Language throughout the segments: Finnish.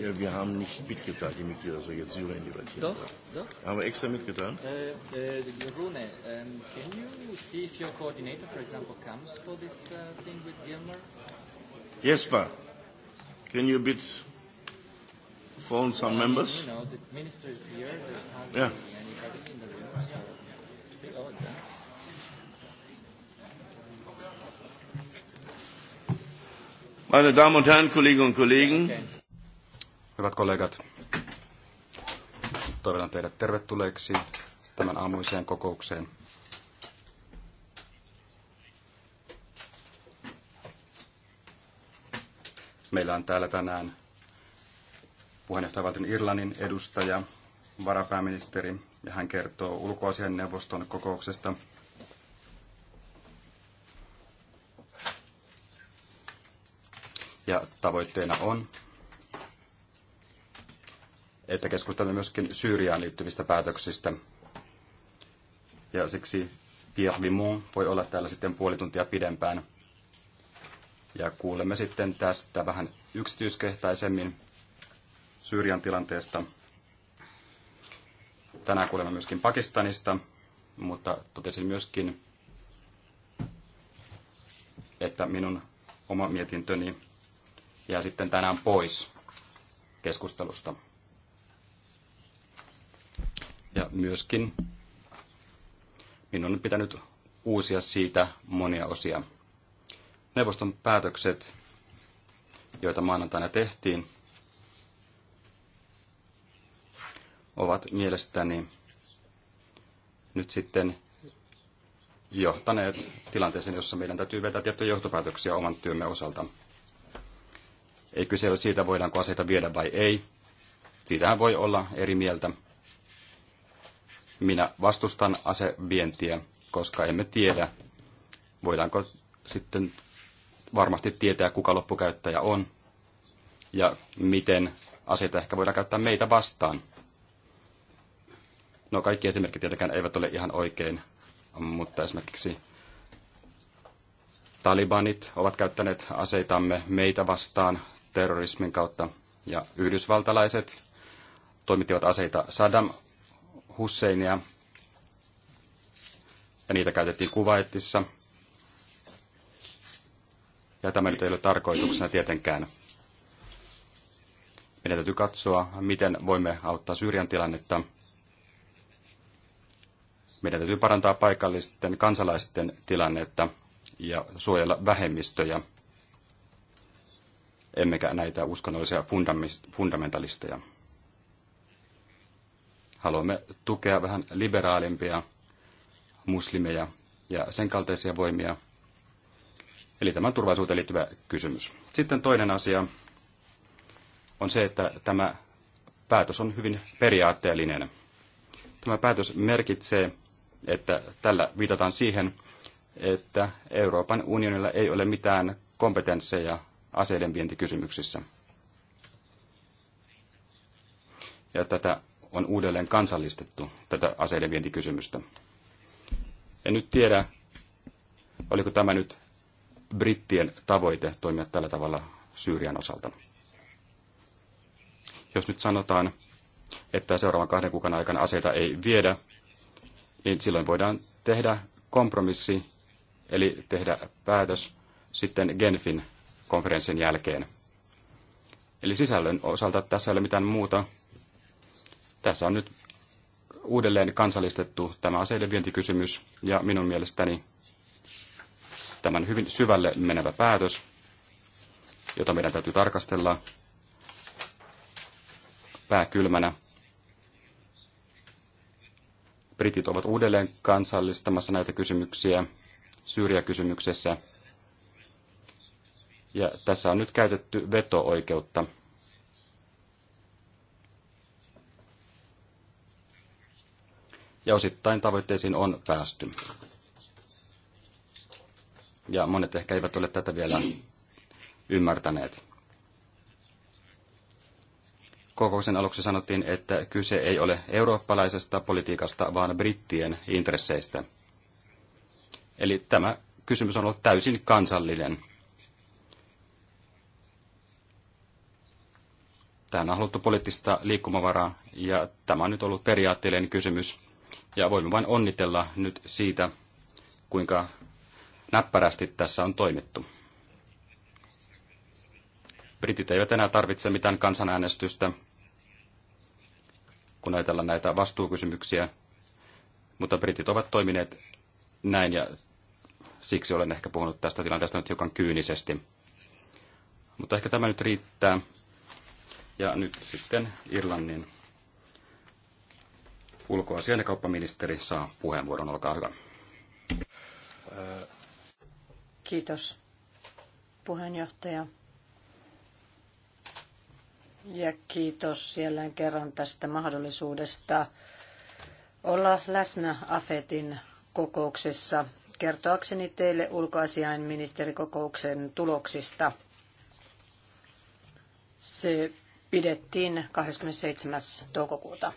Ja, wir haben nicht mitgeteilt, die Mitglieder, dass wir jetzt Syrien debattieren. Doch, doch. Haben wir extra mitgeteilt? Uh, uh, Rune, um, can you see if your coordinator, for example, comes for this uh, thing with Gilmer? Jesper, can you bit phone some well, members? You know, the minister is here. There's hardly yeah. anybody in the room. So it's a bit odd, huh? Meine Damen und Herren, Kolleginnen und Kollegen. Hyvät kollegat, toivotan teidät tervetulleeksi tämän aamuiseen kokoukseen. Meillä on täällä tänään puheenjohtajavaltion Irlannin edustaja, varapääministeri, ja hän kertoo ulkoasian neuvoston kokouksesta – Ja tavoitteena on, että keskustelemme myöskin Syyriaan liittyvistä päätöksistä. Ja siksi Pierre Vimon voi olla täällä sitten puoli tuntia pidempään. Ja kuulemme sitten tästä vähän yksityiskehtaisemmin Syyrian tilanteesta. Tänään kuulemme myöskin Pakistanista, mutta totesin myöskin, että minun oma mietintöni jää sitten tänään pois keskustelusta. Ja myöskin minun on pitänyt uusia siitä monia osia. Neuvoston päätökset, joita maanantaina tehtiin, ovat mielestäni nyt sitten johtaneet tilanteeseen, jossa meidän täytyy vetää tiettyjä johtopäätöksiä oman työmme osalta. Ei kyse ole siitä, voidaanko aseita viedä vai ei. Siitähän voi olla eri mieltä. Minä vastustan asevientiä, koska emme tiedä, voidaanko sitten varmasti tietää, kuka loppukäyttäjä on ja miten aseita ehkä voidaan käyttää meitä vastaan. No kaikki esimerkit tietenkään eivät ole ihan oikein, mutta esimerkiksi talibanit ovat käyttäneet aseitamme meitä vastaan terrorismin kautta. Ja yhdysvaltalaiset toimittivat aseita Saddam Husseinia, ja niitä käytettiin Kuwaitissa. Ja tämä nyt ei ole tarkoituksena tietenkään. Meidän täytyy katsoa, miten voimme auttaa Syyrian tilannetta. Meidän täytyy parantaa paikallisten kansalaisten tilannetta ja suojella vähemmistöjä – emmekä näitä uskonnollisia fundamentalisteja. Haluamme tukea vähän liberaalimpia muslimeja ja sen kaltaisia voimia. Eli tämä on turvallisuuteen liittyvä kysymys. Sitten toinen asia on se, että tämä päätös on hyvin periaatteellinen. Tämä päätös merkitsee, että tällä viitataan siihen, että Euroopan unionilla ei ole mitään kompetensseja aseiden vientikysymyksissä. Ja tätä on uudelleen kansallistettu, tätä aseiden vientikysymystä. En nyt tiedä, oliko tämä nyt brittien tavoite toimia tällä tavalla Syyrian osalta. Jos nyt sanotaan, että seuraavan kahden kuukauden aikana aseita ei viedä, niin silloin voidaan tehdä kompromissi, eli tehdä päätös sitten Genfin konferenssin jälkeen. Eli sisällön osalta tässä ei ole mitään muuta. Tässä on nyt uudelleen kansallistettu tämä aseiden vientikysymys ja minun mielestäni tämän hyvin syvälle menevä päätös, jota meidän täytyy tarkastella pääkylmänä. Britit ovat uudelleen kansallistamassa näitä kysymyksiä Syyriä-kysymyksessä. Ja tässä on nyt käytetty veto-oikeutta. Ja osittain tavoitteisiin on päästy. Ja monet ehkä eivät ole tätä vielä ymmärtäneet. Kokouksen aluksi sanottiin, että kyse ei ole eurooppalaisesta politiikasta, vaan brittien intresseistä. Eli tämä kysymys on ollut täysin kansallinen Tähän on haluttu poliittista liikkumavaraa ja tämä on nyt ollut periaatteellinen kysymys. Ja voimme vain onnitella nyt siitä, kuinka näppärästi tässä on toimittu. Britit eivät enää tarvitse mitään kansanäänestystä, kun ajatellaan näitä vastuukysymyksiä, mutta britit ovat toimineet näin ja siksi olen ehkä puhunut tästä tilanteesta nyt hiukan kyynisesti. Mutta ehkä tämä nyt riittää. Ja nyt sitten Irlannin ulkoasian ja kauppaministeri saa puheenvuoron. Olkaa hyvä. Kiitos puheenjohtaja. Ja kiitos jälleen kerran tästä mahdollisuudesta olla läsnä AFETin kokouksessa kertoakseni teille ulkoasiainministerikokouksen tuloksista. Se pidettiin 27. toukokuuta.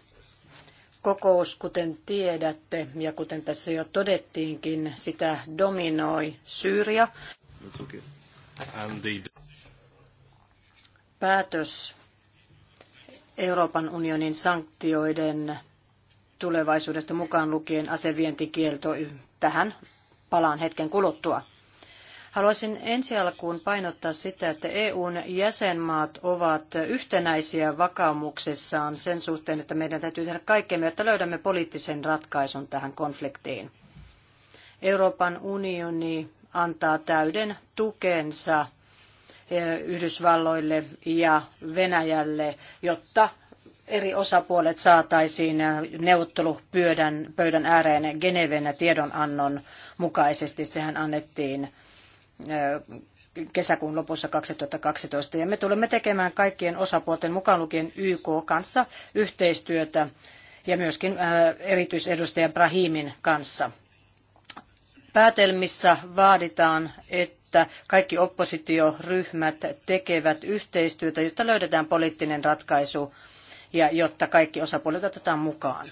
Kokous, kuten tiedätte ja kuten tässä jo todettiinkin, sitä dominoi Syyria. Päätös Euroopan unionin sanktioiden tulevaisuudesta mukaan lukien asevientikielto. Tähän palaan hetken kuluttua. Haluaisin ensi alkuun painottaa sitä, että EUn jäsenmaat ovat yhtenäisiä vakaumuksessaan sen suhteen, että meidän täytyy tehdä kaikkemme, että löydämme poliittisen ratkaisun tähän konfliktiin. Euroopan unioni antaa täyden tukensa e, Yhdysvalloille ja Venäjälle, jotta eri osapuolet saataisiin e, neuvottelupöydän pöydän ääreen Geneven tiedonannon mukaisesti. Sehän annettiin kesäkuun lopussa 2012. Ja me tulemme tekemään kaikkien osapuolten mukaan lukien YK kanssa yhteistyötä ja myöskin erityisedustaja Brahimin kanssa. Päätelmissä vaaditaan, että kaikki oppositioryhmät tekevät yhteistyötä, jotta löydetään poliittinen ratkaisu ja jotta kaikki osapuolet otetaan mukaan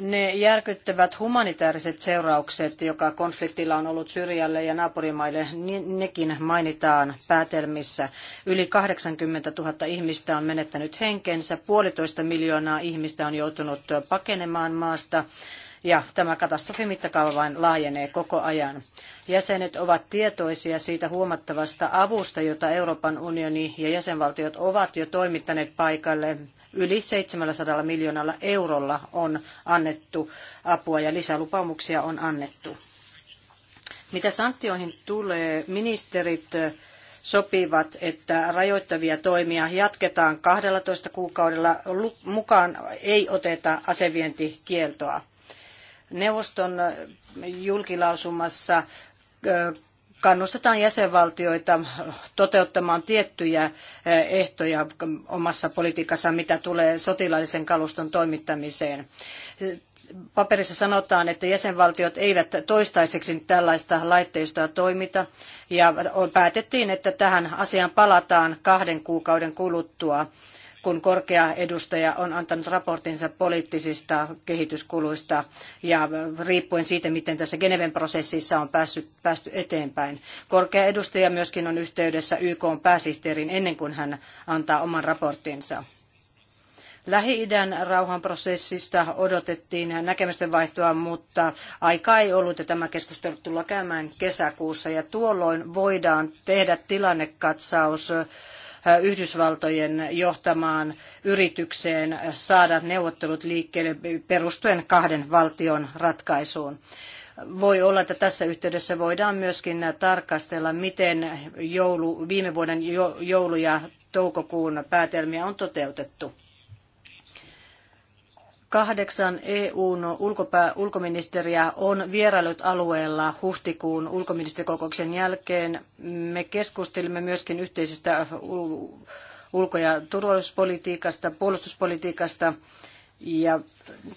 ne järkyttävät humanitaariset seuraukset, joka konfliktilla on ollut Syrjälle ja naapurimaille, nekin mainitaan päätelmissä. Yli 80 000 ihmistä on menettänyt henkensä, puolitoista miljoonaa ihmistä on joutunut pakenemaan maasta ja tämä katastrofin mittakaava vain laajenee koko ajan. Jäsenet ovat tietoisia siitä huomattavasta avusta, jota Euroopan unioni ja jäsenvaltiot ovat jo toimittaneet paikalle Yli 700 miljoonalla eurolla on annettu apua ja lisälupaumuksia on annettu. Mitä sanktioihin tulee, ministerit sopivat, että rajoittavia toimia jatketaan 12 kuukaudella, mukaan ei oteta asevientikieltoa. Neuvoston julkilausumassa kannustetaan jäsenvaltioita toteuttamaan tiettyjä ehtoja omassa politiikassa, mitä tulee sotilaallisen kaluston toimittamiseen. Paperissa sanotaan, että jäsenvaltiot eivät toistaiseksi tällaista laitteistoa toimita, ja päätettiin, että tähän asiaan palataan kahden kuukauden kuluttua kun korkea edustaja on antanut raporttinsa poliittisista kehityskuluista ja riippuen siitä, miten tässä Geneven prosessissa on päässyt, päästy eteenpäin. Korkea edustaja myöskin on yhteydessä YK pääsihteerin ennen kuin hän antaa oman raporttinsa. Lähi-idän rauhanprosessista odotettiin näkemysten vaihtoa, mutta aikaa ei ollut ja tämä keskustelu tullaan käymään kesäkuussa ja tuolloin voidaan tehdä tilannekatsaus Yhdysvaltojen johtamaan yritykseen saada neuvottelut liikkeelle perustuen kahden valtion ratkaisuun voi olla, että tässä yhteydessä voidaan myöskin tarkastella, miten joulu, viime vuoden joulu- ja toukokuun päätelmiä on toteutettu. Kahdeksan EUn ulkopää, ulkoministeriä on vierailut alueella huhtikuun ulkoministerikokouksen jälkeen. Me keskustelimme myöskin yhteisestä ulko- ja turvallisuuspolitiikasta, puolustuspolitiikasta ja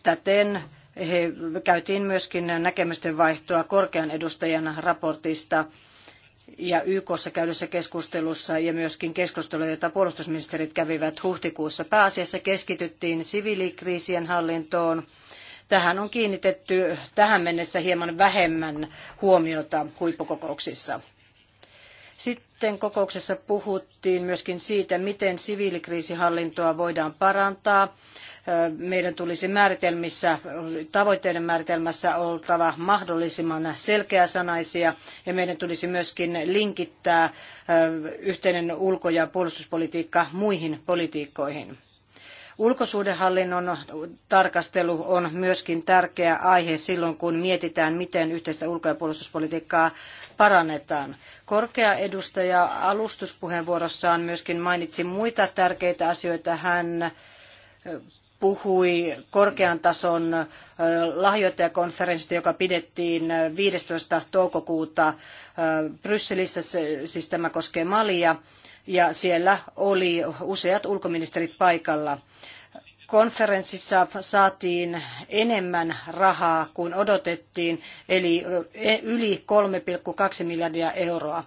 täten he käytiin myöskin näkemysten vaihtoa korkean edustajan raportista – ja YKssa käydyssä keskustelussa ja myöskin keskusteluja, jota puolustusministerit kävivät huhtikuussa. Pääasiassa keskityttiin siviilikriisien hallintoon. Tähän on kiinnitetty tähän mennessä hieman vähemmän huomiota huippukokouksissa. Sitten kokouksessa puhuttiin myöskin siitä, miten siviilikriisihallintoa voidaan parantaa meidän tulisi määritelmissä, tavoitteiden määritelmässä oltava mahdollisimman selkeäsanaisia ja meidän tulisi myöskin linkittää yhteinen ulko- ja puolustuspolitiikka muihin politiikkoihin. Ulkosuhdehallinnon tarkastelu on myöskin tärkeä aihe silloin, kun mietitään, miten yhteistä ulko- ja puolustuspolitiikkaa parannetaan. Korkea edustaja alustuspuheenvuorossaan myöskin mainitsi muita tärkeitä asioita. Hän puhui korkean tason lahjoittajakonferenssista, joka pidettiin 15. toukokuuta Brysselissä, siis tämä koskee Malia, ja siellä oli useat ulkoministerit paikalla. Konferenssissa saatiin enemmän rahaa kuin odotettiin, eli e, yli 3,2 miljardia euroa.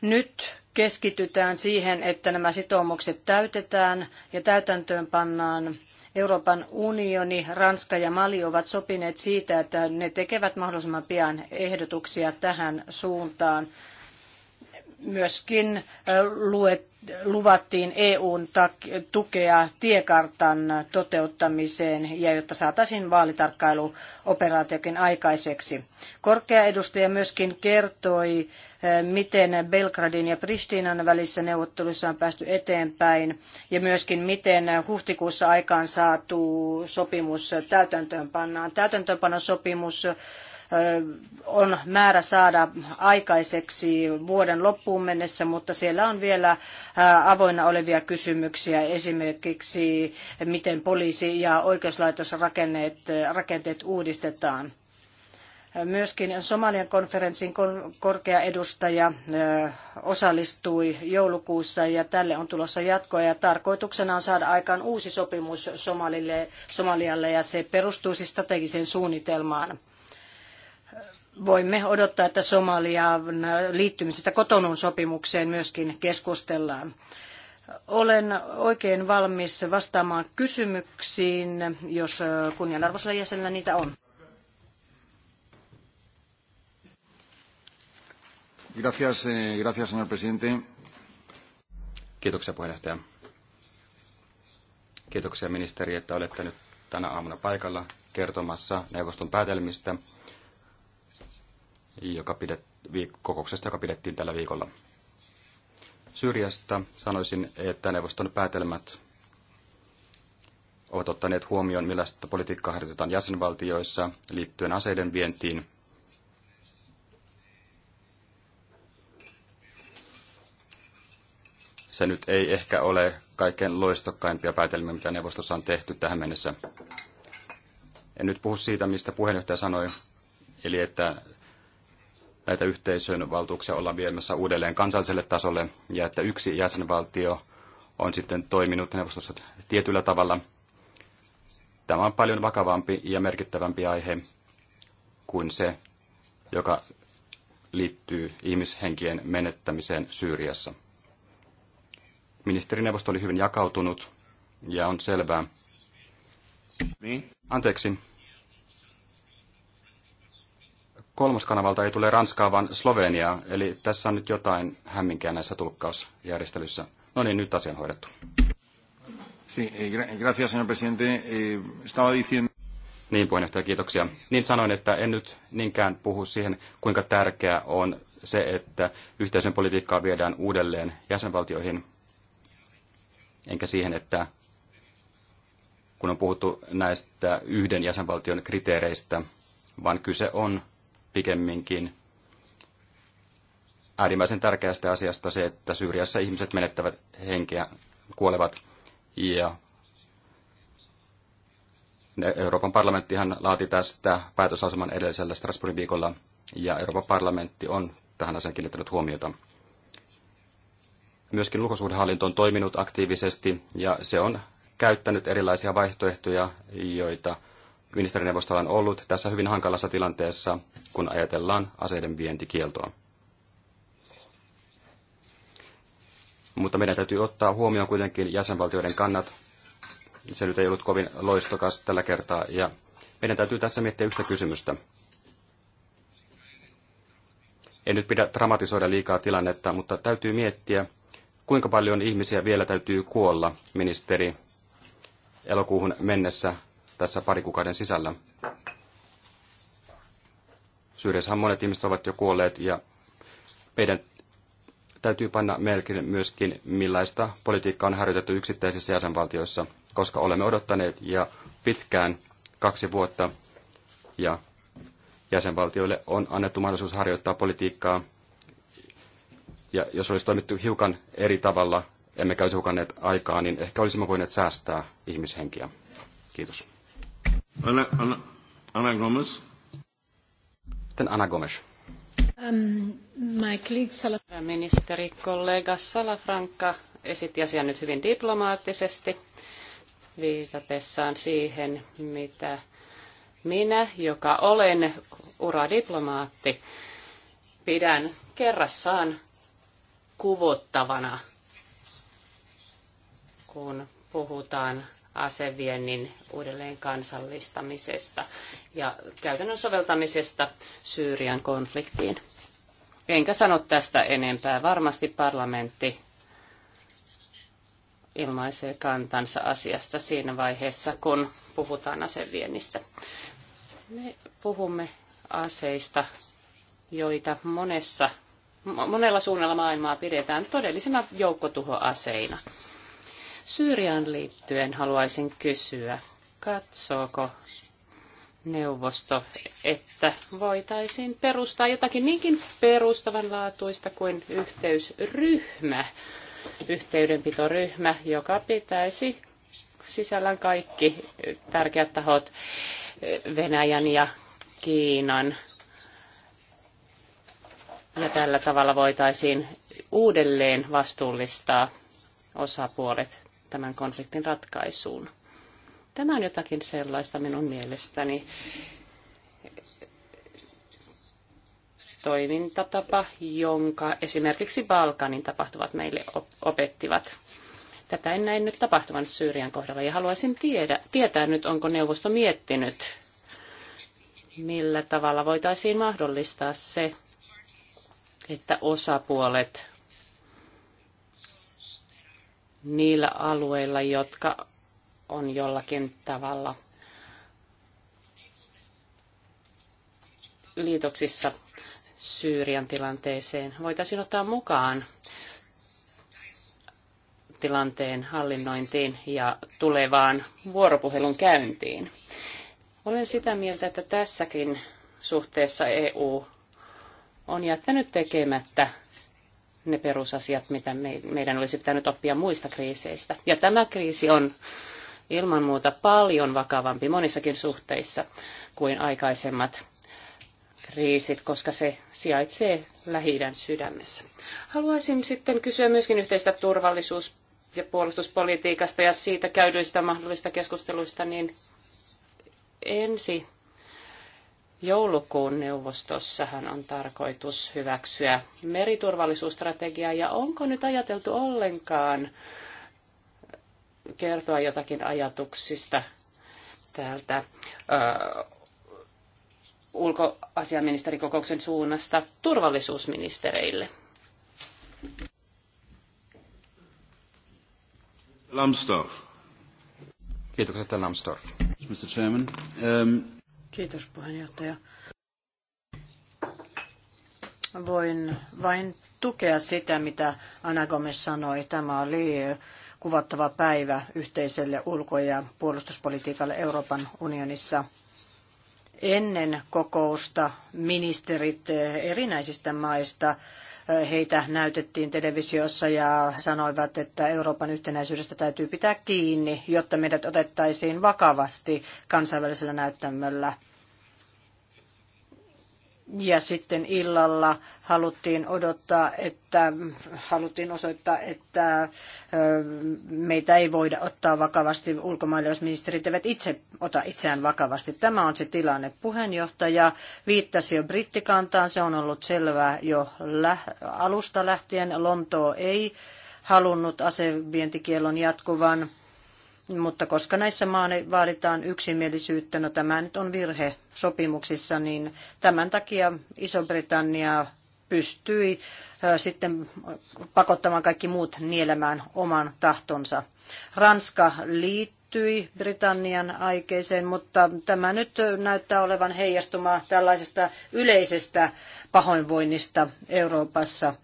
Nyt keskitytään siihen, että nämä sitoumukset täytetään ja täytäntöön pannaan. Euroopan unioni, Ranska ja Mali ovat sopineet siitä, että ne tekevät mahdollisimman pian ehdotuksia tähän suuntaan. Myöskin luet, luvattiin EUn tukea tiekartan toteuttamiseen ja jotta saataisiin vaalitarkkailuoperaatiokin aikaiseksi. Korkea edustaja myöskin kertoi, eh, miten Belgradin ja Pristinan välissä neuvotteluissa on päästy eteenpäin ja myöskin miten huhtikuussa aikaan saatu sopimus täytäntöön pannaan. Täytäntöönpanosopimus sopimus on määrä saada aikaiseksi vuoden loppuun mennessä, mutta siellä on vielä avoinna olevia kysymyksiä, esimerkiksi miten poliisi- ja oikeuslaitosrakenteet rakenteet uudistetaan. Myöskin Somalian konferenssin korkea edustaja osallistui joulukuussa ja tälle on tulossa jatkoa ja tarkoituksena on saada aikaan uusi sopimus Somalille, Somalialle ja se perustuu siis strategiseen suunnitelmaan voimme odottaa, että Somalian liittymisestä kotonun sopimukseen myöskin keskustellaan. Olen oikein valmis vastaamaan kysymyksiin, jos kunnianarvoisella jäsenellä niitä on. Gracias, eh, gracias, señor presidente. Kiitoksia puheenjohtaja. Kiitoksia ministeri, että olette nyt tänä aamuna paikalla kertomassa neuvoston päätelmistä – joka pidet, kokouksesta, joka pidettiin tällä viikolla. Syyriasta sanoisin, että neuvoston päätelmät ovat ottaneet huomioon, millaista politiikkaa harjoitetaan jäsenvaltioissa liittyen aseiden vientiin. Se nyt ei ehkä ole kaiken loistokkaimpia päätelmiä, mitä neuvostossa on tehty tähän mennessä. En nyt puhu siitä, mistä puheenjohtaja sanoi, eli että näitä yhteisön valtuuksia ollaan viemässä uudelleen kansalliselle tasolle ja että yksi jäsenvaltio on sitten toiminut neuvostossa tietyllä tavalla. Tämä on paljon vakavampi ja merkittävämpi aihe kuin se, joka liittyy ihmishenkien menettämiseen Syyriassa. Ministerineuvosto oli hyvin jakautunut ja on selvää. Niin. Anteeksi, kolmoskanavalta ei tule Ranskaa, vaan Sloveniaa. Eli tässä on nyt jotain hämminkiä näissä tulkkausjärjestelyissä. No niin, nyt asia on hoidettu. Sí, eh, gracias, señor presidente. Eh, estaba diciendo... Niin, puheenjohtaja, kiitoksia. Niin sanoin, että en nyt niinkään puhu siihen, kuinka tärkeää on se, että yhteisön politiikkaa viedään uudelleen jäsenvaltioihin, enkä siihen, että kun on puhuttu näistä yhden jäsenvaltion kriteereistä, vaan kyse on pikemminkin äärimmäisen tärkeästä asiasta se, että Syyriassa ihmiset menettävät henkeä, kuolevat ja Euroopan parlamenttihan laati tästä päätösaseman edellisellä Strasbourgin viikolla ja Euroopan parlamentti on tähän asiaan kiinnittänyt huomiota. Myöskin ulkosuhdehallinto on toiminut aktiivisesti ja se on käyttänyt erilaisia vaihtoehtoja, joita ministerineuvostolla on ollut tässä hyvin hankalassa tilanteessa, kun ajatellaan aseiden vientikieltoa. Mutta meidän täytyy ottaa huomioon kuitenkin jäsenvaltioiden kannat. Se nyt ei ollut kovin loistokas tällä kertaa. Ja meidän täytyy tässä miettiä yhtä kysymystä. En nyt pidä dramatisoida liikaa tilannetta, mutta täytyy miettiä, kuinka paljon ihmisiä vielä täytyy kuolla, ministeri, elokuuhun mennessä tässä pari kuukauden sisällä. Syyriassahan monet ihmiset ovat jo kuolleet ja meidän täytyy panna melkein myöskin, millaista politiikkaa on harjoitettu yksittäisissä jäsenvaltioissa, koska olemme odottaneet ja pitkään kaksi vuotta ja jäsenvaltioille on annettu mahdollisuus harjoittaa politiikkaa. Ja jos olisi toimittu hiukan eri tavalla, emmekä olisi hukanneet aikaa, niin ehkä olisimme voineet säästää ihmishenkiä. Kiitos. Ana, Ana, Ana Gomes. Sitten Ana Gomes. Um, my colleague Ministeri, kollega Salafranca esitti asian nyt hyvin diplomaattisesti viitatessaan siihen, mitä minä, joka olen uradiplomaatti, pidän kerrassaan kuvottavana, kun puhutaan aseviennin uudelleen kansallistamisesta ja käytännön soveltamisesta Syyrian konfliktiin. Enkä sano tästä enempää. Varmasti parlamentti ilmaisee kantansa asiasta siinä vaiheessa, kun puhutaan aseviennistä. Me puhumme aseista, joita monessa, monella suunnalla maailmaa pidetään todellisina joukkotuhoaseina. Syyriaan liittyen haluaisin kysyä, katsooko neuvosto, että voitaisiin perustaa jotakin niinkin perustavanlaatuista kuin yhteysryhmä, yhteydenpitoryhmä, joka pitäisi sisällään kaikki tärkeät tahot Venäjän ja Kiinan. Ja tällä tavalla voitaisiin uudelleen vastuullistaa osapuolet tämän konfliktin ratkaisuun. Tämä on jotakin sellaista minun mielestäni toimintatapa, jonka esimerkiksi Balkanin tapahtuvat meille opettivat. Tätä en näin nyt tapahtuvan Syyrian kohdalla ja haluaisin tiedä, tietää nyt, onko neuvosto miettinyt, millä tavalla voitaisiin mahdollistaa se, että osapuolet niillä alueilla, jotka on jollakin tavalla liitoksissa Syyrian tilanteeseen. Voitaisiin ottaa mukaan tilanteen hallinnointiin ja tulevaan vuoropuhelun käyntiin. Olen sitä mieltä, että tässäkin suhteessa EU on jättänyt tekemättä ne perusasiat, mitä meidän olisi pitänyt oppia muista kriiseistä. Ja tämä kriisi on ilman muuta paljon vakavampi monissakin suhteissa kuin aikaisemmat kriisit, koska se sijaitsee lähi sydämessä. Haluaisin sitten kysyä myöskin yhteistä turvallisuus- ja puolustuspolitiikasta ja siitä käydyistä mahdollisista keskusteluista, niin ensi Joulukuun neuvostossahan on tarkoitus hyväksyä meriturvallisuusstrategia, ja onko nyt ajateltu ollenkaan kertoa jotakin ajatuksista täältä ö, ulkoasiaministerikokouksen suunnasta turvallisuusministereille? Lambsdorff. Kiitokset, Lambsdorff. Mr. Chairman, um... Kiitos puheenjohtaja. Voin vain tukea sitä, mitä Anna Gomes sanoi. Tämä oli kuvattava päivä yhteiselle ulko- ja puolustuspolitiikalle Euroopan unionissa. Ennen kokousta ministerit erinäisistä maista Heitä näytettiin televisiossa ja sanoivat, että Euroopan yhtenäisyydestä täytyy pitää kiinni, jotta meidät otettaisiin vakavasti kansainvälisellä näyttämöllä. Ja sitten illalla haluttiin odottaa, että haluttiin osoittaa, että meitä ei voida ottaa vakavasti ulkomaille, jos ministerit eivät itse ota itseään vakavasti. Tämä on se tilanne. Puheenjohtaja viittasi jo brittikantaan, se on ollut selvää jo alusta lähtien. Lontoo ei halunnut asevientikielon jatkuvan mutta koska näissä maan vaaditaan yksimielisyyttä, no tämä nyt on virhe sopimuksissa, niin tämän takia Iso-Britannia pystyi sitten pakottamaan kaikki muut nielemään oman tahtonsa. Ranska liittyi Britannian aikeeseen, mutta tämä nyt näyttää olevan heijastuma tällaisesta yleisestä pahoinvoinnista Euroopassa.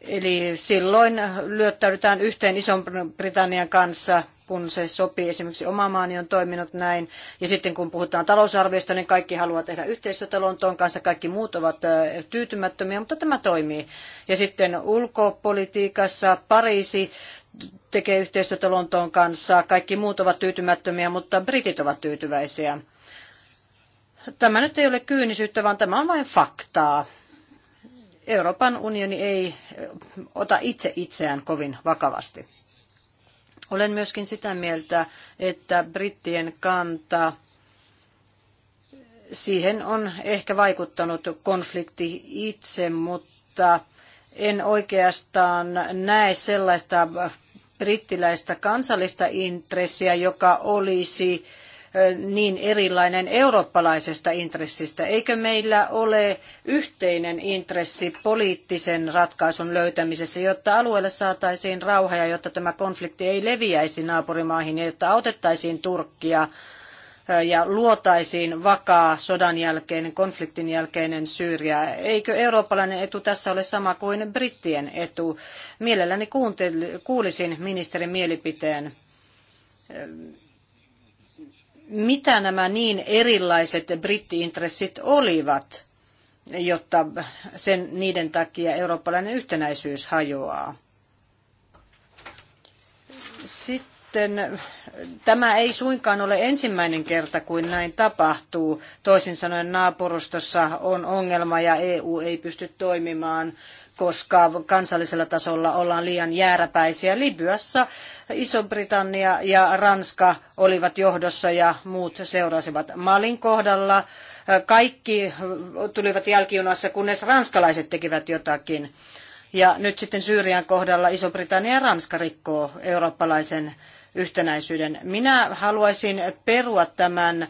Eli silloin lyöttäydytään yhteen Ison-Britannian kanssa kun se sopii. Esimerkiksi oma maani on toiminut näin. Ja sitten kun puhutaan talousarviosta, niin kaikki haluaa tehdä yhteistyötä Lontoon kanssa. Kaikki muut ovat tyytymättömiä, mutta tämä toimii. Ja sitten ulkopolitiikassa Pariisi tekee yhteistyötä Lontoon kanssa. Kaikki muut ovat tyytymättömiä, mutta britit ovat tyytyväisiä. Tämä nyt ei ole kyynisyyttä, vaan tämä on vain faktaa. Euroopan unioni ei ota itse itseään kovin vakavasti. Olen myöskin sitä mieltä, että brittien kanta siihen on ehkä vaikuttanut konflikti itse, mutta en oikeastaan näe sellaista brittiläistä kansallista intressiä, joka olisi niin erilainen eurooppalaisesta intressistä? Eikö meillä ole yhteinen intressi poliittisen ratkaisun löytämisessä, jotta alueelle saataisiin rauha ja jotta tämä konflikti ei leviäisi naapurimaihin ja jotta autettaisiin Turkkia ja luotaisiin vakaa sodan jälkeinen, konfliktin jälkeinen Syyria. Eikö eurooppalainen etu tässä ole sama kuin brittien etu? Mielelläni kuulisin ministerin mielipiteen mitä nämä niin erilaiset brittiintressit olivat, jotta sen, niiden takia eurooppalainen yhtenäisyys hajoaa. Sitten tämä ei suinkaan ole ensimmäinen kerta, kuin näin tapahtuu. Toisin sanoen naapurustossa on ongelma ja EU ei pysty toimimaan koska kansallisella tasolla ollaan liian jääräpäisiä. Libyassa Iso-Britannia ja Ranska olivat johdossa ja muut seurasivat Malin kohdalla. Kaikki tulivat jälkijunassa, kunnes ranskalaiset tekivät jotakin. Ja nyt sitten Syyrian kohdalla Iso-Britannia ja Ranska rikkoo eurooppalaisen yhtenäisyyden. Minä haluaisin perua tämän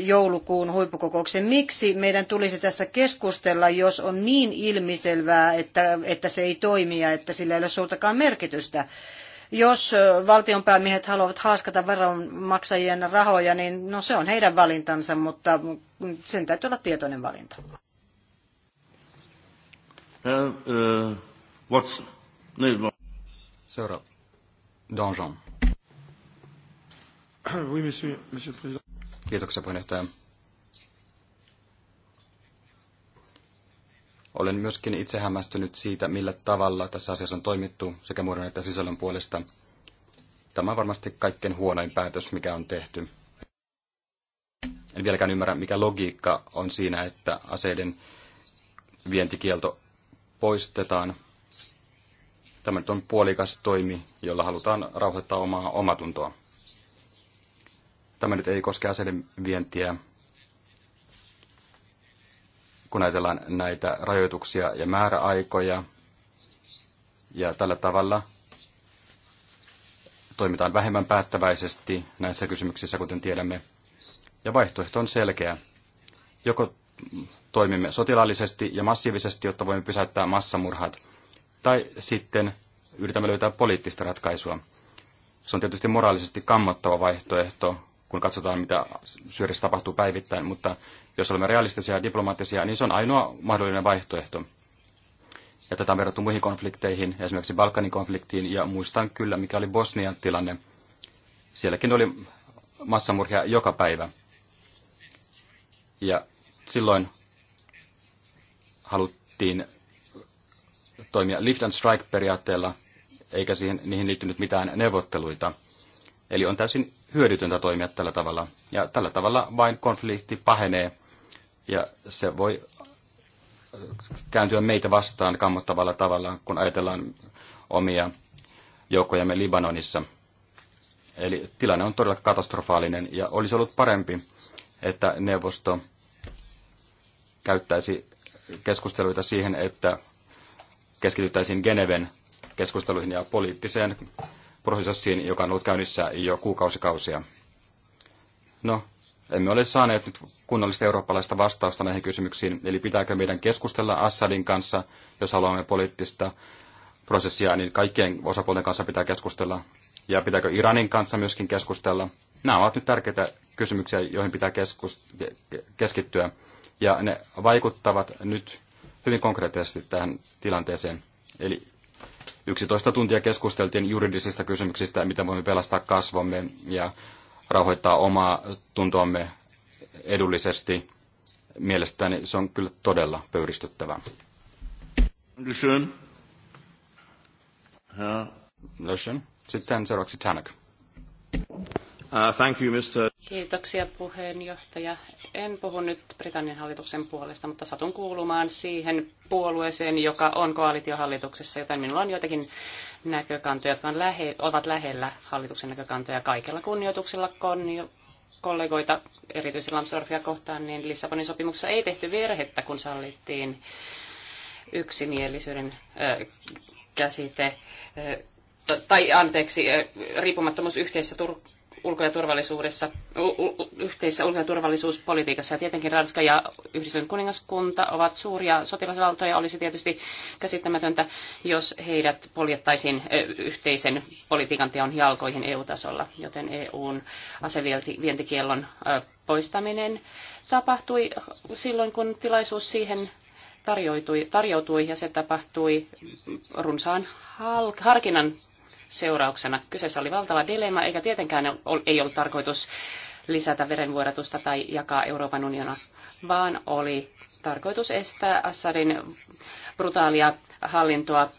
joulukuun huippukokouksen. Miksi meidän tulisi tässä keskustella, jos on niin ilmiselvää, että, että se ei toimi ja että sillä ei ole suurtakaan merkitystä? jos valtionpäämiehet haluavat haaskata veronmaksajien rahoja, niin no se on heidän valintansa, mutta sen täytyy olla tietoinen valinta. Äh, Seuraava. Donjon. Oui, monsieur, monsieur le président. Kiitoksia puheenjohtaja. Olen myöskin itse hämmästynyt siitä, millä tavalla tässä asiassa on toimittu sekä muodon että sisällön puolesta. Tämä on varmasti kaikkein huonoin päätös, mikä on tehty. En vieläkään ymmärrä, mikä logiikka on siinä, että aseiden vientikielto poistetaan. Tämä nyt on puolikas toimi, jolla halutaan rauhoittaa omaa omatuntoa. Tämä nyt ei koske aseiden vientiä, kun ajatellaan näitä rajoituksia ja määräaikoja. Ja tällä tavalla toimitaan vähemmän päättäväisesti näissä kysymyksissä, kuten tiedämme. Ja vaihtoehto on selkeä. Joko toimimme sotilaallisesti ja massiivisesti, jotta voimme pysäyttää massamurhat, tai sitten yritämme löytää poliittista ratkaisua. Se on tietysti moraalisesti kammottava vaihtoehto kun katsotaan, mitä Syyriassa tapahtuu päivittäin, mutta jos olemme realistisia ja diplomaattisia, niin se on ainoa mahdollinen vaihtoehto. Ja tätä on verrattu muihin konflikteihin, esimerkiksi Balkanin konfliktiin, ja muistan kyllä, mikä oli Bosnian tilanne. Sielläkin oli massamurhia joka päivä. Ja silloin haluttiin toimia lift and strike periaatteella, eikä siihen, niihin liittynyt mitään neuvotteluita. Eli on täysin hyödytöntä toimia tällä tavalla. Ja tällä tavalla vain konflikti pahenee ja se voi äh, kääntyä meitä vastaan kammottavalla tavalla, kun ajatellaan omia joukkojamme Libanonissa. Eli tilanne on todella katastrofaalinen ja olisi ollut parempi, että neuvosto käyttäisi keskusteluita siihen, että keskityttäisiin Geneven keskusteluihin ja poliittiseen prosessiin, joka on ollut käynnissä jo kuukausikausia. No, emme ole saaneet nyt kunnollista eurooppalaista vastausta näihin kysymyksiin, eli pitääkö meidän keskustella Assadin kanssa, jos haluamme poliittista prosessia, niin kaikkien osapuolten kanssa pitää keskustella. Ja pitääkö Iranin kanssa myöskin keskustella? Nämä ovat nyt tärkeitä kysymyksiä, joihin pitää keskittyä. Ja ne vaikuttavat nyt hyvin konkreettisesti tähän tilanteeseen. Eli 11 tuntia keskusteltiin juridisista kysymyksistä, miten voimme pelastaa kasvomme ja rauhoittaa omaa tuntoamme edullisesti. Mielestäni se on kyllä todella pöyristyttävää. Löschön. Löschön. Sitten seuraavaksi Tanak. Uh, thank you, Mr. Kiitoksia puheenjohtaja. En puhu nyt Britannian hallituksen puolesta, mutta satun kuulumaan siihen puolueeseen, joka on koalitiohallituksessa, joten minulla on joitakin näkökantoja, jotka on lähe, ovat lähellä hallituksen näkökantoja kaikella kunnioituksella konnio, kollegoita, erityisesti Lamsorfia kohtaan, niin Lissabonin sopimuksessa ei tehty virhettä, kun sallittiin yksimielisyyden ö, käsite, ö, tai anteeksi, ö, riippumattomuus yhteisessä tur- ulko- ja turvallisuudessa, yhteisessä ulko- ja turvallisuuspolitiikassa. Ja tietenkin Ranska ja Yhdistynyt kuningaskunta ovat suuria sotilasvaltoja. Olisi tietysti käsittämätöntä, jos heidät poljettaisiin yhteisen politiikan teon jalkoihin EU-tasolla. Joten EUn asevientikiellon poistaminen tapahtui silloin, kun tilaisuus siihen tarjoutui, tarjoutui ja se tapahtui runsaan harkinnan seurauksena. Kyseessä oli valtava dilemma, eikä tietenkään ei ollut tarkoitus lisätä verenvuodatusta tai jakaa Euroopan uniona, vaan oli tarkoitus estää Assadin brutaalia hallintoa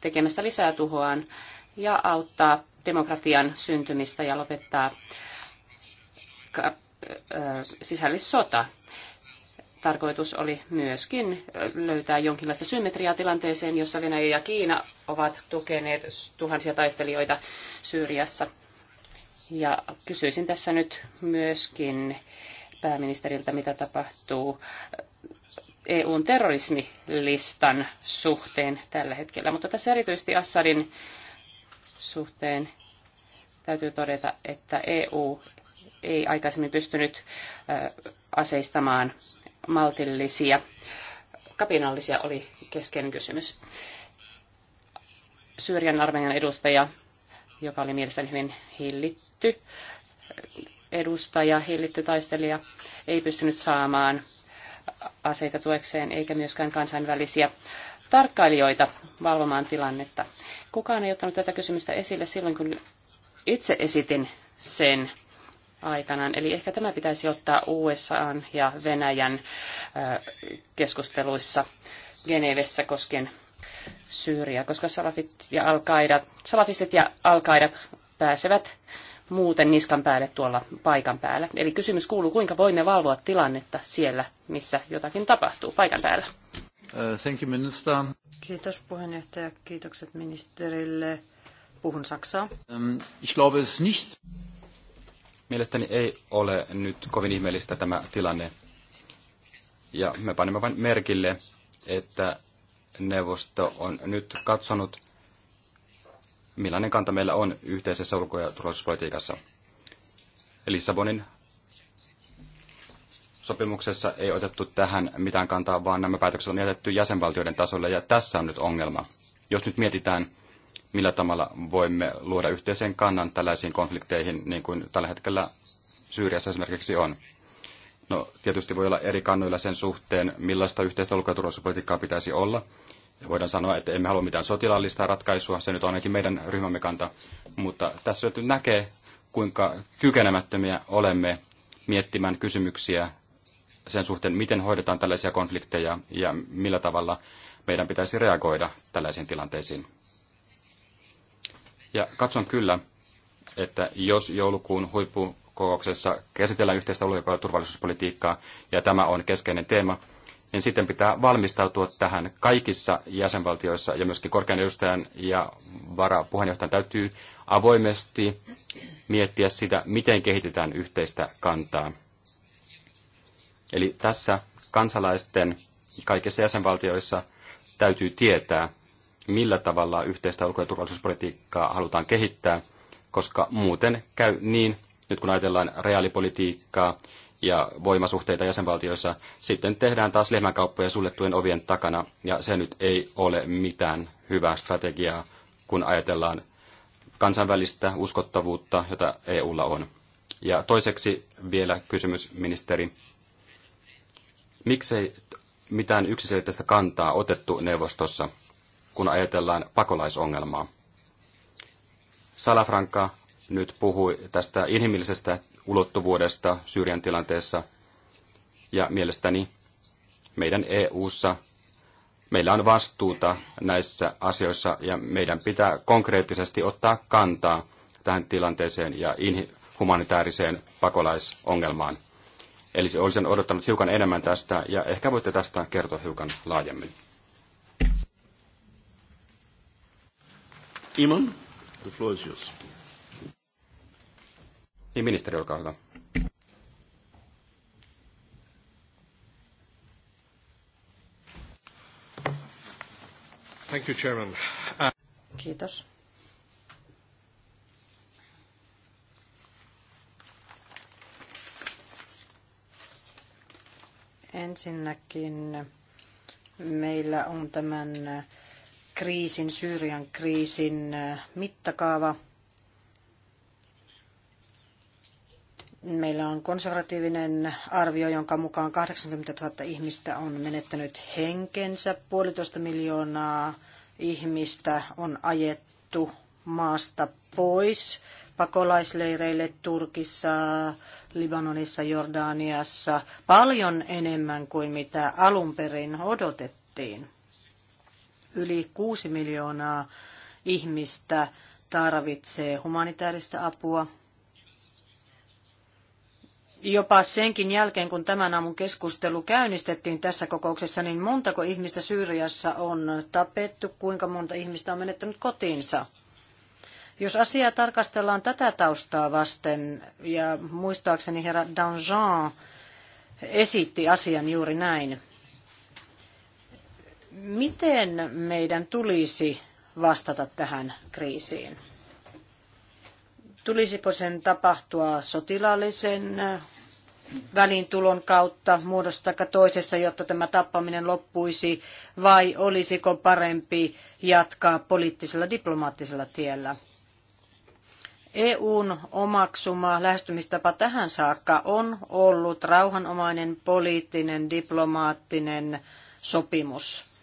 tekemästä lisää tuhoaan ja auttaa demokratian syntymistä ja lopettaa sisällissota tarkoitus oli myöskin löytää jonkinlaista symmetriaa tilanteeseen, jossa Venäjä ja Kiina ovat tukeneet tuhansia taistelijoita Syyriassa. Ja kysyisin tässä nyt myöskin pääministeriltä, mitä tapahtuu EUn terrorismilistan suhteen tällä hetkellä. Mutta tässä erityisesti Assadin suhteen täytyy todeta, että EU ei aikaisemmin pystynyt aseistamaan maltillisia. Kapinallisia oli keskeinen kysymys. Syyrian armeijan edustaja, joka oli mielestäni hyvin hillitty, edustaja, hillitty taistelija, ei pystynyt saamaan aseita tuekseen eikä myöskään kansainvälisiä tarkkailijoita valvomaan tilannetta. Kukaan ei ottanut tätä kysymystä esille silloin, kun itse esitin sen aikanaan. Eli ehkä tämä pitäisi ottaa USAn ja Venäjän keskusteluissa Genevessä koskien Syyriä, koska salafit ja al salafistit ja alkaidat pääsevät muuten niskan päälle tuolla paikan päällä. Eli kysymys kuuluu, kuinka voimme valvoa tilannetta siellä, missä jotakin tapahtuu paikan päällä. Uh, thank you, minister. Kiitos puheenjohtaja, kiitokset ministerille. Puhun Saksaa. Um, ich glaube es nicht. Mielestäni ei ole nyt kovin ihmeellistä tämä tilanne. Ja me panemme vain merkille, että neuvosto on nyt katsonut, millainen kanta meillä on yhteisessä ulko- ja turvallisuuspolitiikassa. Lissabonin sopimuksessa ei otettu tähän mitään kantaa, vaan nämä päätökset on jätetty jäsenvaltioiden tasolle, ja tässä on nyt ongelma. Jos nyt mietitään, millä tavalla voimme luoda yhteisen kannan tällaisiin konflikteihin, niin kuin tällä hetkellä Syyriassa esimerkiksi on. No, tietysti voi olla eri kannoilla sen suhteen, millaista yhteistä ulko- ja pitäisi olla. Ja voidaan sanoa, että emme halua mitään sotilaallista ratkaisua, se nyt on ainakin meidän ryhmämme kanta. Mutta tässä nyt näkee, kuinka kykenemättömiä olemme miettimään kysymyksiä sen suhteen, miten hoidetaan tällaisia konflikteja ja millä tavalla meidän pitäisi reagoida tällaisiin tilanteisiin. Ja katson kyllä, että jos joulukuun huippukokouksessa käsitellään yhteistä ulko- ja turvallisuuspolitiikkaa, ja tämä on keskeinen teema, niin sitten pitää valmistautua tähän kaikissa jäsenvaltioissa ja myöskin korkean edustajan ja varapuheenjohtajan täytyy avoimesti miettiä sitä, miten kehitetään yhteistä kantaa. Eli tässä kansalaisten kaikissa jäsenvaltioissa täytyy tietää, millä tavalla yhteistä ulko- ja turvallisuuspolitiikkaa halutaan kehittää, koska muuten käy niin, nyt kun ajatellaan reaalipolitiikkaa ja voimasuhteita jäsenvaltioissa, sitten tehdään taas lehmänkauppoja suljettujen ovien takana, ja se nyt ei ole mitään hyvää strategiaa, kun ajatellaan kansainvälistä uskottavuutta, jota EUlla on. Ja toiseksi vielä kysymys, ministeri. Miksei mitään yksiselitteistä kantaa otettu neuvostossa? kun ajatellaan pakolaisongelmaa. Salafranka nyt puhui tästä inhimillisestä ulottuvuudesta Syyrian tilanteessa, ja mielestäni meidän EU-ssa meillä on vastuuta näissä asioissa, ja meidän pitää konkreettisesti ottaa kantaa tähän tilanteeseen ja humanitaariseen pakolaisongelmaan. Eli olisin odottanut hiukan enemmän tästä, ja ehkä voitte tästä kertoa hiukan laajemmin. Iman, the floor is yours. Niin, ministeri, olkaa hyvä. Thank you, Chairman. Kiitos. Ensinnäkin meillä on tämän kriisin, Syyrian kriisin äh, mittakaava. Meillä on konservatiivinen arvio, jonka mukaan 80 000 ihmistä on menettänyt henkensä, puolitoista miljoonaa ihmistä on ajettu maasta pois pakolaisleireille Turkissa, Libanonissa, Jordaniassa paljon enemmän kuin mitä alun perin odotettiin yli 6 miljoonaa ihmistä tarvitsee humanitaarista apua. Jopa senkin jälkeen, kun tämän aamun keskustelu käynnistettiin tässä kokouksessa, niin montako ihmistä Syyriassa on tapettu, kuinka monta ihmistä on menettänyt kotiinsa. Jos asiaa tarkastellaan tätä taustaa vasten, ja muistaakseni herra Danjean esitti asian juuri näin, Miten meidän tulisi vastata tähän kriisiin? Tulisiko sen tapahtua sotilaallisen välintulon kautta muodostaa tai toisessa, jotta tämä tappaminen loppuisi, vai olisiko parempi jatkaa poliittisella diplomaattisella tiellä? EUn omaksuma lähestymistapa tähän saakka on ollut rauhanomainen poliittinen diplomaattinen sopimus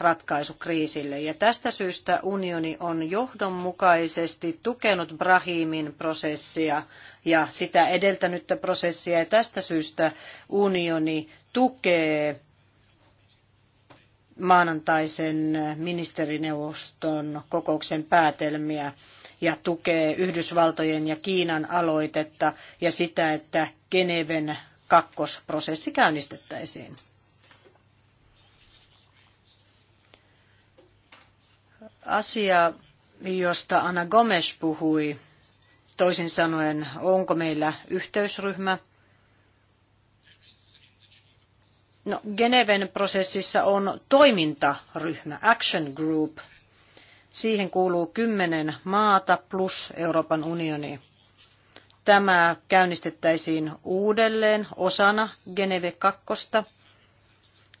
ratkaisu kriisille. Ja tästä syystä unioni on johdonmukaisesti tukenut Brahimin prosessia ja sitä edeltänyttä prosessia. Ja tästä syystä unioni tukee maanantaisen ministerineuvoston kokouksen päätelmiä ja tukee Yhdysvaltojen ja Kiinan aloitetta ja sitä, että Geneven kakkosprosessi käynnistettäisiin. asia, josta Anna Gomes puhui, toisin sanoen, onko meillä yhteysryhmä? No, Geneven prosessissa on toimintaryhmä, Action Group. Siihen kuuluu kymmenen maata plus Euroopan unioni. Tämä käynnistettäisiin uudelleen osana Geneve 2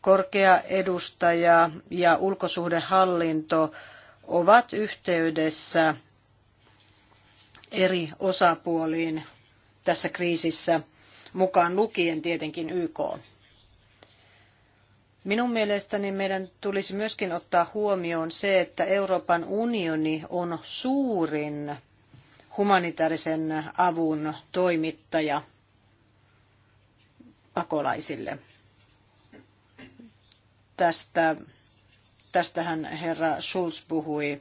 korkea edustaja ja ulkosuhdehallinto ovat yhteydessä eri osapuoliin tässä kriisissä, mukaan lukien tietenkin YK. Minun mielestäni meidän tulisi myöskin ottaa huomioon se, että Euroopan unioni on suurin humanitaarisen avun toimittaja pakolaisille. Tästä Tästähän herra Schulz puhui,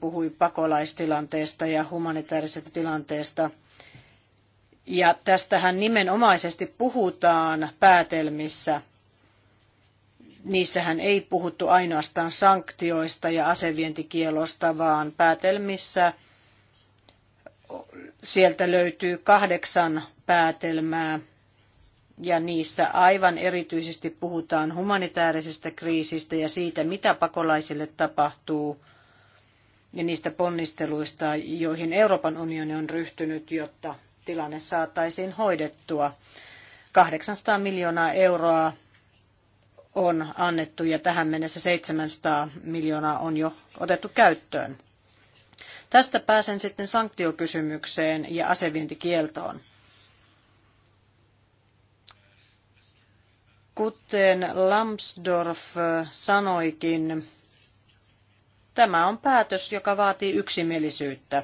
puhui pakolaistilanteesta ja humanitaarisesta tilanteesta. Ja tästähän nimenomaisesti puhutaan päätelmissä. Niissähän ei puhuttu ainoastaan sanktioista ja asevientikielosta, vaan päätelmissä sieltä löytyy kahdeksan päätelmää – ja niissä aivan erityisesti puhutaan humanitaarisesta kriisistä ja siitä, mitä pakolaisille tapahtuu ja niistä ponnisteluista, joihin Euroopan unioni on ryhtynyt, jotta tilanne saataisiin hoidettua. 800 miljoonaa euroa on annettu ja tähän mennessä 700 miljoonaa on jo otettu käyttöön. Tästä pääsen sitten sanktiokysymykseen ja asevientikieltoon. Kuten Lambsdorff sanoikin, tämä on päätös, joka vaatii yksimielisyyttä.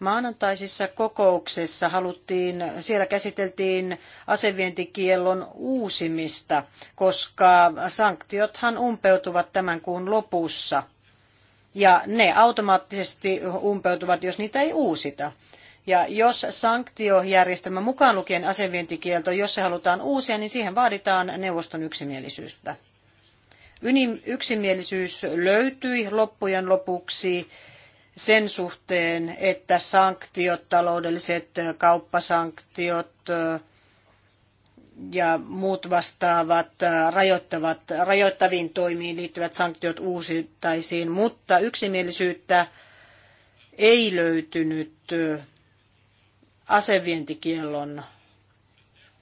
Maanantaisissa kokouksessa haluttiin, siellä käsiteltiin asevientikiellon uusimista, koska sanktiothan umpeutuvat tämän kuun lopussa. Ja ne automaattisesti umpeutuvat, jos niitä ei uusita. Ja jos sanktiojärjestelmä mukaan lukien asevientikielto, jos se halutaan uusia, niin siihen vaaditaan neuvoston yksimielisyyttä. Yksimielisyys löytyi loppujen lopuksi sen suhteen, että sanktiot, taloudelliset kauppasanktiot ja muut vastaavat rajoittavat, rajoittaviin toimiin liittyvät sanktiot uusittaisiin, mutta yksimielisyyttä ei löytynyt asevientikiellon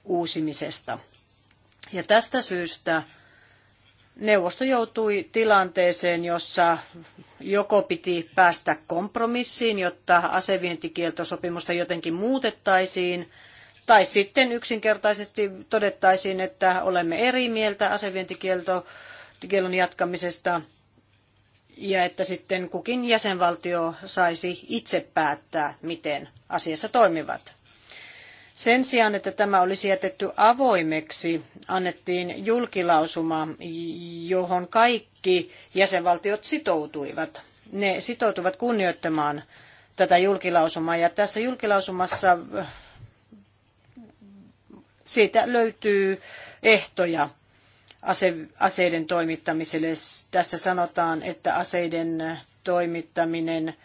uusimisesta. Ja tästä syystä neuvosto joutui tilanteeseen, jossa joko piti päästä kompromissiin, jotta asevientikieltosopimusta jotenkin muutettaisiin, tai sitten yksinkertaisesti todettaisiin, että olemme eri mieltä asevientikielon jatkamisesta ja että sitten kukin jäsenvaltio saisi itse päättää, miten asiassa toimivat. Sen sijaan, että tämä olisi jätetty avoimeksi, annettiin julkilausuma, johon kaikki jäsenvaltiot sitoutuivat. Ne sitoutuivat kunnioittamaan tätä julkilausumaa ja tässä julkilausumassa eh, siitä löytyy ehtoja aseiden toimittamiselle. Tässä sanotaan, että aseiden toimittaminen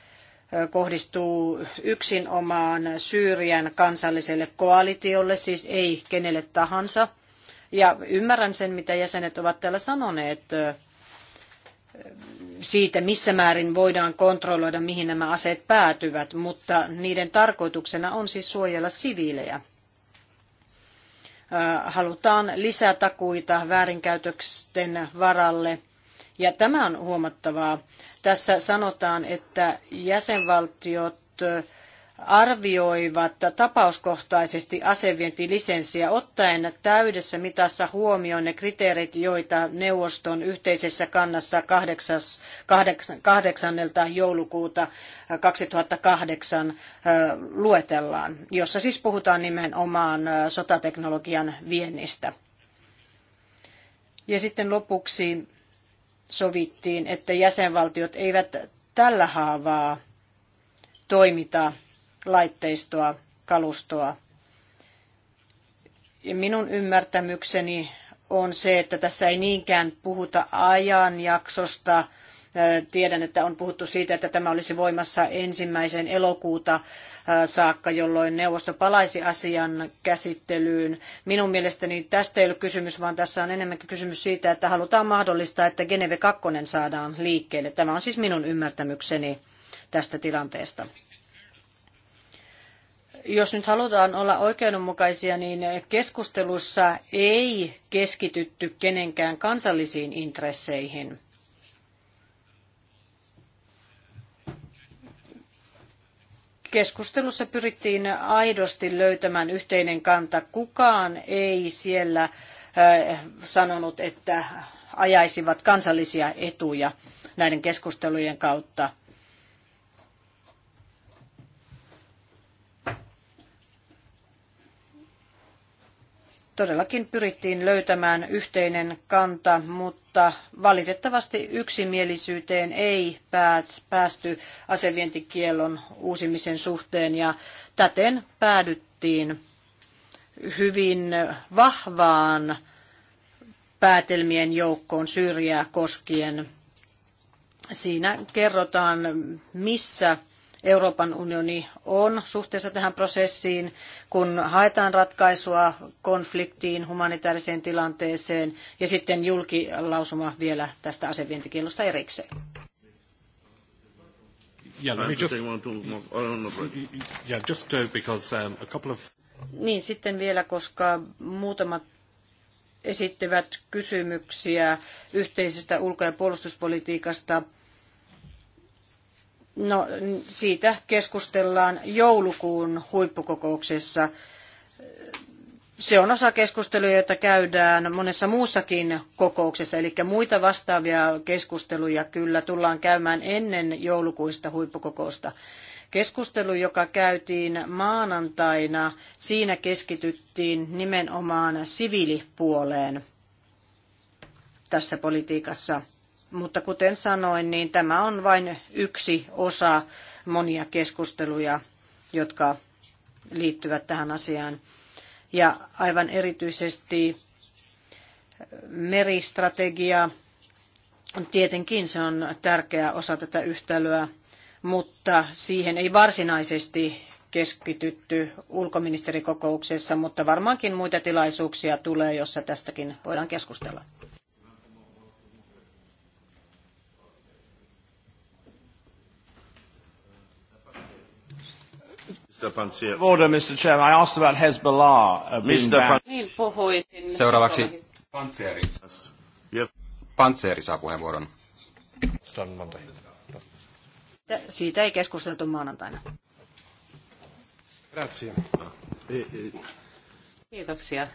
kohdistuu yksin omaan Syyrian kansalliselle koalitiolle, siis ei kenelle tahansa. Ja ymmärrän sen, mitä jäsenet ovat täällä sanoneet siitä, missä määrin voidaan kontrolloida, mihin nämä aseet päätyvät, mutta niiden tarkoituksena on siis suojella siviilejä. Halutaan lisätakuita väärinkäytösten varalle, ja tämä on huomattavaa. Tässä sanotaan, että jäsenvaltiot arvioivat tapauskohtaisesti asevientilisenssiä ottaen täydessä mitassa huomioon ne kriteerit, joita neuvoston yhteisessä kannassa 8, 8, 8. joulukuuta 2008 luetellaan, jossa siis puhutaan nimenomaan sotateknologian viennistä. Ja sitten lopuksi sovittiin, että jäsenvaltiot eivät tällä haavaa toimita laitteistoa, kalustoa. Ja minun ymmärtämykseni on se, että tässä ei niinkään puhuta ajanjaksosta, Tiedän, että on puhuttu siitä, että tämä olisi voimassa ensimmäisen elokuuta saakka, jolloin neuvosto palaisi asian käsittelyyn. Minun mielestäni tästä ei ole kysymys, vaan tässä on enemmänkin kysymys siitä, että halutaan mahdollistaa, että Geneve 2 saadaan liikkeelle. Tämä on siis minun ymmärtämykseni tästä tilanteesta jos nyt halutaan olla oikeudenmukaisia, niin keskustelussa ei keskitytty kenenkään kansallisiin intresseihin. Keskustelussa pyrittiin aidosti löytämään yhteinen kanta. Kukaan ei siellä eh, sanonut, että ajaisivat kansallisia etuja näiden keskustelujen kautta. todellakin pyrittiin löytämään yhteinen kanta, mutta valitettavasti yksimielisyyteen ei päästy asevientikielon uusimisen suhteen ja täten päädyttiin hyvin vahvaan päätelmien joukkoon syrjää koskien. Siinä kerrotaan, missä Euroopan unioni on suhteessa tähän prosessiin, kun haetaan ratkaisua konfliktiin, humanitaariseen tilanteeseen ja sitten julkilausuma vielä tästä asevientikielosta erikseen. Niin, sitten vielä, koska muutamat esittivät kysymyksiä yhteisestä ulko- ja puolustuspolitiikasta – No, siitä keskustellaan joulukuun huippukokouksessa. Se on osa keskusteluja, joita käydään monessa muussakin kokouksessa, eli muita vastaavia keskusteluja kyllä tullaan käymään ennen joulukuista huippukokousta. Keskustelu, joka käytiin maanantaina, siinä keskityttiin nimenomaan siviilipuoleen tässä politiikassa – mutta kuten sanoin, niin tämä on vain yksi osa monia keskusteluja, jotka liittyvät tähän asiaan. Ja aivan erityisesti meristrategia, tietenkin se on tärkeä osa tätä yhtälöä, mutta siihen ei varsinaisesti keskitytty ulkoministerikokouksessa, mutta varmaankin muita tilaisuuksia tulee, jossa tästäkin voidaan keskustella. Mr. Pansier. Order, Mr. Chairman. I asked about Hezbollah. Uh, Mr. Niin Seuraavaksi Pansieri. Pansieri saa puheenvuoron. Siitä ei keskusteltu maanantaina. Grazie. No. Kiitoksia.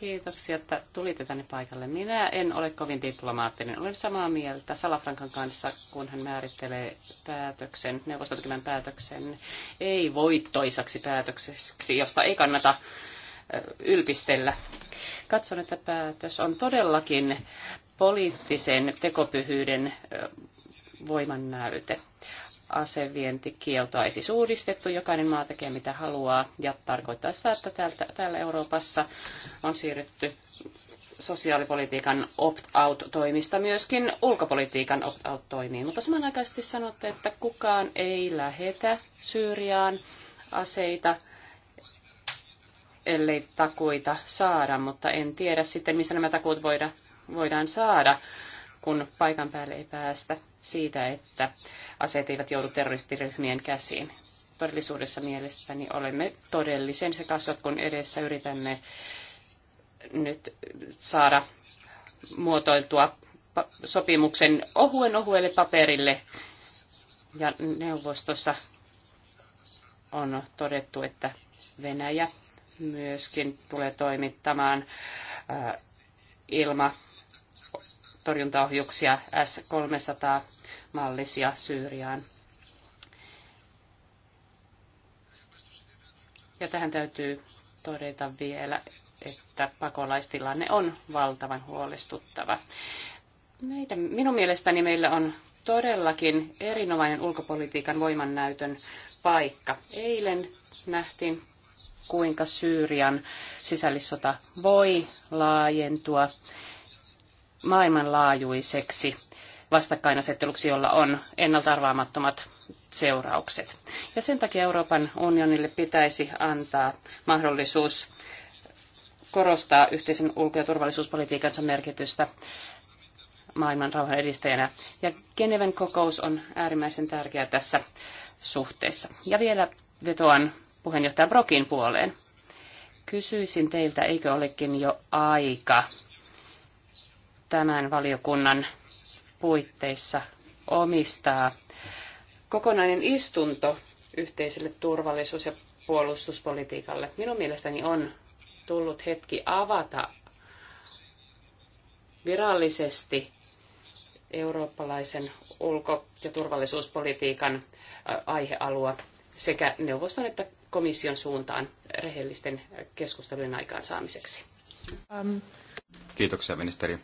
Kiitoksia, että tulitte tänne paikalle. Minä en ole kovin diplomaattinen. Olen samaa mieltä Salafrankan kanssa, kun hän määrittelee päätöksen, neuvostotekemän päätöksen ei voittoisaksi päätökseksi, josta ei kannata ylpistellä. Katson, että päätös on todellakin poliittisen tekopyhyyden voimannäyte asevientikieltoa ei siis uudistettu. Jokainen maa tekee mitä haluaa ja tarkoittaa sitä, että täältä, täällä Euroopassa on siirrytty sosiaalipolitiikan opt-out-toimista myöskin ulkopolitiikan opt-out-toimiin. Mutta samanaikaisesti sanotte, että kukaan ei lähetä Syyriaan aseita, ellei takuita saada, mutta en tiedä sitten, mistä nämä takuut voida, voidaan saada, kun paikan päälle ei päästä siitä, että aseet eivät joudu terroristiryhmien käsiin. Todellisuudessa mielestäni olemme todellisen kun edessä. Yritämme nyt saada muotoiltua sopimuksen ohuen ohuelle paperille. Ja neuvostossa on todettu, että Venäjä myöskin tulee toimittamaan ilma torjuntaohjuksia S-300-mallisia Syyriaan. Ja tähän täytyy todeta vielä, että pakolaistilanne on valtavan huolestuttava. Meidän, minun mielestäni meillä on todellakin erinomainen ulkopolitiikan voimannäytön paikka. Eilen nähtiin, kuinka Syyrian sisällissota voi laajentua maailmanlaajuiseksi vastakkainasetteluksi, jolla on ennaltaarvaamattomat seuraukset. Ja sen takia Euroopan unionille pitäisi antaa mahdollisuus korostaa yhteisen ulko- ja turvallisuuspolitiikansa merkitystä maailman rauhan edistäjänä. Ja Geneven kokous on äärimmäisen tärkeä tässä suhteessa. Ja vielä vetoan puheenjohtaja Brokin puoleen. Kysyisin teiltä, eikö olekin jo aika tämän valiokunnan puitteissa omistaa kokonainen istunto yhteiselle turvallisuus- ja puolustuspolitiikalle. Minun mielestäni on tullut hetki avata virallisesti eurooppalaisen ulko- ja turvallisuuspolitiikan aihealua sekä neuvoston että komission suuntaan rehellisten keskustelujen aikaansaamiseksi. Um. Kiitoksia ministeri.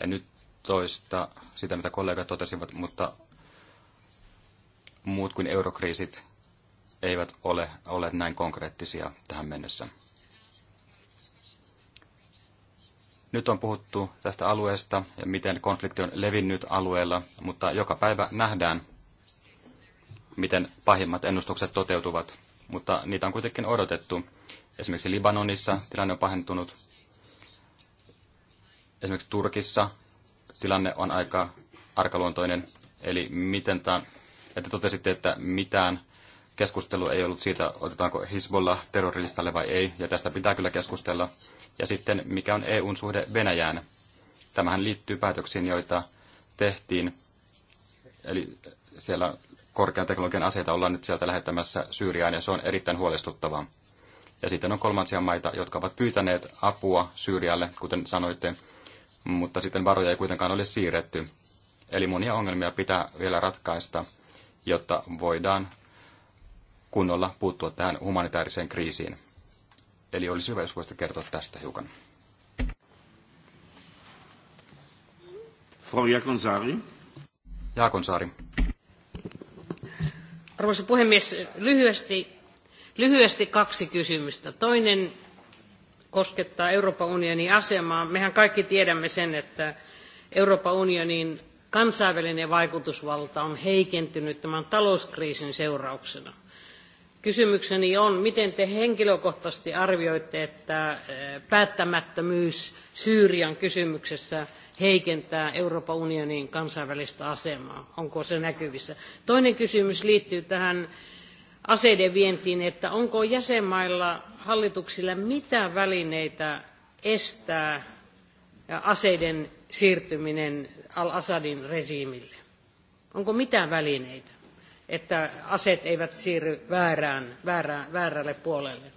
En nyt toista sitä, mitä kollegat totesivat, mutta muut kuin eurokriisit eivät ole olleet näin konkreettisia tähän mennessä. Nyt on puhuttu tästä alueesta ja miten konflikti on levinnyt alueella, mutta joka päivä nähdään, miten pahimmat ennustukset toteutuvat. Mutta niitä on kuitenkin odotettu. Esimerkiksi Libanonissa tilanne on pahentunut Esimerkiksi Turkissa tilanne on aika arkaluontoinen, eli miten tämän, että totesitte, että mitään keskustelu ei ollut siitä, otetaanko Hezbollah terroristalle vai ei, ja tästä pitää kyllä keskustella. Ja sitten, mikä on EUn suhde Venäjään? Tämähän liittyy päätöksiin, joita tehtiin. Eli siellä korkean teknologian aseita ollaan nyt sieltä lähettämässä Syyriaan, ja se on erittäin huolestuttavaa. Ja sitten on kolmansia maita, jotka ovat pyytäneet apua Syyrialle, kuten sanoitte, mutta sitten varoja ei kuitenkaan ole siirretty. Eli monia ongelmia pitää vielä ratkaista, jotta voidaan kunnolla puuttua tähän humanitaariseen kriisiin. Eli olisi hyvä, jos voisitte kertoa tästä hiukan. Frau Jaakonsaari. Jaakonsaari. Arvoisa puhemies, lyhyesti, lyhyesti kaksi kysymystä. Toinen koskettaa Euroopan unionin asemaa. Mehän kaikki tiedämme sen, että Euroopan unionin kansainvälinen vaikutusvalta on heikentynyt tämän talouskriisin seurauksena. Kysymykseni on, miten te henkilökohtaisesti arvioitte, että eh, päättämättömyys Syyrian kysymyksessä heikentää Euroopan unionin kansainvälistä asemaa? Onko se näkyvissä? Toinen kysymys liittyy tähän aseiden vientiin, että onko jäsenmailla hallituksilla mitään välineitä estää aseiden siirtyminen al-Assadin regiimille? Onko mitään välineitä, että aseet eivät siirry väärään, väärään, väärälle puolelle?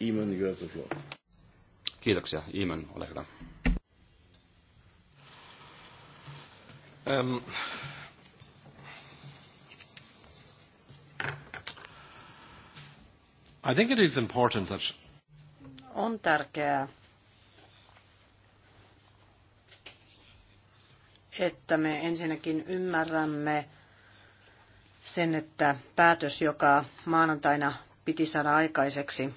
Iman, you have the floor. Kiitoksia. Iman, ole hyvä. Um, I think it is important that... On tärkeää, että me ensinnäkin ymmärrämme sen, että päätös, joka maanantaina piti saada aikaiseksi,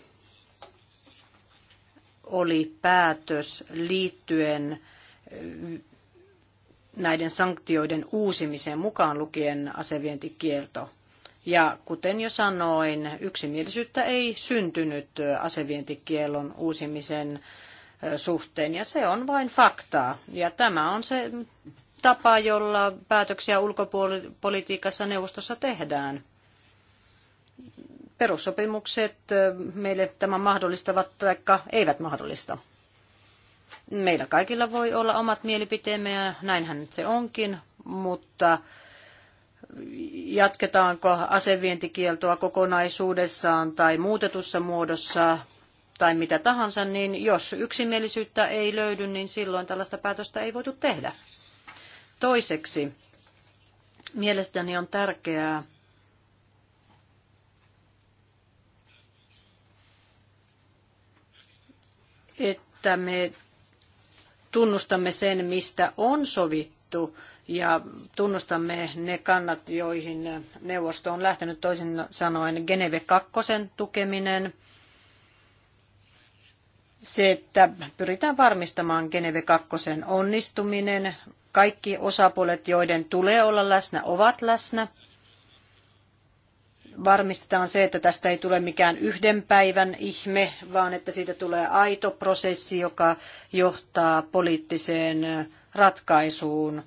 oli päätös liittyen näiden sanktioiden uusimiseen mukaan lukien asevientikielto. Ja kuten jo sanoin, yksimielisyyttä ei syntynyt asevientikielon uusimisen suhteen, ja se on vain faktaa. Ja tämä on se tapa, jolla päätöksiä ulkopolitiikassa neuvostossa tehdään. Perussopimukset meille tämän mahdollistavat tai eivät mahdollista meillä kaikilla voi olla omat mielipiteemme ja näinhän nyt se onkin, mutta jatketaanko asevientikieltoa kokonaisuudessaan tai muutetussa muodossa tai mitä tahansa, niin jos yksimielisyyttä ei löydy, niin silloin tällaista päätöstä ei voitu tehdä. Toiseksi, mielestäni on tärkeää, että me tunnustamme sen, mistä on sovittu ja tunnustamme ne kannat, joihin neuvosto on lähtenyt toisin sanoen Geneve 2 tukeminen. Se, että pyritään varmistamaan Geneve 2 onnistuminen, kaikki osapuolet, joiden tulee olla läsnä, ovat läsnä varmistetaan se, että tästä ei tule mikään yhden päivän ihme, vaan että siitä tulee aito prosessi, joka johtaa poliittiseen ratkaisuun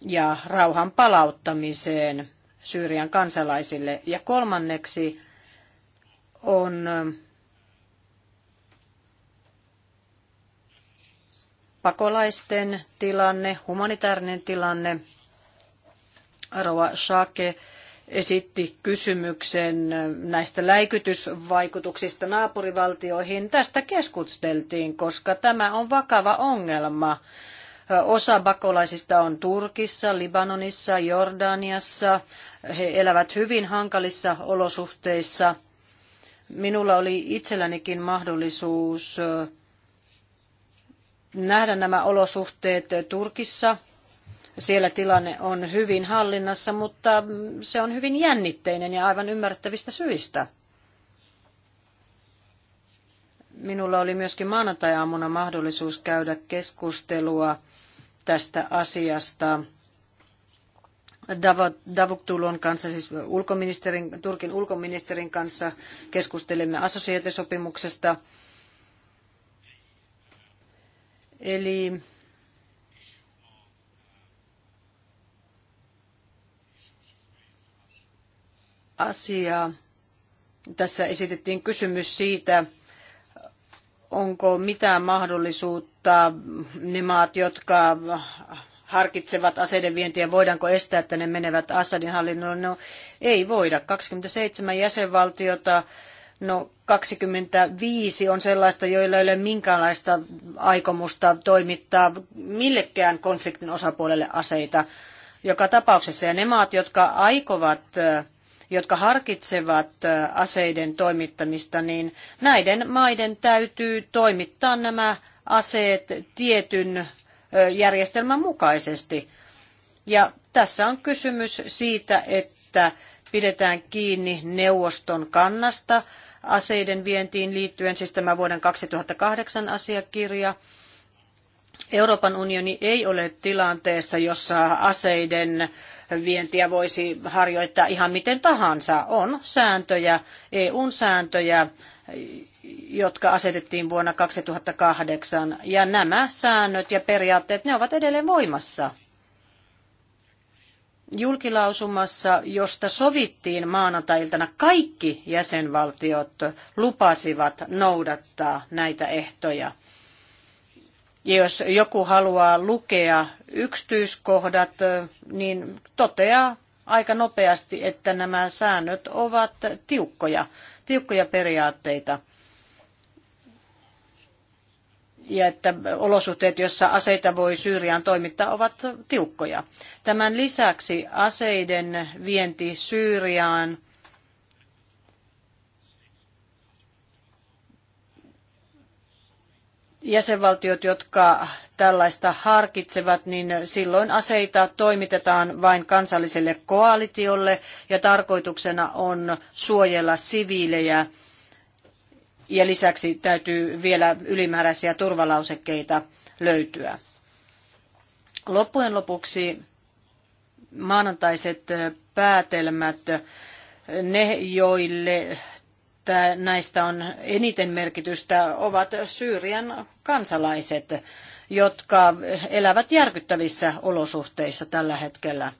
ja rauhan palauttamiseen Syyrian kansalaisille. Ja kolmanneksi on pakolaisten tilanne, humanitaarinen tilanne. Rova Shake esitti kysymyksen näistä läikytysvaikutuksista naapurivaltioihin. Tästä keskusteltiin, koska tämä on vakava ongelma. Osa pakolaisista on Turkissa, Libanonissa, Jordaniassa. He elävät hyvin hankalissa olosuhteissa. Minulla oli itsellänikin mahdollisuus nähdä nämä olosuhteet Turkissa siellä tilanne on hyvin hallinnassa, mutta se on hyvin jännitteinen ja aivan ymmärrettävistä syistä. Minulla oli myöskin maanantai-aamuna mahdollisuus käydä keskustelua tästä asiasta Davutulon kanssa, siis ulkoministerin, Turkin ulkoministerin kanssa keskustelimme assosiaatiosopimuksesta. Eli asiaa. Tässä esitettiin kysymys siitä, onko mitään mahdollisuutta ne maat, jotka harkitsevat aseiden vientiä, voidaanko estää, että ne menevät Assadin hallinnolle? No ei voida. 27 jäsenvaltiota, no 25 on sellaista, joilla ei ole minkäänlaista aikomusta toimittaa millekään konfliktin osapuolelle aseita joka tapauksessa. Ja ne maat, jotka aikovat äh, jotka harkitsevat aseiden toimittamista, niin näiden maiden täytyy toimittaa nämä aseet tietyn järjestelmän mukaisesti. Ja tässä on kysymys siitä, että pidetään kiinni neuvoston kannasta aseiden vientiin liittyen, siis tämä vuoden 2008 asiakirja. Euroopan unioni ei ole tilanteessa, jossa aseiden vientiä voisi harjoittaa ihan miten tahansa. On sääntöjä, EUn sääntöjä, jotka asetettiin vuonna 2008, ja nämä säännöt ja periaatteet, ne ovat edelleen voimassa. Julkilausumassa, josta sovittiin maanantailtana, kaikki jäsenvaltiot lupasivat noudattaa näitä ehtoja. Ja jos joku haluaa lukea yksityiskohdat, niin toteaa aika nopeasti, että nämä säännöt ovat tiukkoja, tiukkoja periaatteita. Ja että olosuhteet, joissa aseita voi Syyriaan toimittaa, ovat tiukkoja. Tämän lisäksi aseiden vienti Syyriaan – jäsenvaltiot, jotka tällaista harkitsevat, niin silloin aseita toimitetaan vain kansalliselle koalitiolle ja tarkoituksena on suojella siviilejä ja lisäksi täytyy vielä ylimääräisiä turvalausekkeita löytyä. Loppujen lopuksi maanantaiset päätelmät, ne joille että näistä on eniten merkitystä, ovat Syyrian kansalaiset, jotka elävät järkyttävissä olosuhteissa tällä hetkellä.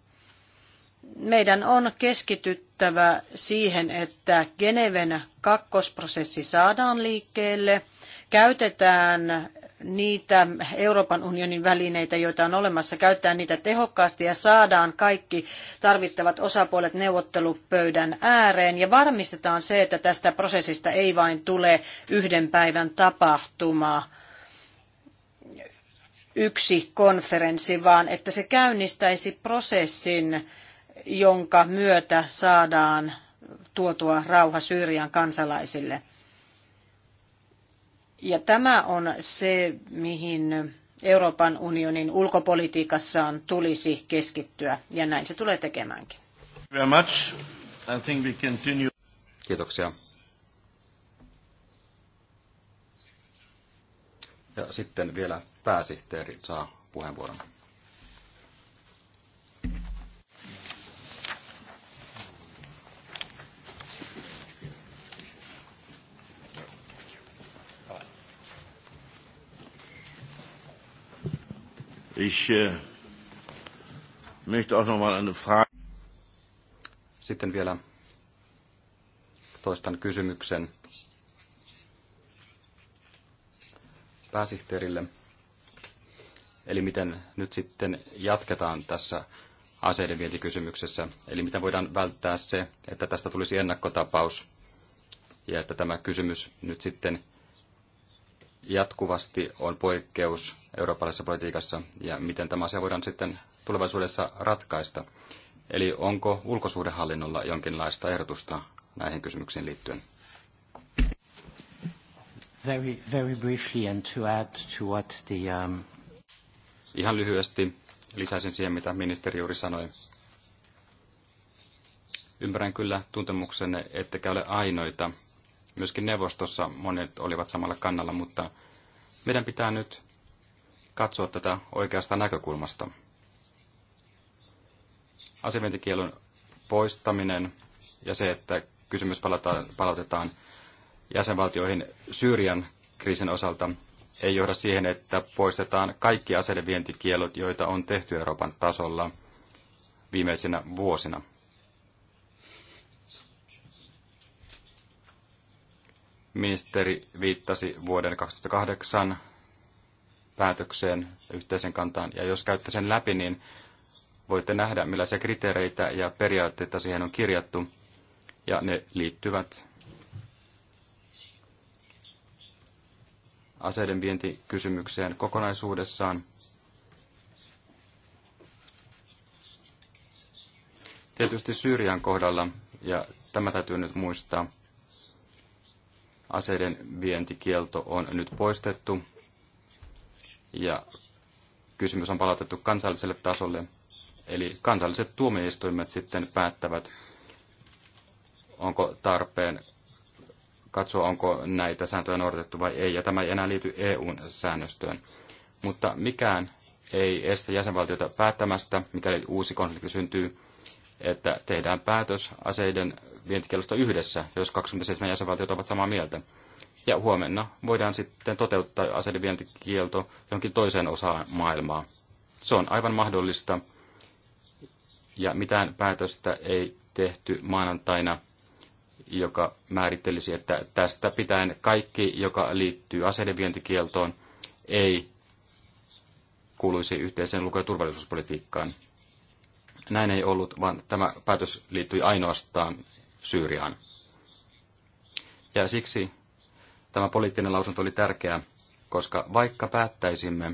Meidän on keskityttävä siihen, että Geneven kakkosprosessi saadaan liikkeelle, käytetään niitä Euroopan unionin välineitä, joita on olemassa, käyttää niitä tehokkaasti ja saadaan kaikki tarvittavat osapuolet neuvottelupöydän ääreen ja varmistetaan se, että tästä prosessista ei vain tule yhden päivän tapahtuma yksi konferenssi, vaan että se käynnistäisi prosessin, jonka myötä saadaan tuotua rauha Syyrian kansalaisille. Ja tämä on se, mihin Euroopan unionin ulkopolitiikassaan tulisi keskittyä, ja näin se tulee tekemäänkin. Kiitoksia. Ja sitten vielä pääsihteeri saa puheenvuoron. Ich äh, möchte auch eine Frage. Sitten vielä toistan kysymyksen pääsihteerille. Eli miten nyt sitten jatketaan tässä aseiden vientikysymyksessä? Eli miten voidaan välttää se, että tästä tulisi ennakkotapaus ja että tämä kysymys nyt sitten jatkuvasti on poikkeus eurooppalaisessa politiikassa ja miten tämä asia voidaan sitten tulevaisuudessa ratkaista. Eli onko ulkosuhdehallinnolla jonkinlaista ehdotusta näihin kysymyksiin liittyen? Very, very briefly and to add to what the, um... Ihan lyhyesti lisäisin siihen, mitä ministeri juuri sanoi. Ymmärrän kyllä tuntemuksenne, ettekä ole ainoita, Myöskin neuvostossa monet olivat samalla kannalla, mutta meidän pitää nyt katsoa tätä oikeasta näkökulmasta. Asevientikielon poistaminen ja se, että kysymys palautetaan jäsenvaltioihin Syyrian kriisin osalta, ei johda siihen, että poistetaan kaikki aseiden vientikielot, joita on tehty Euroopan tasolla viimeisinä vuosina. Ministeri viittasi vuoden 2008 päätökseen yhteisen kantaan, ja jos käytte sen läpi, niin voitte nähdä, millaisia kriteereitä ja periaatteita siihen on kirjattu, ja ne liittyvät aseiden vientikysymykseen kokonaisuudessaan. Tietysti Syyrian kohdalla, ja tämä täytyy nyt muistaa, aseiden vientikielto on nyt poistettu ja kysymys on palautettu kansalliselle tasolle. Eli kansalliset tuomioistuimet sitten päättävät, onko tarpeen katsoa, onko näitä sääntöjä noudatettu vai ei, ja tämä ei enää liity eu säännöstöön. Mutta mikään ei estä jäsenvaltiota päättämästä, mikäli uusi konflikti syntyy, että tehdään päätös aseiden vientikielosta yhdessä, jos 27 jäsenvaltiot ovat samaa mieltä. Ja huomenna voidaan sitten toteuttaa aseiden vientikielto jonkin toiseen osaan maailmaa. Se on aivan mahdollista, ja mitään päätöstä ei tehty maanantaina, joka määrittelisi, että tästä pitäen kaikki, joka liittyy aseiden vientikieltoon, ei kuuluisi yhteiseen luku- ja turvallisuuspolitiikkaan. Näin ei ollut, vaan tämä päätös liittyi ainoastaan Syyriaan. Ja siksi tämä poliittinen lausunto oli tärkeä, koska vaikka päättäisimme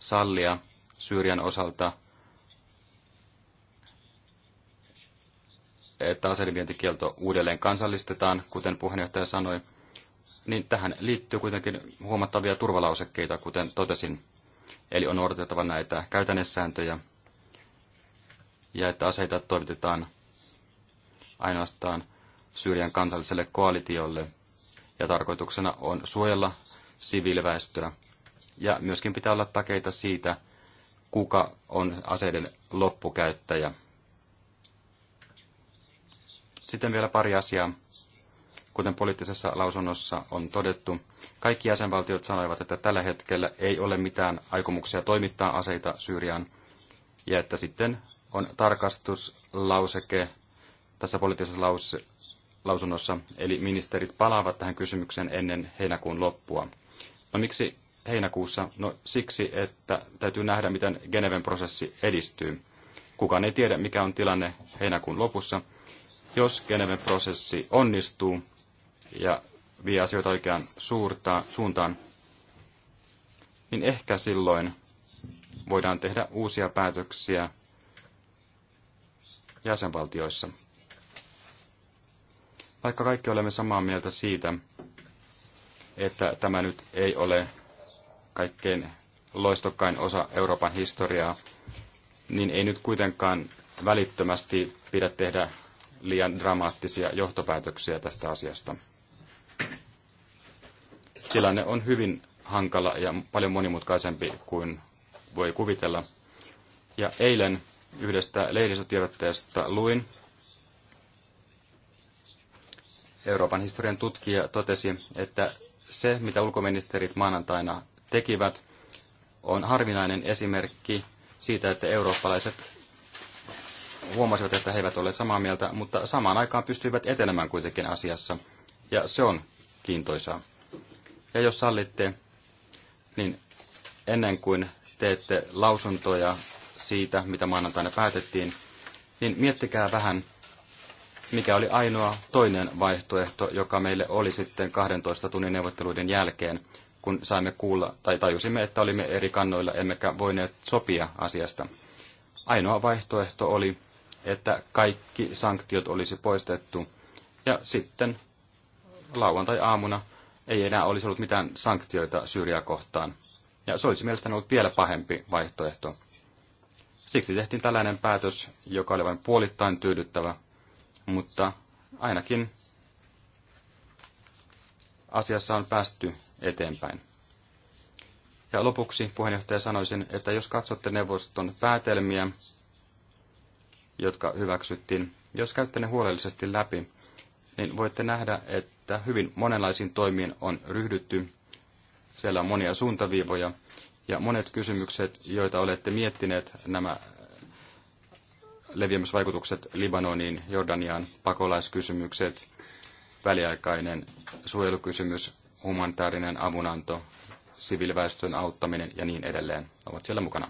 sallia Syyrian osalta että aseidenvientikielto uudelleen kansallistetaan, kuten puheenjohtaja sanoi, niin tähän liittyy kuitenkin huomattavia turvalausekkeita, kuten totesin. Eli on noudatettava näitä käytännössääntöjä ja että aseita toimitetaan ainoastaan Syyrian kansalliselle koalitiolle ja tarkoituksena on suojella siviiliväestöä ja myöskin pitää olla takeita siitä, kuka on aseiden loppukäyttäjä. Sitten vielä pari asiaa, Kuten poliittisessa lausunnossa on todettu, kaikki jäsenvaltiot sanoivat, että tällä hetkellä ei ole mitään aikomuksia toimittaa aseita Syyriaan, ja että sitten on tarkastuslauseke tässä poliittisessa laus- lausunnossa, eli ministerit palaavat tähän kysymykseen ennen heinäkuun loppua. No miksi heinäkuussa? No siksi, että täytyy nähdä, miten Geneven prosessi edistyy. Kukaan ei tiedä, mikä on tilanne heinäkuun lopussa. Jos Geneven prosessi onnistuu, ja vie asioita oikeaan suurta, suuntaan, niin ehkä silloin voidaan tehdä uusia päätöksiä jäsenvaltioissa. Vaikka kaikki olemme samaa mieltä siitä, että tämä nyt ei ole kaikkein loistokkain osa Euroopan historiaa, niin ei nyt kuitenkaan välittömästi pidä tehdä liian dramaattisia johtopäätöksiä tästä asiasta tilanne on hyvin hankala ja paljon monimutkaisempi kuin voi kuvitella. Ja eilen yhdestä lehdistötiedotteesta luin, Euroopan historian tutkija totesi, että se, mitä ulkoministerit maanantaina tekivät, on harvinainen esimerkki siitä, että eurooppalaiset huomasivat, että he eivät ole samaa mieltä, mutta samaan aikaan pystyivät etenemään kuitenkin asiassa, ja se on kiintoisaa. Ja jos sallitte, niin ennen kuin teette lausuntoja siitä, mitä maanantaina päätettiin, niin miettikää vähän, mikä oli ainoa toinen vaihtoehto, joka meille oli sitten 12 tunnin neuvotteluiden jälkeen, kun saimme kuulla tai tajusimme, että olimme eri kannoilla emmekä voineet sopia asiasta. Ainoa vaihtoehto oli, että kaikki sanktiot olisi poistettu ja sitten lauantai-aamuna ei enää olisi ollut mitään sanktioita Syyriä kohtaan. Ja se olisi mielestäni ollut vielä pahempi vaihtoehto. Siksi tehtiin tällainen päätös, joka oli vain puolittain tyydyttävä, mutta ainakin asiassa on päästy eteenpäin. Ja lopuksi puheenjohtaja sanoisin, että jos katsotte neuvoston päätelmiä, jotka hyväksyttiin, jos käytte ne huolellisesti läpi, niin voitte nähdä, että että hyvin monenlaisiin toimiin on ryhdytty. Siellä on monia suuntaviivoja ja monet kysymykset, joita olette miettineet, nämä leviämisvaikutukset Libanoniin, Jordaniaan, pakolaiskysymykset, väliaikainen suojelukysymys, humanitaarinen avunanto, siviiliväestön auttaminen ja niin edelleen ovat siellä mukana.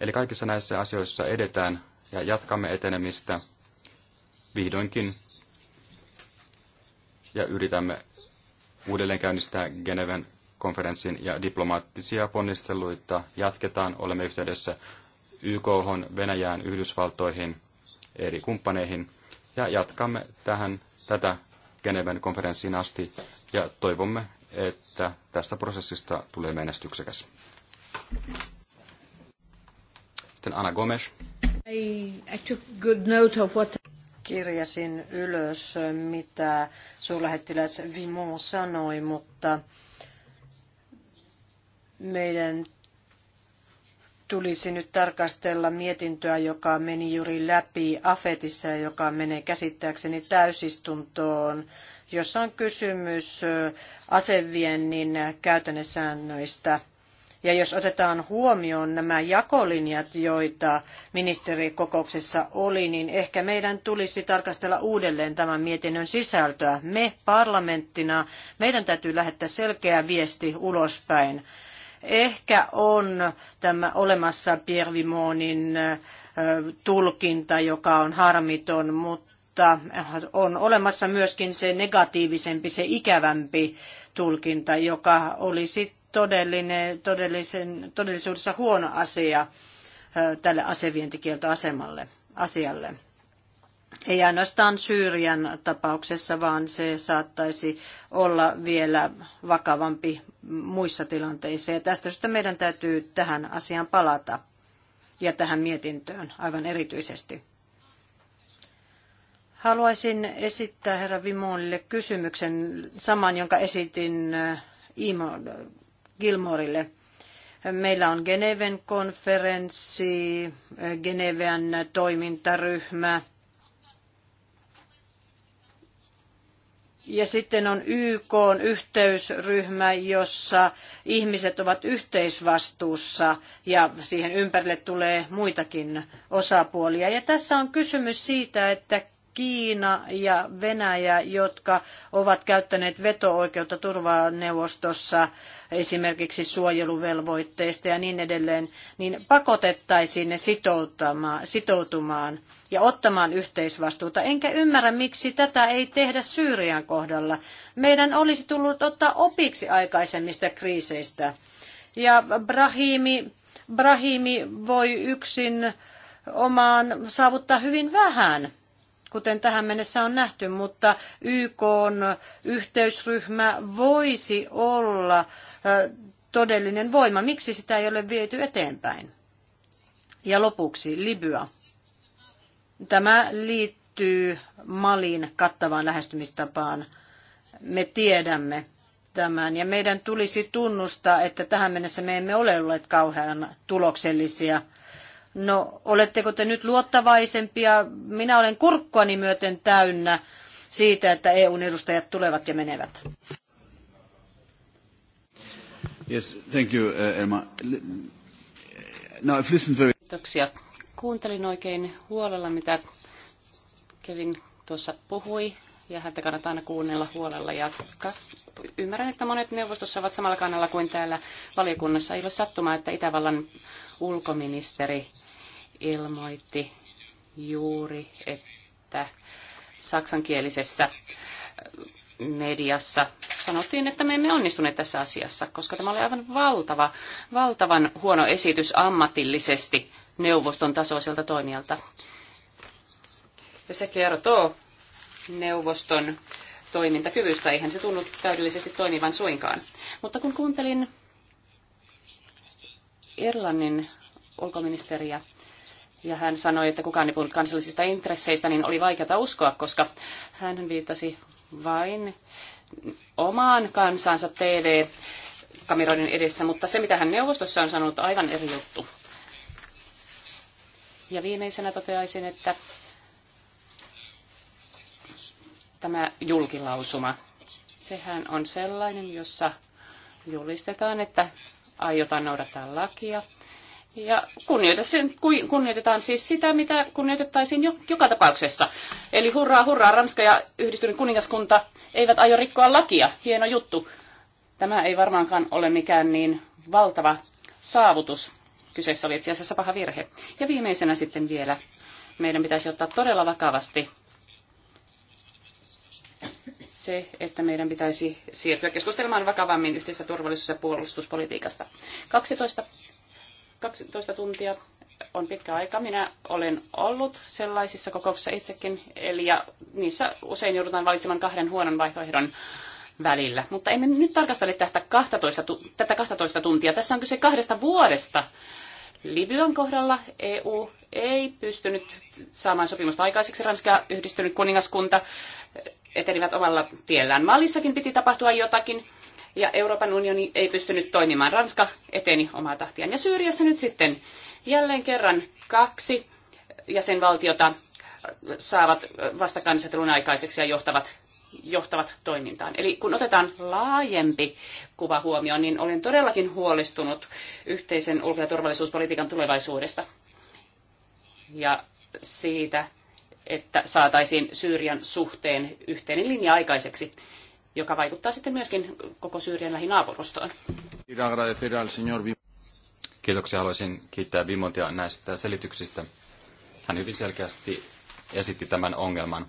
Eli kaikissa näissä asioissa edetään ja jatkamme etenemistä vihdoinkin ja yritämme uudelleen käynnistää Geneven konferenssin ja diplomaattisia ponnisteluita jatketaan. Olemme yhteydessä YK, Venäjään, Yhdysvaltoihin, eri kumppaneihin ja jatkamme tähän tätä Geneven konferenssiin asti ja toivomme, että tästä prosessista tulee menestyksekäs. Sitten Anna Gomes. I, I took good note of what kirjasin ylös, mitä suurlähettiläs Vimon sanoi, mutta meidän tulisi nyt tarkastella mietintöä, joka meni juuri läpi AFETissa ja joka menee käsittääkseni täysistuntoon, jossa on kysymys aseviennin käytännössäännöistä – ja jos otetaan huomioon nämä jakolinjat, joita ministerikokouksessa oli, niin ehkä meidän tulisi tarkastella uudelleen tämän mietinnön sisältöä. Me parlamenttina, meidän täytyy lähettää selkeä viesti ulospäin. Ehkä on tämä olemassa Pierre Vimonin tulkinta, joka on harmiton, mutta mutta on olemassa myöskin se negatiivisempi, se ikävämpi tulkinta, joka olisi todellinen, todellisen, todellisuudessa huono asia tälle asevientikieltoasemalle asialle. Ei ainoastaan Syyrian tapauksessa, vaan se saattaisi olla vielä vakavampi muissa tilanteissa. Ja tästä syystä meidän täytyy tähän asiaan palata ja tähän mietintöön aivan erityisesti. Haluaisin esittää herra Vimonille kysymyksen, saman jonka esitin Gilmorille. Meillä on Geneven konferenssi, Geneven toimintaryhmä. Ja sitten on YK yhteysryhmä, jossa ihmiset ovat yhteisvastuussa ja siihen ympärille tulee muitakin osapuolia. Ja tässä on kysymys siitä, että Kiina ja Venäjä, jotka ovat käyttäneet veto-oikeutta turvaneuvostossa esimerkiksi suojeluvelvoitteista ja niin edelleen, niin pakotettaisiin ne sitoutumaan ja ottamaan yhteisvastuuta. Enkä ymmärrä, miksi tätä ei tehdä Syyrian kohdalla. Meidän olisi tullut ottaa opiksi aikaisemmista kriiseistä. Ja Brahimi, Brahimi voi yksin omaan saavuttaa hyvin vähän kuten tähän mennessä on nähty, mutta YK yhteysryhmä voisi olla todellinen voima. Miksi sitä ei ole viety eteenpäin? Ja lopuksi Libya. Tämä liittyy Malin kattavaan lähestymistapaan. Me tiedämme tämän ja meidän tulisi tunnustaa, että tähän mennessä me emme ole olleet kauhean tuloksellisia – No, oletteko te nyt luottavaisempia? Minä olen kurkkuani myöten täynnä siitä, että EUn edustajat tulevat ja menevät. Yes, thank you, uh, Emma. Now I've listened very... Kiitoksia. Kuuntelin oikein huolella, mitä Kevin tuossa puhui ja häntä kannattaa aina kuunnella huolella. Ja ymmärrän, että monet neuvostossa ovat samalla kannalla kuin täällä valiokunnassa. Ei ole sattumaa, että Itävallan ulkoministeri ilmoitti juuri, että saksankielisessä mediassa sanottiin, että me emme onnistuneet tässä asiassa, koska tämä oli aivan valtava, valtavan huono esitys ammatillisesti neuvoston tasoiselta toimijalta. Ja se kertoo neuvoston toimintakyvystä. Eihän se tunnu täydellisesti toimivan suinkaan. Mutta kun kuuntelin Irlannin ulkoministeriä, ja hän sanoi, että kukaan ei puhunut kansallisista intresseistä, niin oli vaikeaa uskoa, koska hän viittasi vain omaan kansansa TV-kameroiden edessä, mutta se, mitä hän neuvostossa on sanonut, aivan eri juttu. Ja viimeisenä toteaisin, että tämä julkilausuma. Sehän on sellainen, jossa julistetaan, että aiotaan noudattaa lakia. Ja kunnioitetaan siis sitä, mitä kunnioitettaisiin jo, joka tapauksessa. Eli hurraa, hurraa, Ranska ja yhdistynyt kuningaskunta eivät aio rikkoa lakia. Hieno juttu. Tämä ei varmaankaan ole mikään niin valtava saavutus. Kyseessä oli itse asiassa paha virhe. Ja viimeisenä sitten vielä meidän pitäisi ottaa todella vakavasti se, että meidän pitäisi siirtyä keskustelemaan vakavammin yhteistä turvallisuus- ja puolustuspolitiikasta. 12, 12 tuntia on pitkä aika. Minä olen ollut sellaisissa kokouksissa itsekin, eli ja niissä usein joudutaan valitsemaan kahden huonon vaihtoehdon välillä. Mutta emme nyt tarkastele tätä 12, tätä 12 tuntia. Tässä on kyse kahdesta vuodesta. Libyan kohdalla EU ei pystynyt saamaan sopimusta aikaiseksi. Ranska, yhdistynyt kuningaskunta etenivät omalla tiellään. Mallissakin piti tapahtua jotakin, ja Euroopan unioni ei pystynyt toimimaan. Ranska eteni omaa tahtiaan. Ja Syyriassa nyt sitten jälleen kerran kaksi jäsenvaltiota saavat vastakkainasettelun aikaiseksi ja johtavat, johtavat toimintaan. Eli kun otetaan laajempi kuva huomioon, niin olen todellakin huolestunut yhteisen ulko- ja turvallisuuspolitiikan tulevaisuudesta ja siitä, että saataisiin Syyrian suhteen yhteinen linja aikaiseksi, joka vaikuttaa sitten myöskin koko Syyrian lähinaapurustoon. Kiitoksia. Haluaisin kiittää Vimontia näistä selityksistä. Hän hyvin selkeästi esitti tämän ongelman.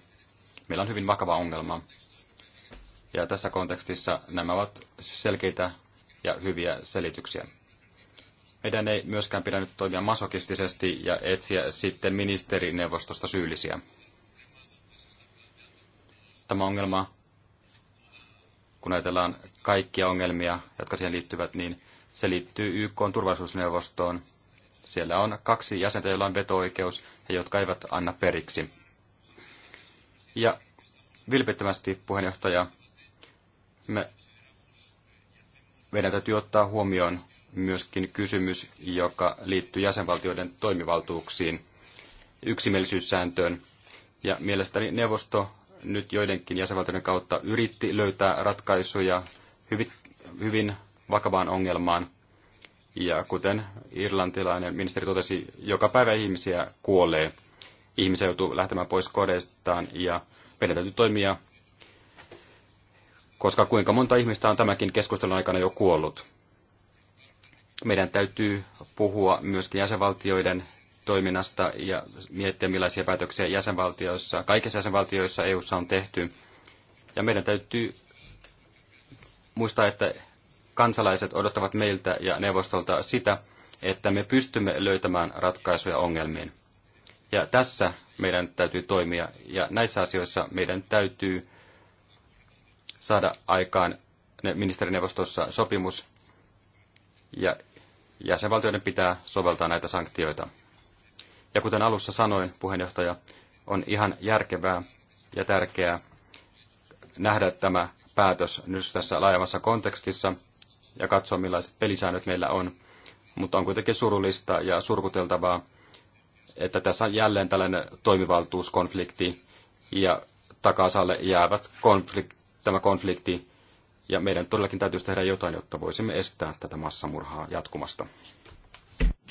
Meillä on hyvin vakava ongelma. Ja tässä kontekstissa nämä ovat selkeitä ja hyviä selityksiä. Meidän ei myöskään pidä nyt toimia masokistisesti ja etsiä sitten ministerineuvostosta syyllisiä. Tämä ongelma, kun ajatellaan kaikkia ongelmia, jotka siihen liittyvät, niin se liittyy YK turvallisuusneuvostoon. Siellä on kaksi jäsentä, joilla on veto-oikeus ja jotka eivät anna periksi. Ja vilpittömästi puheenjohtaja, me, meidän täytyy ottaa huomioon myöskin kysymys, joka liittyy jäsenvaltioiden toimivaltuuksiin, yksimielisyyssääntöön. Ja mielestäni neuvosto nyt joidenkin jäsenvaltioiden kautta yritti löytää ratkaisuja hyvin, hyvin vakavaan ongelmaan. Ja kuten irlantilainen ministeri totesi, joka päivä ihmisiä kuolee. Ihmisiä joutuu lähtemään pois kodeistaan ja meidän täytyy toimia, koska kuinka monta ihmistä on tämäkin keskustelun aikana jo kuollut meidän täytyy puhua myöskin jäsenvaltioiden toiminnasta ja miettiä, millaisia päätöksiä jäsenvaltioissa, kaikissa jäsenvaltioissa EU:ssa on tehty. Ja meidän täytyy muistaa, että kansalaiset odottavat meiltä ja neuvostolta sitä, että me pystymme löytämään ratkaisuja ongelmiin. Ja tässä meidän täytyy toimia, ja näissä asioissa meidän täytyy saada aikaan ministerineuvostossa sopimus, ja jäsenvaltioiden pitää soveltaa näitä sanktioita. Ja kuten alussa sanoin, puheenjohtaja, on ihan järkevää ja tärkeää nähdä tämä päätös nyt tässä laajemmassa kontekstissa ja katsoa, millaiset pelisäännöt meillä on. Mutta on kuitenkin surullista ja surkuteltavaa, että tässä on jälleen tällainen toimivaltuuskonflikti ja takasalle jäävät konflikti, tämä konflikti ja meidän todellakin täytyisi tehdä jotain, jotta voisimme estää tätä massamurhaa jatkumasta.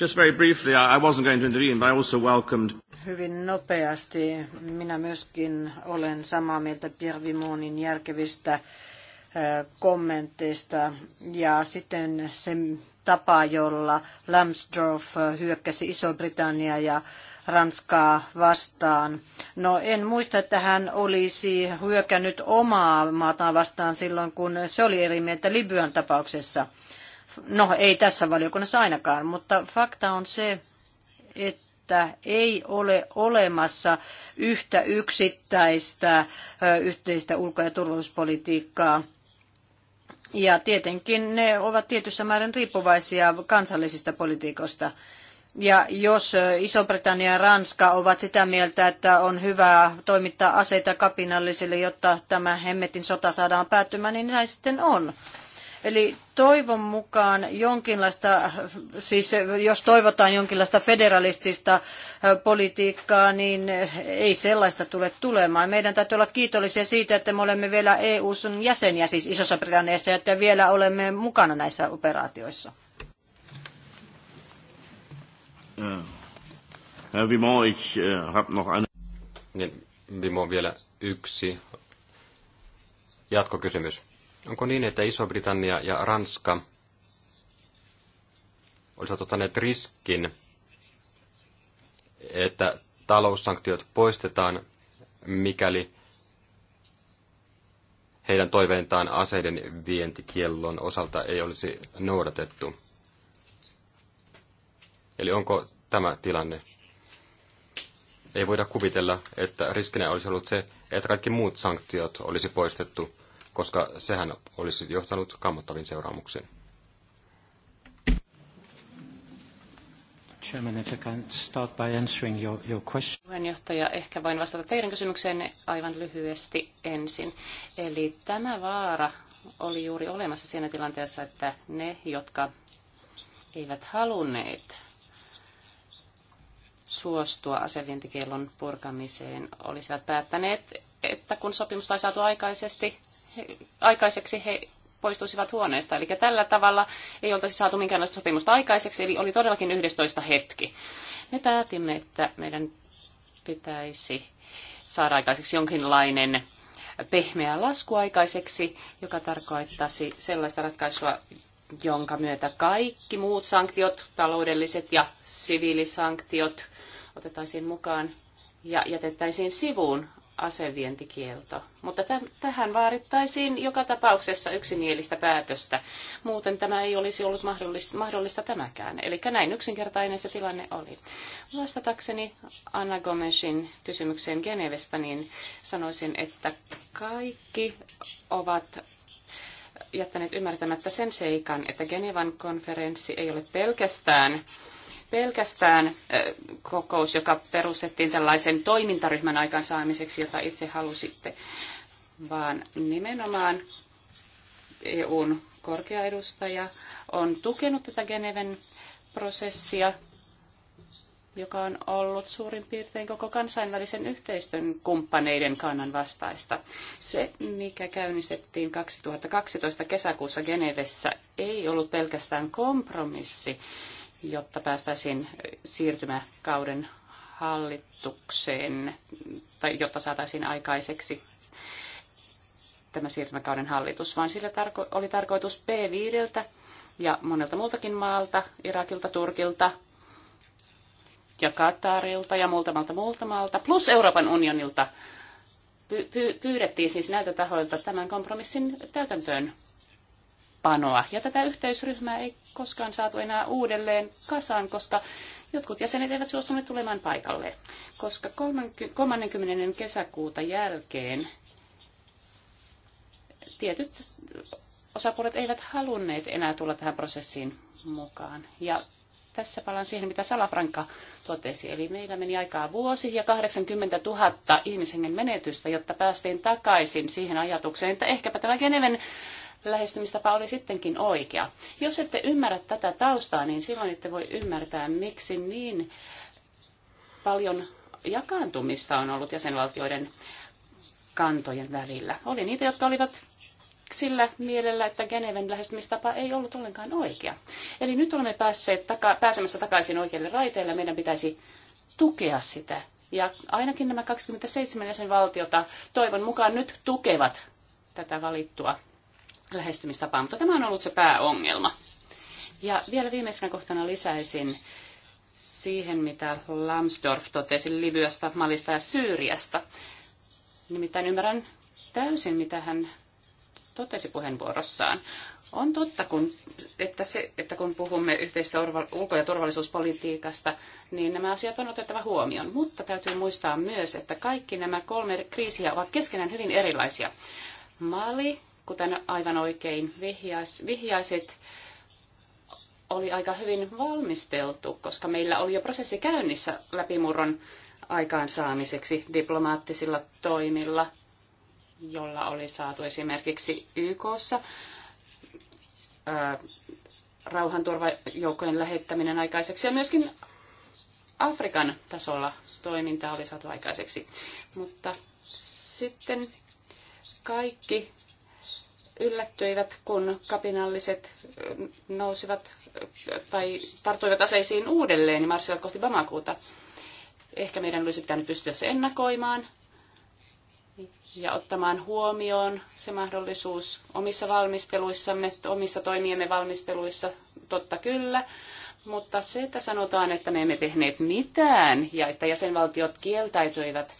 Just very briefly, I wasn't going to intervene, but I also welcomed... Hyvin nopeasti. Minä myöskin olen samaa mieltä Pierre Vimonin järkevistä kommenteista. Ja sitten se tapa, jolla Lambsdorff hyökkäsi Iso-Britannia ja Ranskaa vastaan. No en muista, että hän olisi hyökännyt omaa maataan vastaan silloin, kun se oli eri mieltä Libyan tapauksessa. No ei tässä valiokunnassa ainakaan, mutta fakta on se, että että ei ole olemassa yhtä yksittäistä yhteistä ulko- ja turvallisuuspolitiikkaa. Ja tietenkin ne ovat tietyssä määrin riippuvaisia kansallisista politiikoista. Ja jos Iso-Britannia ja Ranska ovat sitä mieltä, että on hyvä toimittaa aseita kapinallisille, jotta tämä hemmetin sota saadaan päättymään, niin näin sitten on. Eli toivon mukaan jonkinlaista, siis jos toivotaan jonkinlaista federalistista politiikkaa, niin ei sellaista tule tulemaan. Meidän täytyy olla kiitollisia siitä, että me olemme vielä eu n jäseniä, siis Isossa Britanniassa, että vielä olemme mukana näissä operaatioissa. Äh. Herr ich äh, habe noch eine... Niin, vielä yksi jatkokysymys. Onko niin, että Iso-Britannia ja Ranska olisivat ottaneet riskin, että taloussanktiot poistetaan, mikäli heidän toiveentaan aseiden vientikiellon osalta ei olisi noudatettu? Eli onko tämä tilanne? Ei voida kuvitella, että riskinä olisi ollut se, että kaikki muut sanktiot olisi poistettu, koska sehän olisi johtanut kammottavin seuraamuksiin. Chairman, if I can start by answering your, your question. Puheenjohtaja, ehkä voin vastata teidän kysymykseenne aivan lyhyesti ensin. Eli tämä vaara oli juuri olemassa siinä tilanteessa, että ne, jotka eivät halunneet suostua asevientikielon purkamiseen, olisivat päättäneet, että kun sopimus oli saatu aikaisesti, he, aikaiseksi, he poistuisivat huoneesta. Eli tällä tavalla ei oltaisi saatu minkäänlaista sopimusta aikaiseksi, eli oli todellakin 11 hetki. Me päätimme, että meidän pitäisi saada aikaiseksi jonkinlainen pehmeä lasku aikaiseksi, joka tarkoittaisi sellaista ratkaisua, jonka myötä kaikki muut sanktiot, taloudelliset ja siviilisanktiot, otettaisiin mukaan ja jätettäisiin sivuun asevientikielto. Mutta täm, tähän vaadittaisiin joka tapauksessa yksimielistä päätöstä. Muuten tämä ei olisi ollut mahdollista, mahdollista tämäkään. Eli näin yksinkertainen se tilanne oli. Vastatakseni Anna Gomesin kysymykseen Genevestä, niin sanoisin, että kaikki ovat jättäneet ymmärtämättä sen seikan, että Genevan konferenssi ei ole pelkästään pelkästään kokous, joka perustettiin tällaisen toimintaryhmän aikaansaamiseksi, jota itse halusitte, vaan nimenomaan EUn korkeaedustaja on tukenut tätä Geneven prosessia, joka on ollut suurin piirtein koko kansainvälisen yhteistyön kumppaneiden kannan vastaista. Se, mikä käynnistettiin 2012 kesäkuussa Genevessä, ei ollut pelkästään kompromissi, jotta päästäisiin siirtymäkauden hallitukseen, tai jotta saataisiin aikaiseksi tämä siirtymäkauden hallitus, vaan sillä tarko- oli tarkoitus P5 ja monelta muultakin maalta, Irakilta, Turkilta ja Katarilta ja muutamalta muulta maalta, plus Euroopan unionilta, pyydettiin siis näiltä tahoilta tämän kompromissin täytäntöön panoa. Ja tätä yhteisryhmää ei koskaan saatu enää uudelleen kasaan, koska jotkut jäsenet eivät suostuneet tulemaan paikalle. Koska 30. kesäkuuta jälkeen tietyt osapuolet eivät halunneet enää tulla tähän prosessiin mukaan. Ja tässä palaan siihen, mitä Salafranka totesi. Eli meillä meni aikaa vuosi ja 80 000 ihmishengen menetystä, jotta päästiin takaisin siihen ajatukseen, että ehkäpä tämä Geneven lähestymistapa oli sittenkin oikea. Jos ette ymmärrä tätä taustaa, niin silloin ette voi ymmärtää, miksi niin paljon jakaantumista on ollut jäsenvaltioiden kantojen välillä. Oli niitä, jotka olivat sillä mielellä, että Geneven lähestymistapa ei ollut ollenkaan oikea. Eli nyt olemme päässeet taka- pääsemässä takaisin oikealle raiteelle. Meidän pitäisi tukea sitä. Ja ainakin nämä 27 jäsenvaltiota toivon mukaan nyt tukevat tätä valittua lähestymistapaa, mutta tämä on ollut se pääongelma. Ja vielä viimeisenä kohtana lisäisin siihen, mitä Lambsdorff totesi Libyasta, Malista ja Syyriasta. Nimittäin ymmärrän täysin, mitä hän totesi puheenvuorossaan. On totta, kun, että, se, että kun puhumme yhteistä ulko- ja turvallisuuspolitiikasta, niin nämä asiat on otettava huomioon. Mutta täytyy muistaa myös, että kaikki nämä kolme kriisiä ovat keskenään hyvin erilaisia. Mali kuten aivan oikein vihjais, vihjaisit, oli aika hyvin valmisteltu, koska meillä oli jo prosessi käynnissä läpimurron aikaansaamiseksi diplomaattisilla toimilla, jolla oli saatu esimerkiksi YKssa ää, rauhanturvajoukkojen lähettäminen aikaiseksi ja myöskin Afrikan tasolla toimintaa oli saatu aikaiseksi. Mutta sitten kaikki yllättyivät, kun kapinalliset nousivat tai tarttuivat aseisiin uudelleen ja marssivat kohti Bamakuuta. Ehkä meidän olisi pitänyt pystyä se ennakoimaan ja ottamaan huomioon se mahdollisuus omissa valmisteluissamme, omissa toimiemme valmisteluissa, totta kyllä. Mutta se, että sanotaan, että me emme tehneet mitään ja että jäsenvaltiot kieltäytyivät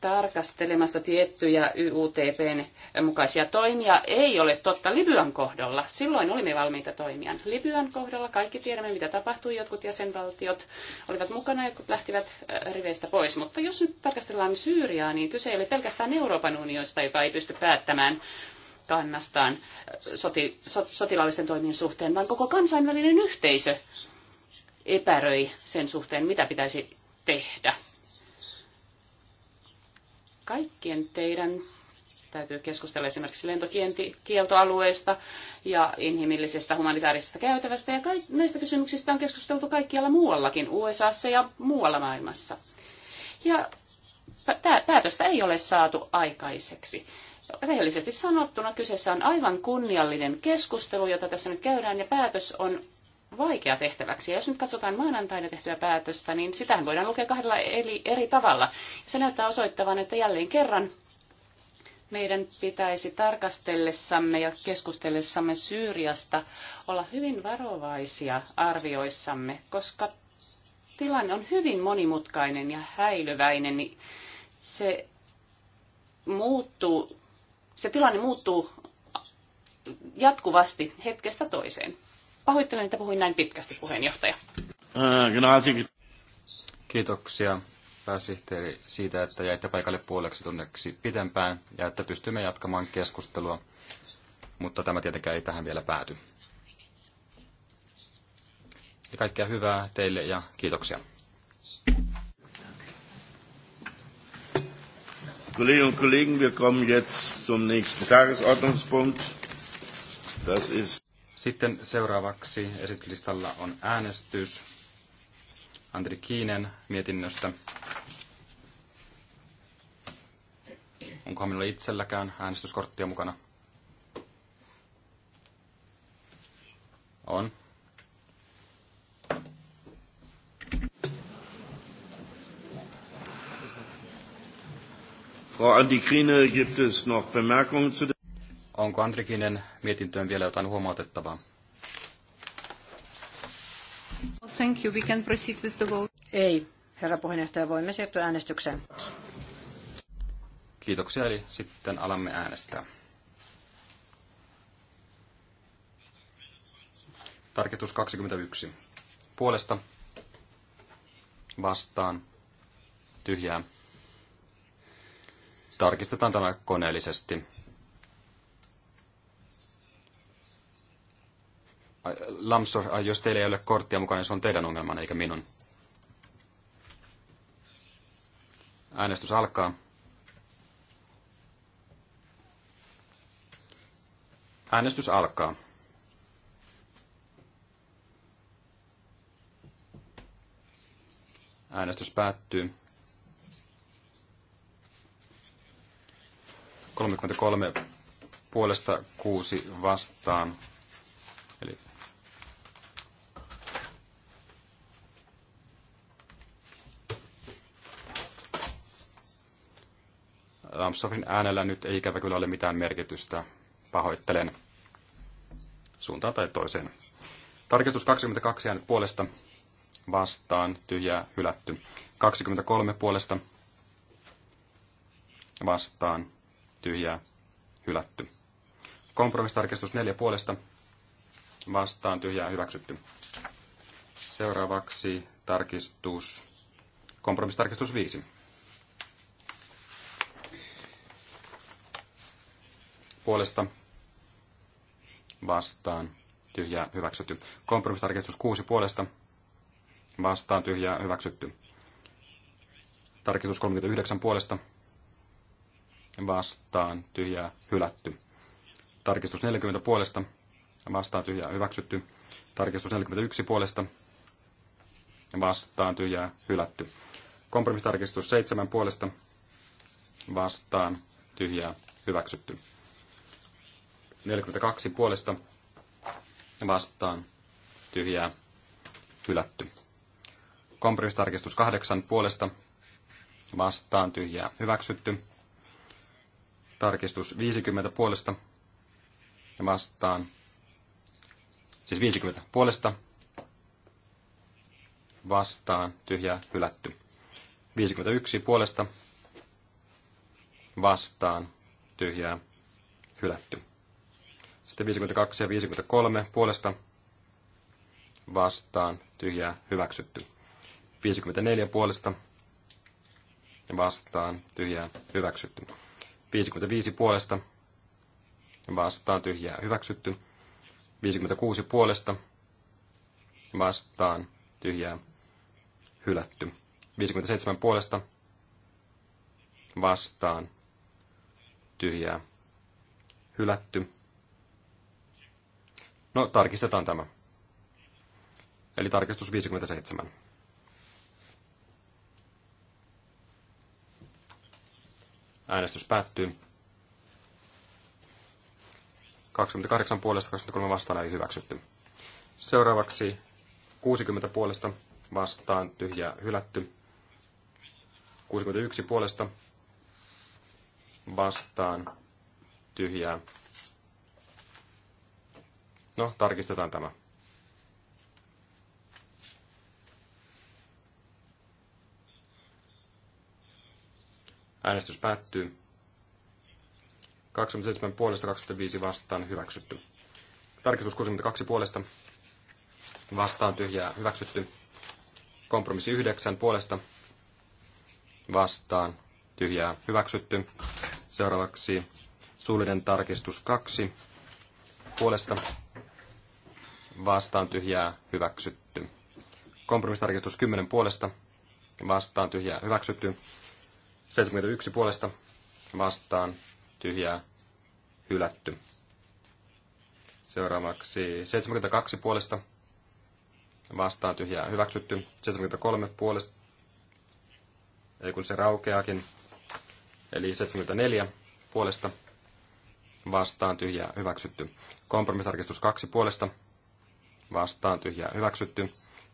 tarkastelemasta tiettyjä YUTPn mukaisia toimia ei ole totta Libyan kohdalla. Silloin olimme valmiita toimia. Libyan kohdalla kaikki tiedämme, mitä tapahtui. Jotkut jäsenvaltiot olivat mukana, jotkut lähtivät äh, riveistä pois. Mutta jos nyt tarkastellaan Syyriaa, niin kyse ei ole pelkästään Euroopan unionista, joka ei pysty päättämään kannastaan äh, soti, so, sotilaallisten toimien suhteen, vaan koko kansainvälinen yhteisö epäröi sen suhteen, mitä pitäisi tehdä kaikkien teidän täytyy keskustella esimerkiksi lentokieltoalueista ja inhimillisestä humanitaarisesta käytävästä. Ja näistä kysymyksistä on keskusteltu kaikkialla muuallakin, USAssa ja muualla maailmassa. Ja päätöstä ei ole saatu aikaiseksi. Rehellisesti sanottuna kyseessä on aivan kunniallinen keskustelu, jota tässä nyt käydään, ja päätös on vaikea tehtäväksi. Ja jos nyt katsotaan maanantaina tehtyä päätöstä, niin sitähän voidaan lukea kahdella eri, eri tavalla. Se näyttää osoittavan, että jälleen kerran meidän pitäisi tarkastellessamme ja keskustellessamme Syyriasta olla hyvin varovaisia arvioissamme, koska tilanne on hyvin monimutkainen ja häilyväinen, niin se muuttuu, se tilanne muuttuu jatkuvasti hetkestä toiseen. Pahoittelen, että puhuin näin pitkästi, puheenjohtaja. Äh, kiitoksia pääsihteeri siitä, että jäitte paikalle puoleksi tunneksi pitempään ja että pystymme jatkamaan keskustelua, mutta tämä tietenkään ei tähän vielä pääty. Ja kaikkea hyvää teille ja kiitoksia. Kolleginnen und Kollegen, wir kommen jetzt zum nächsten Tagesordnungspunkt. Das ist sitten seuraavaksi esitlistalla on äänestys Andri Kiinen mietinnöstä. Onko minulla itselläkään äänestyskorttia mukana? On. Frau Andikine, gibt es noch Bemerkungen zu Onko Andrikinen mietintöön vielä jotain huomautettavaa? Thank you. We can proceed with the vote. Ei, herra puheenjohtaja, voimme siirtyä äänestykseen. Kiitoksia, eli sitten alamme äänestää. Tarkistus 21. Puolesta, vastaan, tyhjää. Tarkistetaan tämä koneellisesti. Lamsor, jos teillä ei ole korttia mukana, niin se on teidän ongelmanne eikä minun. Äänestys alkaa. Äänestys alkaa. Äänestys päättyy. 33 puolesta 6 vastaan Lambsdorffin äänellä nyt ei ikävä kyllä ole mitään merkitystä. Pahoittelen suuntaan tai toiseen. Tarkistus 22 äänet puolesta vastaan tyhjää hylätty. 23 puolesta vastaan tyhjää hylätty. Kompromistarkistus 4 puolesta vastaan tyhjää hyväksytty. Seuraavaksi tarkistus, kompromistarkistus 5 puolesta vastaan tyhjää hyväksytty. Kompromissitarkistus 6 puolesta vastaan tyhjää hyväksytty. Tarkistus 39 puolesta vastaan tyhjää hylätty. Tarkistus 40 puolesta vastaan tyhjää hyväksytty. Tarkistus 41 puolesta vastaan tyhjää hylätty. Kompromissitarkistus 7 puolesta vastaan tyhjää hyväksytty. 42 puolesta vastaan tyhjää hylätty. Kompromistarkistus 8 puolesta vastaan tyhjää hyväksytty. Tarkistus 50 puolesta vastaan, siis 50 puolesta vastaan tyhjää hylätty. 51 puolesta vastaan tyhjää hylätty. Sitten 52 ja 53 puolesta vastaan tyhjää hyväksytty. 54 puolesta vastaan tyhjää hyväksytty. 55 puolesta vastaan tyhjää hyväksytty. 56 puolesta vastaan tyhjää hylätty. 57 puolesta vastaan tyhjää hylätty. No, tarkistetaan tämä. Eli tarkistus 57. Äänestys päättyy. 28 puolesta, 23 vastaan ei hyväksytty. Seuraavaksi 60 puolesta vastaan tyhjä hylätty. 61 puolesta vastaan tyhjää No, tarkistetaan tämä. Äänestys päättyy. 27 puolesta 25 vastaan hyväksytty. Tarkistus 62 puolesta vastaan tyhjää hyväksytty. Kompromissi 9 puolesta vastaan tyhjää hyväksytty. Seuraavaksi suullinen tarkistus 2 puolesta vastaan tyhjää hyväksytty. Kompromissitarkistus 10 puolesta vastaan tyhjää hyväksytty. 71 puolesta vastaan tyhjää hylätty. Seuraavaksi 72 puolesta vastaan tyhjää hyväksytty. 73 puolesta, ei kun se raukeakin. Eli 74 puolesta vastaan tyhjää hyväksytty. Kompromisarkistus 2 puolesta vastaan tyhjää hyväksytty.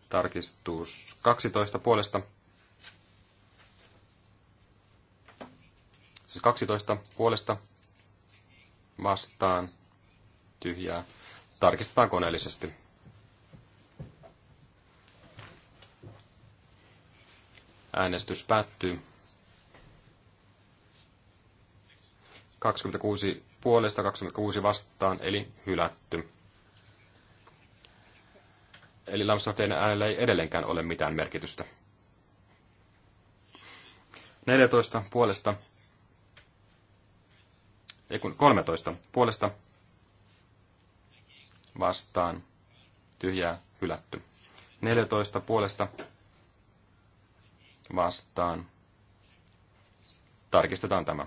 Tarkistus 12 puolesta. Siis 12 puolesta vastaan tyhjää. Tarkistetaan koneellisesti. Äänestys päättyy. 26 puolesta 26 vastaan, eli hylätty. Eli lausahteiden äänellä ei edelleenkään ole mitään merkitystä. 14 puolesta, ei kun 13 puolesta vastaan tyhjää hylätty. 14 puolesta vastaan. Tarkistetaan tämä.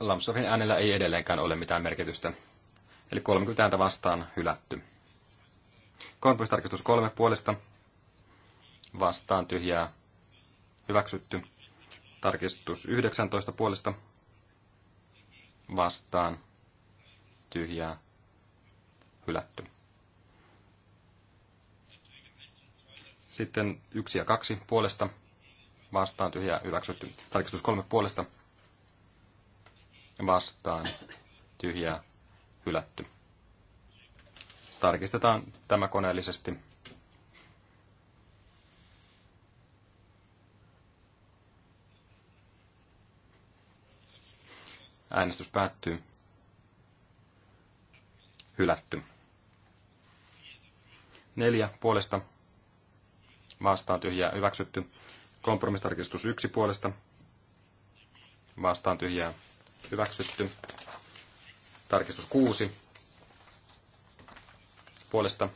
Lamsorin äänellä ei edelleenkään ole mitään merkitystä. Eli 30 ääntä vastaan hylätty. Kompromissitarkistus kolme puolesta vastaan tyhjää hyväksytty. Tarkistus 19 puolesta vastaan tyhjää hylätty. Sitten yksi ja kaksi puolesta vastaan tyhjää hyväksytty. Tarkistus kolme puolesta vastaan tyhjää hylätty. Tarkistetaan tämä koneellisesti. Äänestys päättyy. Hylätty. Neljä puolesta. Vastaan tyhjää hyväksytty. Kompromistarkistus yksi puolesta. Vastaan tyhjää hyväksytty. Tarkistus 6 puolesta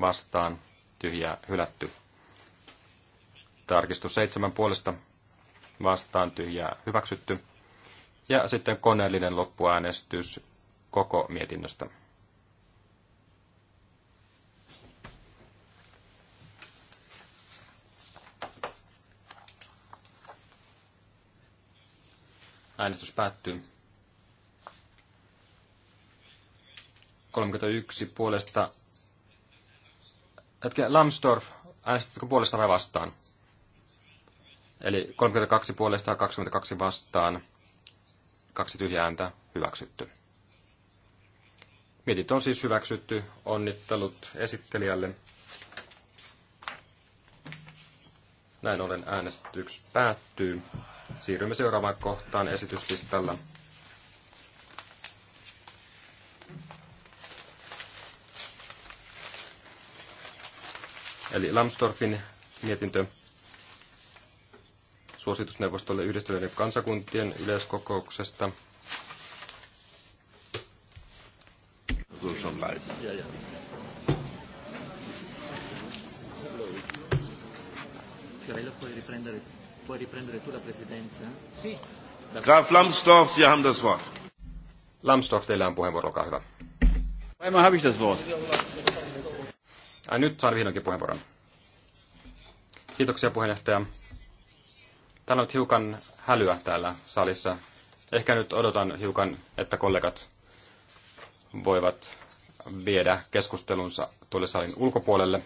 vastaan tyhjää hylätty. Tarkistus 7 puolesta vastaan tyhjää hyväksytty. Ja sitten koneellinen loppuäänestys koko mietinnöstä. Äänestys päättyy. 31 puolesta. Hetken, Lambsdorff, äänestitkö puolesta vai vastaan? Eli 32 puolesta, 22 vastaan, kaksi tyhjää ääntä hyväksytty. Mietit on siis hyväksytty. Onnittelut esittelijälle. Näin ollen äänestys päättyy. Siirrymme seuraavaan kohtaan esityslistalla. Eli Lamstorfin mietintö suositusneuvostolle yhdistyneiden kansakuntien yleiskokouksesta – Graf Lambsdorff, Sie haben das Wort. Lambsdorff, teillä on puheenvuoro, olkaa hyvä. Einmal habe ich das Wort. Ai nyt saan vihdoinkin puheenvuoron. Kiitoksia puheenjohtaja. Täällä on nyt hiukan hälyä täällä salissa. Ehkä nyt odotan hiukan, että kollegat voivat viedä keskustelunsa tuolle salin ulkopuolelle.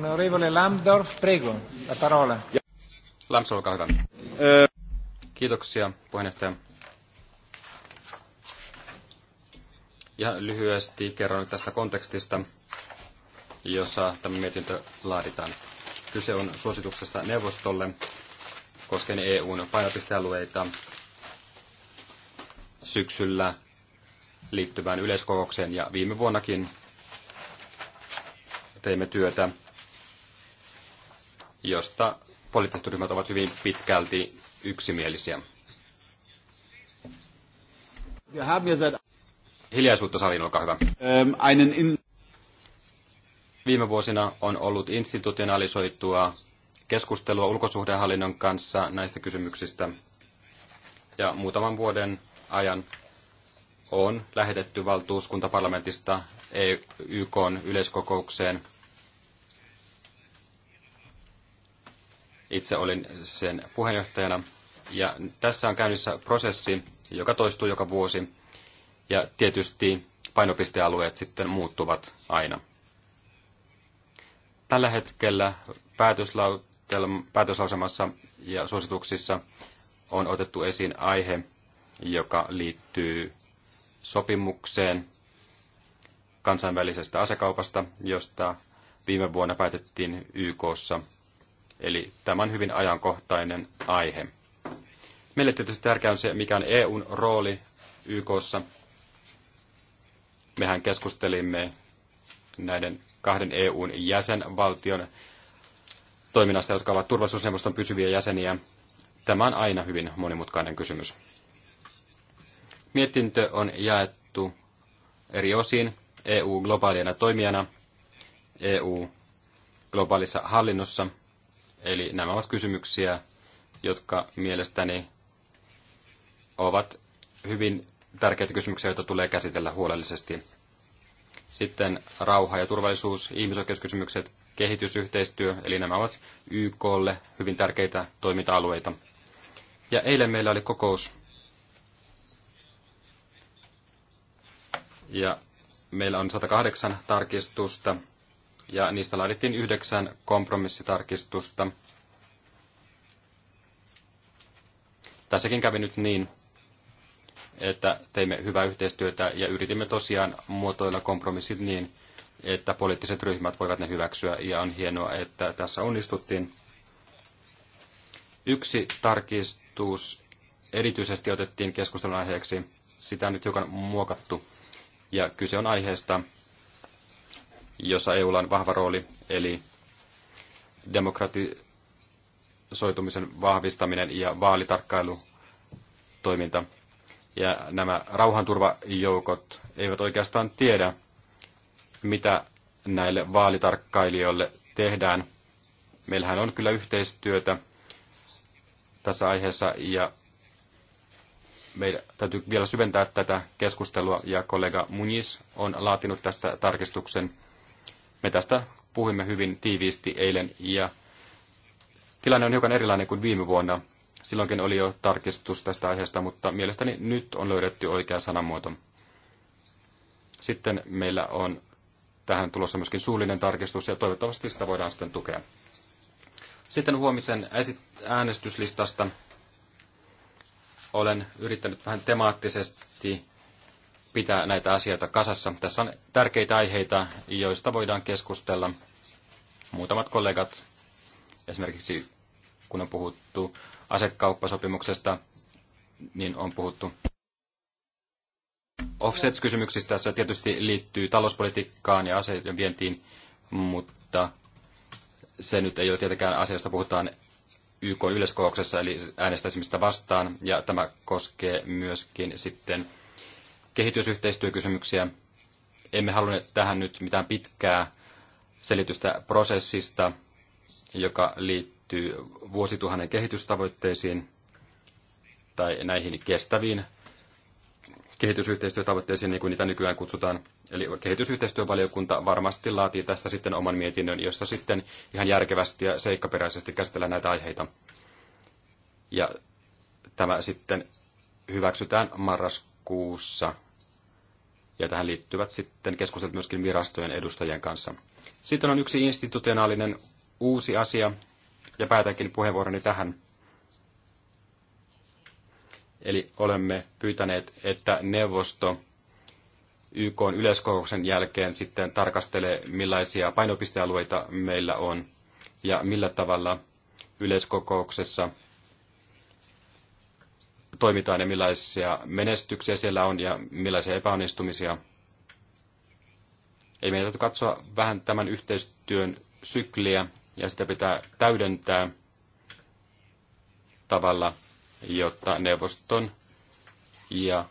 Onorevole Lambdorf, prego, la parola. Lambdorf, olkaa hyvä. Kiitoksia, puheenjohtaja. Ihan lyhyesti kerron tästä kontekstista, jossa tämä mietintö laaditaan. Kyse on suosituksesta neuvostolle koskien EUn painopistealueita syksyllä liittyvään yleiskokoukseen ja viime vuonnakin teimme työtä josta poliittiset ryhmät ovat hyvin pitkälti yksimielisiä. Hiljaisuutta saliin, olkaa hyvä. Ähm, Viime vuosina on ollut institutionalisoitua keskustelua ulkosuhdehallinnon kanssa näistä kysymyksistä. Ja muutaman vuoden ajan on lähetetty valtuuskunta parlamentista e YK yleiskokoukseen Itse olin sen puheenjohtajana. Ja tässä on käynnissä prosessi, joka toistuu joka vuosi. Ja tietysti painopistealueet sitten muuttuvat aina. Tällä hetkellä päätöslausemassa ja suosituksissa on otettu esiin aihe, joka liittyy sopimukseen kansainvälisestä asekaupasta, josta viime vuonna päätettiin YKssa Eli tämä on hyvin ajankohtainen aihe. Meille tietysti tärkeää on se, mikä on EUn rooli YKssa. Mehän keskustelimme näiden kahden EUn jäsenvaltion toiminnasta, jotka ovat turvallisuusneuvoston pysyviä jäseniä. Tämä on aina hyvin monimutkainen kysymys. Mietintö on jaettu eri osiin. EU globaalina toimijana, EU globaalissa hallinnossa – Eli nämä ovat kysymyksiä, jotka mielestäni ovat hyvin tärkeitä kysymyksiä, joita tulee käsitellä huolellisesti. Sitten rauha ja turvallisuus, ihmisoikeuskysymykset, kehitysyhteistyö, eli nämä ovat YKlle hyvin tärkeitä toiminta-alueita. Ja eilen meillä oli kokous, ja meillä on 108 tarkistusta ja niistä laadittiin yhdeksän kompromissitarkistusta. Tässäkin kävi nyt niin, että teimme hyvää yhteistyötä ja yritimme tosiaan muotoilla kompromissit niin, että poliittiset ryhmät voivat ne hyväksyä ja on hienoa, että tässä onnistuttiin. Yksi tarkistus erityisesti otettiin keskustelun aiheeksi. Sitä on nyt hiukan muokattu ja kyse on aiheesta, jossa EUlla on vahva rooli, eli demokratisoitumisen vahvistaminen ja vaalitarkkailutoiminta. Ja nämä rauhanturvajoukot eivät oikeastaan tiedä, mitä näille vaalitarkkailijoille tehdään. Meillähän on kyllä yhteistyötä tässä aiheessa ja meidän täytyy vielä syventää tätä keskustelua ja kollega Muniz on laatinut tästä tarkistuksen me tästä puhuimme hyvin tiiviisti eilen ja tilanne on hiukan erilainen kuin viime vuonna. Silloinkin oli jo tarkistus tästä aiheesta, mutta mielestäni nyt on löydetty oikea sanamuoto. Sitten meillä on tähän tulossa myöskin suullinen tarkistus ja toivottavasti sitä voidaan sitten tukea. Sitten huomisen äänestyslistasta olen yrittänyt vähän temaattisesti pitää näitä asioita kasassa. Tässä on tärkeitä aiheita, joista voidaan keskustella. Muutamat kollegat, esimerkiksi kun on puhuttu asekauppasopimuksesta, niin on puhuttu offsets-kysymyksistä. Se tietysti liittyy talouspolitiikkaan ja aseiden vientiin, mutta se nyt ei ole tietenkään asia, josta puhutaan YK yleiskokouksessa, eli äänestäisimistä vastaan. Ja tämä koskee myöskin sitten kehitysyhteistyökysymyksiä. Emme halunneet tähän nyt mitään pitkää selitystä prosessista, joka liittyy vuosituhannen kehitystavoitteisiin tai näihin kestäviin kehitysyhteistyötavoitteisiin, niin kuin niitä nykyään kutsutaan. Eli kehitysyhteistyövaliokunta varmasti laatii tästä sitten oman mietinnön, jossa sitten ihan järkevästi ja seikkaperäisesti käsitellään näitä aiheita. Ja tämä sitten hyväksytään marraskuussa kuussa. Ja tähän liittyvät sitten keskustelut myöskin virastojen edustajien kanssa. Sitten on yksi institutionaalinen uusi asia, ja päätänkin puheenvuoroni tähän. Eli olemme pyytäneet, että neuvosto YK yleiskokouksen jälkeen sitten tarkastelee, millaisia painopistealueita meillä on ja millä tavalla yleiskokouksessa toimitaan ja millaisia menestyksiä siellä on ja millaisia epäonnistumisia. Ei meidän täytyy katsoa vähän tämän yhteistyön sykliä ja sitä pitää täydentää tavalla, jotta neuvoston ja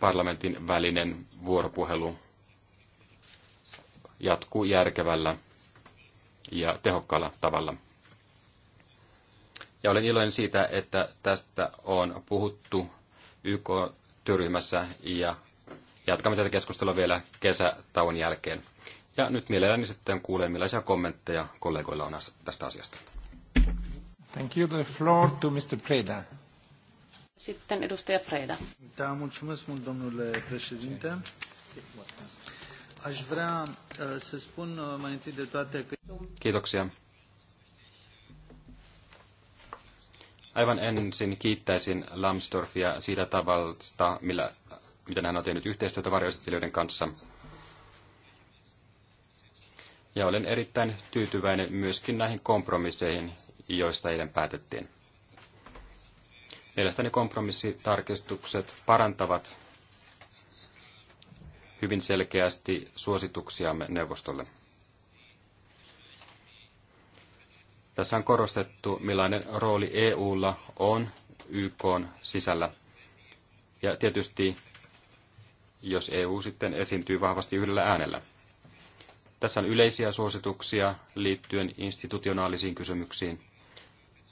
parlamentin välinen vuoropuhelu jatkuu järkevällä ja tehokkaalla tavalla. Ja olen iloinen siitä, että tästä on puhuttu YK-työryhmässä ja jatkamme tätä keskustelua vielä kesätauon jälkeen. Ja nyt mielelläni sitten kuulen, millaisia kommentteja kollegoilla on tästä asiasta. Thank you. The floor to Mr. Preda. Sitten edustaja Preda. Da, mulțumesc mult, domnule președinte. Aș vrea uh, să spun uh, mai întâi de toate că... Kiitoksia. Aivan ensin kiittäisin Lambsdorffia siitä tavalla, millä, miten hän on tehnyt yhteistyötä varjoistelijoiden kanssa. Ja olen erittäin tyytyväinen myöskin näihin kompromisseihin, joista eilen päätettiin. Mielestäni kompromissitarkistukset parantavat hyvin selkeästi suosituksiamme neuvostolle. Tässä on korostettu, millainen rooli EUlla on YK sisällä. Ja tietysti, jos EU sitten esiintyy vahvasti yhdellä äänellä. Tässä on yleisiä suosituksia liittyen institutionaalisiin kysymyksiin,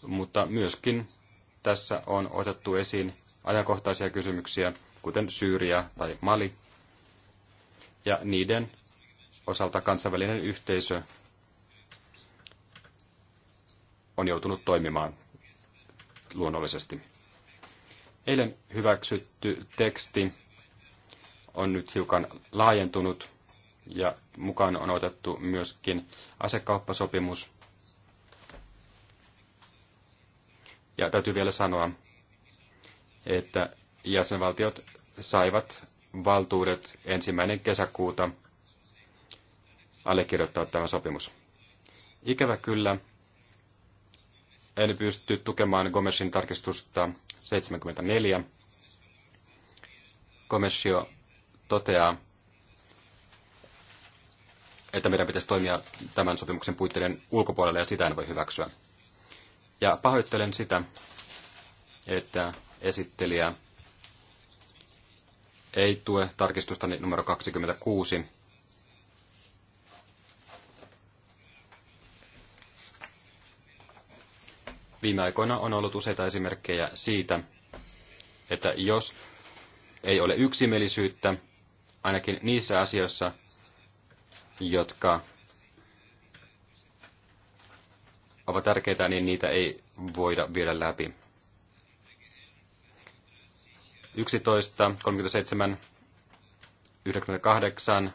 mutta myöskin tässä on otettu esiin ajankohtaisia kysymyksiä, kuten Syyria tai Mali, ja niiden osalta kansainvälinen yhteisö on joutunut toimimaan luonnollisesti. Eilen hyväksytty teksti on nyt hiukan laajentunut ja mukaan on otettu myöskin asekauppasopimus. Ja täytyy vielä sanoa, että jäsenvaltiot saivat valtuudet ensimmäinen kesäkuuta allekirjoittaa tämä sopimus. Ikävä kyllä, en pysty tukemaan Gomesin tarkistusta 74. Gomesio toteaa, että meidän pitäisi toimia tämän sopimuksen puitteiden ulkopuolella ja sitä en voi hyväksyä. Ja pahoittelen sitä, että esittelijä ei tue tarkistusta numero 26, Viime aikoina on ollut useita esimerkkejä siitä, että jos ei ole yksimielisyyttä, ainakin niissä asioissa, jotka ovat tärkeitä, niin niitä ei voida viedä läpi. 11, 37, 98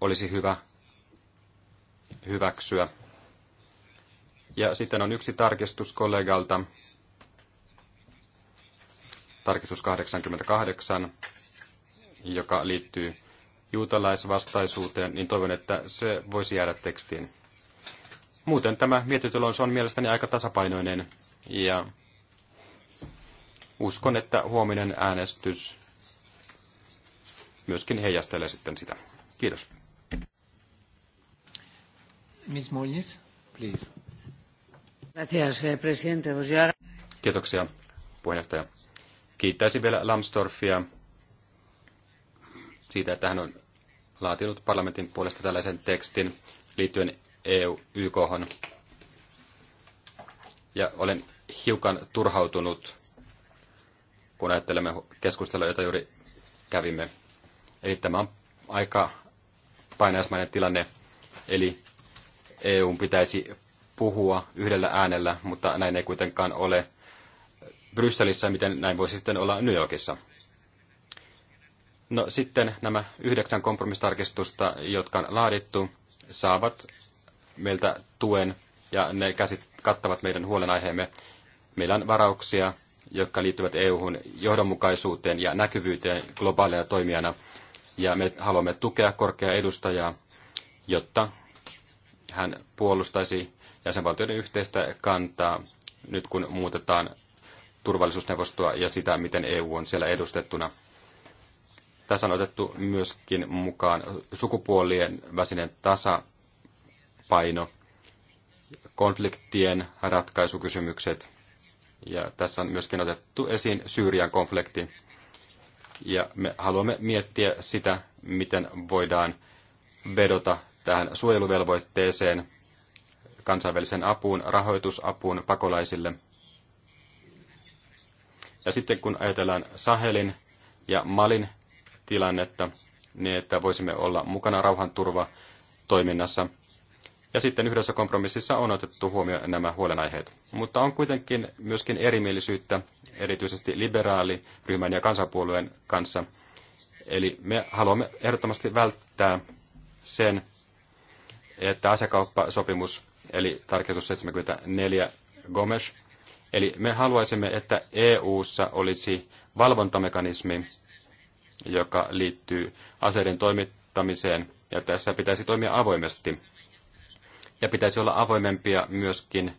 olisi hyvä hyväksyä ja sitten on yksi tarkistus kollegalta. Tarkistus 88, joka liittyy juutalaisvastaisuuteen, niin toivon, että se voisi jäädä tekstiin. Muuten tämä mietintö on mielestäni aika tasapainoinen ja uskon, että huominen äänestys myöskin heijastelee sitten sitä. Kiitos. Miss Mollis, please. Eh, Kiitoksia, puheenjohtaja. Kiittäisin vielä Lambsdorffia siitä, että hän on laatinut parlamentin puolesta tällaisen tekstin liittyen EU-YK. Ja olen hiukan turhautunut, kun ajattelemme keskustelua, jota juuri kävimme. Eli tämä on aika painajaismainen tilanne, eli EUn pitäisi puhua yhdellä äänellä, mutta näin ei kuitenkaan ole Brysselissä, miten näin voisi sitten olla New Yorkissa. No sitten nämä yhdeksän kompromistarkistusta, jotka on laadittu, saavat meiltä tuen ja ne käsit, kattavat meidän huolenaiheemme. Meillä on varauksia, jotka liittyvät EU-hun johdonmukaisuuteen ja näkyvyyteen globaalina toimijana. Ja me haluamme tukea korkeaa edustajaa, jotta hän puolustaisi jäsenvaltioiden yhteistä kantaa nyt kun muutetaan turvallisuusneuvostoa ja sitä, miten EU on siellä edustettuna. Tässä on otettu myöskin mukaan sukupuolien välinen tasapaino, konfliktien ratkaisukysymykset ja tässä on myöskin otettu esiin Syyrian konflikti. Ja me haluamme miettiä sitä, miten voidaan vedota tähän suojeluvelvoitteeseen kansainväliseen apuun, rahoitusapuun pakolaisille. Ja sitten kun ajatellaan Sahelin ja Malin tilannetta, niin että voisimme olla mukana rauhanturva toiminnassa. Ja sitten yhdessä kompromississa on otettu huomioon nämä huolenaiheet. Mutta on kuitenkin myöskin erimielisyyttä, erityisesti liberaaliryhmän ja kansanpuolueen kanssa. Eli me haluamme ehdottomasti välttää sen, että asekauppasopimus eli tarkistus 74 Gomes. Eli me haluaisimme, että EU:ssa olisi valvontamekanismi, joka liittyy aseiden toimittamiseen, ja tässä pitäisi toimia avoimesti. Ja pitäisi olla avoimempia myöskin,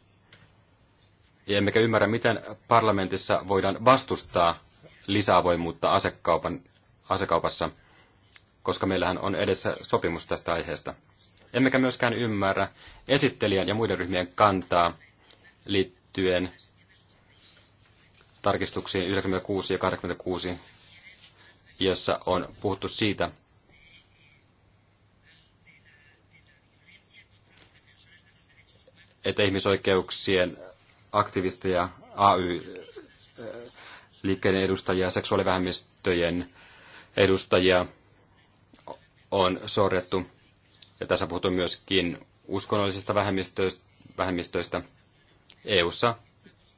ja emmekä ymmärrä, miten parlamentissa voidaan vastustaa lisäavoimuutta asekaupan, asekaupassa, koska meillähän on edessä sopimus tästä aiheesta. Emmekä myöskään ymmärrä esittelijän ja muiden ryhmien kantaa liittyen tarkistuksiin 96 ja 86, jossa on puhuttu siitä, että ihmisoikeuksien aktivisteja, AY-liikkeiden edustajia, seksuaalivähemmistöjen edustajia on sorrettu. Ja tässä puhutaan myöskin uskonnollisista vähemmistöistä. vähemmistöistä. EUssa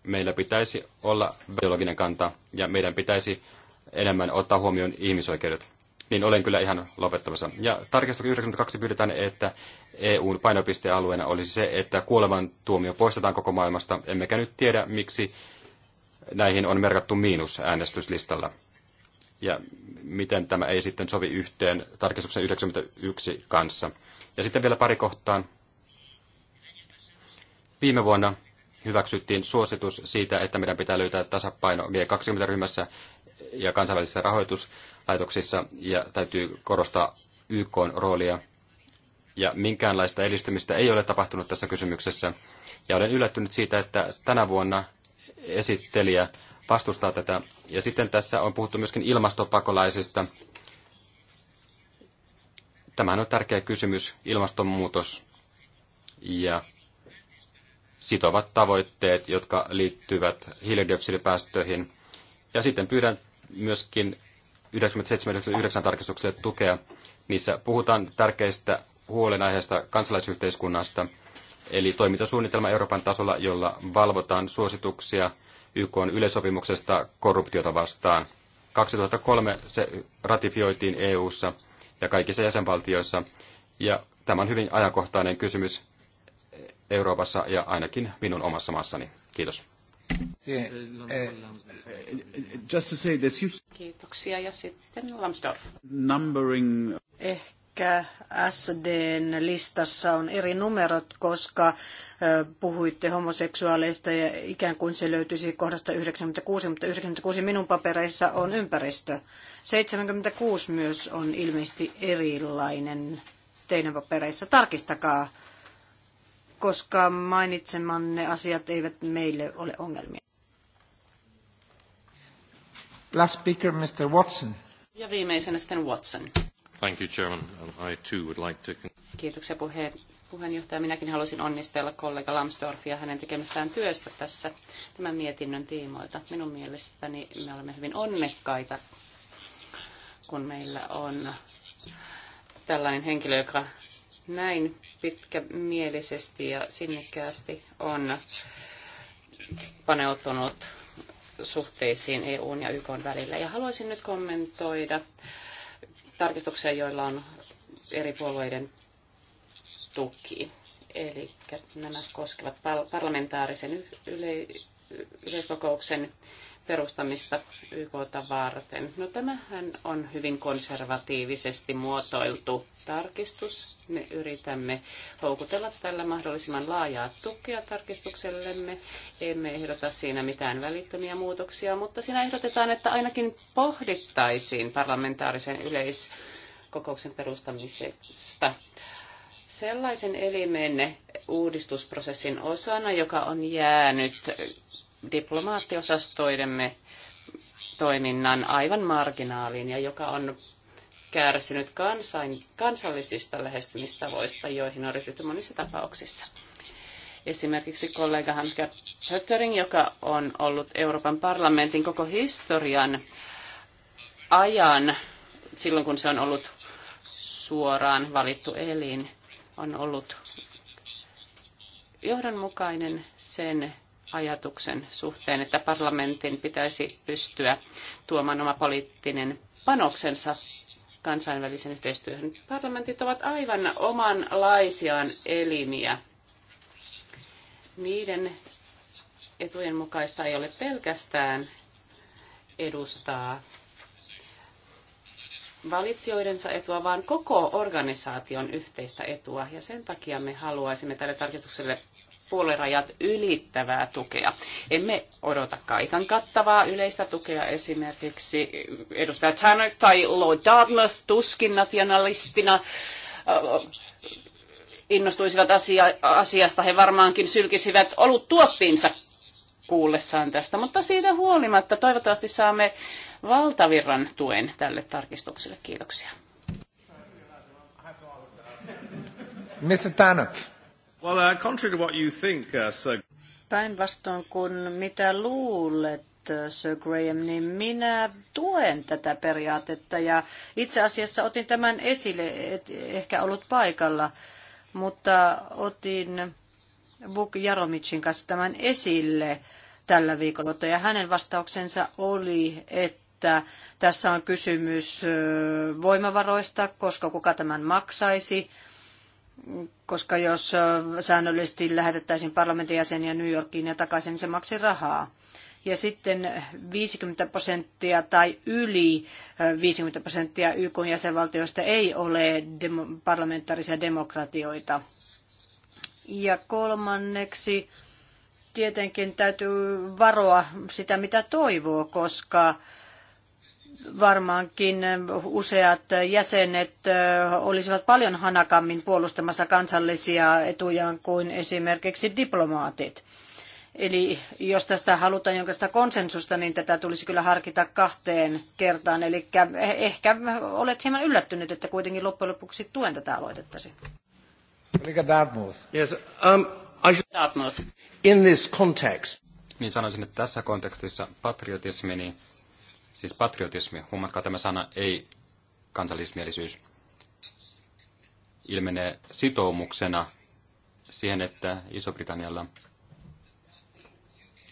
meillä pitäisi olla biologinen kanta ja meidän pitäisi enemmän ottaa huomioon ihmisoikeudet. Niin olen kyllä ihan lopettamassa. Ja tarkistuksen 92 pyydetään, että EUn painopistealueena olisi se, että kuoleman tuomio poistetaan koko maailmasta, emmekä nyt tiedä, miksi näihin on merkattu miinus äänestyslistalla. Ja miten tämä ei sitten sovi yhteen tarkistuksen 91 kanssa. Ja sitten vielä pari kohtaa Viime vuonna hyväksyttiin suositus siitä, että meidän pitää löytää tasapaino G20-ryhmässä ja kansainvälisissä rahoituslaitoksissa ja täytyy korostaa YK roolia. Ja minkäänlaista edistymistä ei ole tapahtunut tässä kysymyksessä. Ja olen yllättynyt siitä, että tänä vuonna esittelijä vastustaa tätä. Ja sitten tässä on puhuttu myöskin ilmastopakolaisista Tämähän on tärkeä kysymys, ilmastonmuutos ja sitovat tavoitteet, jotka liittyvät hiilidioksidipäästöihin. Ja sitten pyydän myöskin 97-99 tarkistukselle tukea. Niissä puhutaan tärkeistä huolenaiheista kansalaisyhteiskunnasta, eli toimintasuunnitelma Euroopan tasolla, jolla valvotaan suosituksia YK yleisopimuksesta korruptiota vastaan. 2003 se ratifioitiin EU:ssa ja kaikissa jäsenvaltioissa. Ja tämä on hyvin ajankohtainen kysymys Euroopassa ja ainakin minun omassa maassani. Kiitos. Eh, eh, Kiitoksia. Ja sitten Lambsdorff. Numbering... Ehkä SDn listassa on eri numerot, koska puhuitte homoseksuaaleista ja ikään kuin se löytyisi kohdasta 96, mutta 96 minun papereissa on ympäristö. 76 myös on ilmeisesti erilainen teidän papereissa. Tarkistakaa, koska mainitsemanne asiat eivät meille ole ongelmia. Last speaker, Mr. Watson. Ja viimeisenä sitten Watson. Thank you, Chairman. I too would like to... Kiitoksia puheenjohtaja. Minäkin haluaisin onnistella kollega Lambsdorffia hänen tekemästään työstä tässä tämän mietinnön tiimoilta. Minun mielestäni me olemme hyvin onnekkaita, kun meillä on tällainen henkilö, joka näin pitkämielisesti ja sinnikkäästi on paneutunut suhteisiin EUn ja YKn välillä. Ja haluaisin nyt kommentoida tarkistuksia, joilla on eri puolueiden tuki. Eli nämä koskevat parlamentaarisen yle- yleiskokouksen perustamista YK varten. No tämähän on hyvin konservatiivisesti muotoiltu tarkistus. Me yritämme houkutella tällä mahdollisimman laajaa tukea tarkistuksellemme. Emme ehdota siinä mitään välittömiä muutoksia, mutta siinä ehdotetaan, että ainakin pohdittaisiin parlamentaarisen yleiskokouksen perustamisesta sellaisen elimen uudistusprosessin osana, joka on jäänyt diplomaattiosastoidemme toiminnan aivan marginaaliin ja joka on kärsinyt kansain, kansallisista lähestymistavoista, joihin on ryhdytty monissa tapauksissa. Esimerkiksi kollega Hanska Höttering, joka on ollut Euroopan parlamentin koko historian ajan, silloin kun se on ollut suoraan valittu elin, on ollut johdonmukainen sen ajatuksen suhteen, että parlamentin pitäisi pystyä tuomaan oma poliittinen panoksensa kansainvälisen yhteistyöhön. Parlamentit ovat aivan omanlaisiaan elimiä. Niiden etujen mukaista ei ole pelkästään edustaa valitsijoidensa etua, vaan koko organisaation yhteistä etua. Ja sen takia me haluaisimme tälle tarkistukselle puolerajat ylittävää tukea. Emme odota kaikan kattavaa yleistä tukea esimerkiksi edustaja Tanner tai Lord Dartmouth tuskin nationalistina äh, innostuisivat asia, asiasta. He varmaankin sylkisivät olut tuoppiinsa kuullessaan tästä, mutta siitä huolimatta toivottavasti saamme valtavirran tuen tälle tarkistukselle. Kiitoksia. Mr. Tanner. Well, uh, contrary to what you think, uh, Sir... Päinvastoin kuin mitä luulet, uh, Sir Graham, niin minä tuen tätä periaatetta ja itse asiassa otin tämän esille, et ehkä ollut paikalla, mutta otin Vuk Jaromicin kanssa tämän esille tällä viikolla ja hänen vastauksensa oli, että tässä on kysymys uh, voimavaroista, koska kuka tämän maksaisi koska jos säännöllisesti lähetettäisiin parlamentin jäseniä New Yorkiin ja takaisin, niin se maksi rahaa. Ja sitten 50 prosenttia tai yli 50 prosenttia YK jäsenvaltioista ei ole demo- parlamentaarisia demokratioita. Ja kolmanneksi tietenkin täytyy varoa sitä, mitä toivoo, koska varmaankin useat jäsenet olisivat paljon hanakammin puolustamassa kansallisia etujaan kuin esimerkiksi diplomaatit. Eli jos tästä halutaan jonkinlaista konsensusta, niin tätä tulisi kyllä harkita kahteen kertaan. Eli ehkä olet hieman yllättynyt, että kuitenkin loppujen lopuksi tuen tätä aloitettasi. Yes, um, I should... In this context. Niin sanoisin, että tässä kontekstissa patriotismini Siis patriotismi, huomatkaa tämä sana, ei kansallismielisyys, ilmenee sitoumuksena siihen, että Iso-Britannialla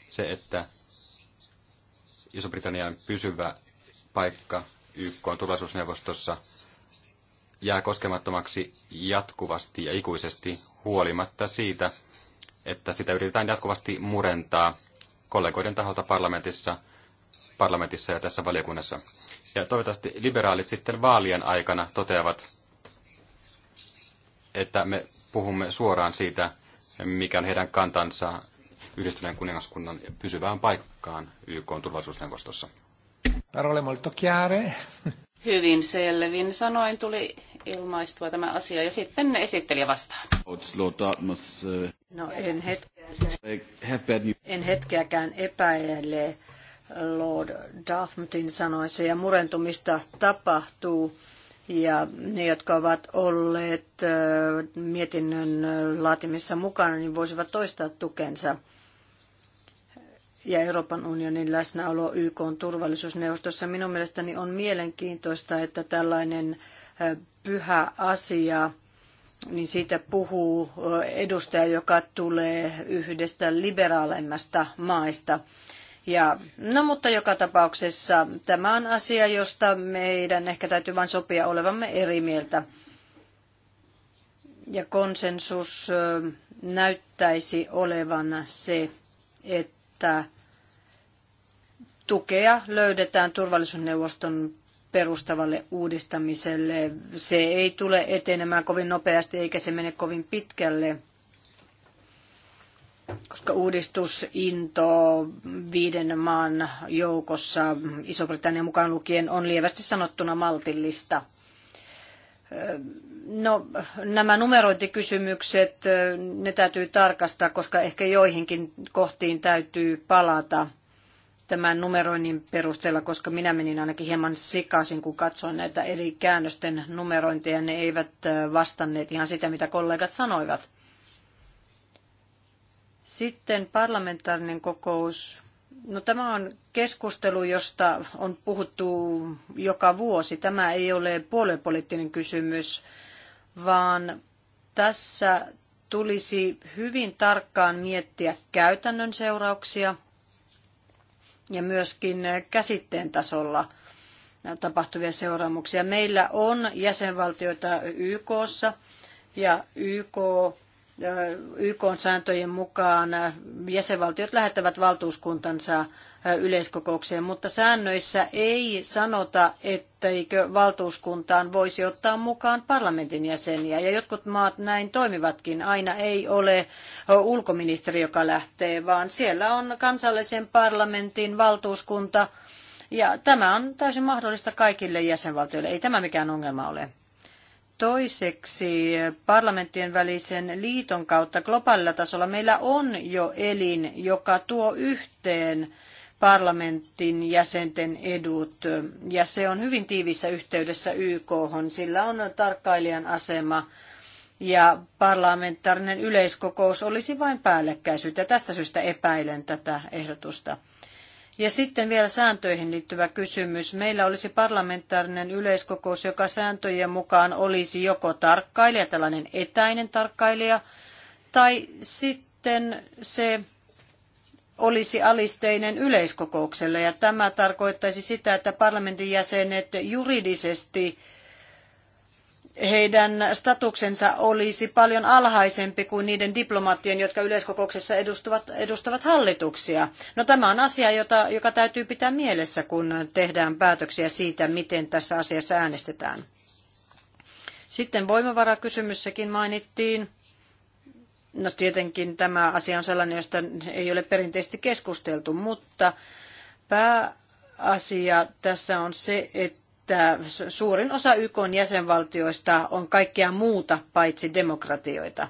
se, että Iso-Britannian pysyvä paikka YK on turvallisuusneuvostossa jää koskemattomaksi jatkuvasti ja ikuisesti huolimatta siitä, että sitä yritetään jatkuvasti murentaa kollegoiden taholta parlamentissa – parlamentissa ja tässä valiokunnassa. Ja toivottavasti liberaalit sitten vaalien aikana toteavat, että me puhumme suoraan siitä, mikä on heidän kantansa yhdistyneen kuningaskunnan pysyvään paikkaan YK turvallisuusneuvostossa. Parole molto chiare. Hyvin selvin sanoin tuli ilmaistua tämä asia ja sitten esittelijä vastaa. No en, hetkeäkään, en hetkeäkään epäile Lord Dartmouthin sanoisi ja murentumista tapahtuu. Ja ne, jotka ovat olleet mietinnön laatimissa mukana, niin voisivat toistaa tukensa. Ja Euroopan unionin läsnäolo YK turvallisuusneuvostossa minun mielestäni on mielenkiintoista, että tällainen pyhä asia, niin siitä puhuu edustaja, joka tulee yhdestä liberaaleimmasta maista. Ja, no mutta joka tapauksessa tämä on asia, josta meidän ehkä täytyy vain sopia olevamme eri mieltä. Ja konsensus näyttäisi olevan se, että tukea löydetään turvallisuusneuvoston perustavalle uudistamiselle. Se ei tule etenemään kovin nopeasti eikä se mene kovin pitkälle koska uudistusinto viiden maan joukossa, iso britannian mukaan lukien, on lievästi sanottuna maltillista. No, nämä numerointikysymykset, ne täytyy tarkastaa, koska ehkä joihinkin kohtiin täytyy palata tämän numeroinnin perusteella, koska minä menin ainakin hieman sekaisin, kun katsoin näitä eri käännösten numerointeja. Ne eivät äh, vastanneet ihan sitä, mitä kollegat sanoivat. Sitten parlamentaarinen kokous. No, tämä on keskustelu, josta on puhuttu joka vuosi. Tämä ei ole puoluepoliittinen kysymys, vaan tässä tulisi hyvin tarkkaan miettiä käytännön seurauksia ja myöskin käsitteen tasolla tapahtuvia seuraamuksia. Meillä on jäsenvaltioita YKssa ja YK YK-sääntöjen mukaan jäsenvaltiot lähettävät valtuuskuntansa yleiskokoukseen, mutta säännöissä ei sanota, etteikö valtuuskuntaan voisi ottaa mukaan parlamentin jäseniä. Ja jotkut maat näin toimivatkin. Aina ei ole ulkoministeri, joka lähtee, vaan siellä on kansallisen parlamentin valtuuskunta. Ja tämä on täysin mahdollista kaikille jäsenvaltioille. Ei tämä mikään ongelma ole. Toiseksi parlamenttien välisen liiton kautta globaalilla tasolla meillä on jo elin, joka tuo yhteen parlamentin jäsenten edut, ja se on hyvin tiivissä yhteydessä YK, -hon. sillä on tarkkailijan asema, ja parlamentaarinen yleiskokous olisi vain päällekkäisyyttä. Tästä syystä epäilen tätä ehdotusta. Ja sitten vielä sääntöihin liittyvä kysymys. Meillä olisi parlamentaarinen yleiskokous, joka sääntöjen mukaan olisi joko tarkkailija, tällainen etäinen tarkkailija, tai sitten se olisi alisteinen yleiskokoukselle. Ja tämä tarkoittaisi sitä, että parlamentin jäsenet juridisesti heidän statuksensa olisi paljon alhaisempi kuin niiden diplomaattien, jotka yleiskokouksessa edustavat, edustavat hallituksia. No tämä on asia, jota, joka täytyy pitää mielessä, kun tehdään päätöksiä siitä, miten tässä asiassa äänestetään. Sitten voimavarakysymyssäkin mainittiin. No tietenkin tämä asia on sellainen, josta ei ole perinteisesti keskusteltu, mutta pääasia tässä on se, että että suurin osa YK jäsenvaltioista on kaikkea muuta paitsi demokratioita.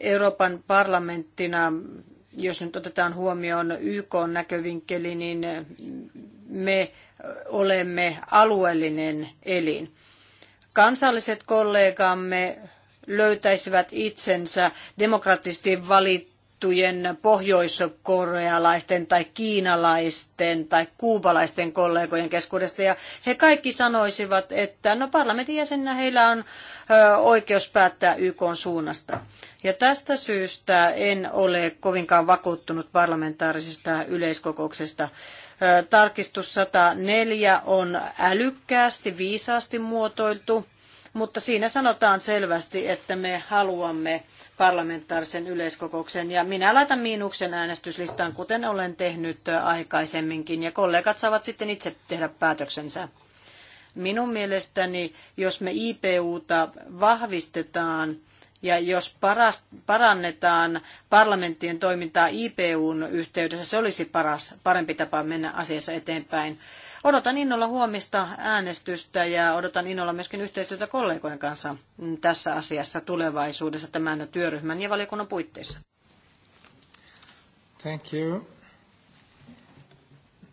Euroopan parlamenttina, jos nyt otetaan huomioon YK näkövinkkeli, niin me olemme alueellinen elin. Kansalliset kollegamme löytäisivät itsensä demokraattisesti valit, tunnettujen pohjoiskorealaisten tai kiinalaisten tai kuubalaisten kollegojen keskuudesta. Ja he kaikki sanoisivat, että no parlamentin jäsenenä heillä on oikeus päättää YK suunnasta. Ja tästä syystä en ole kovinkaan vakuuttunut parlamentaarisesta yleiskokouksesta. Tarkistus 104 on älykkäästi, viisaasti muotoiltu, mutta siinä sanotaan selvästi, että me haluamme parlamentaarisen yleiskokouksen ja minä laitan miinuksen äänestyslistaan, kuten olen tehnyt aikaisemminkin ja kollegat saavat sitten itse tehdä päätöksensä. Minun mielestäni, jos me IPUta vahvistetaan, ja jos paras, parannetaan parlamenttien toimintaa IPUn yhteydessä, se olisi paras, parempi tapa mennä asiassa eteenpäin. Odotan innolla huomista äänestystä ja odotan innolla myöskin yhteistyötä kollegojen kanssa tässä asiassa tulevaisuudessa tämän työryhmän ja valiokunnan puitteissa. Thank you.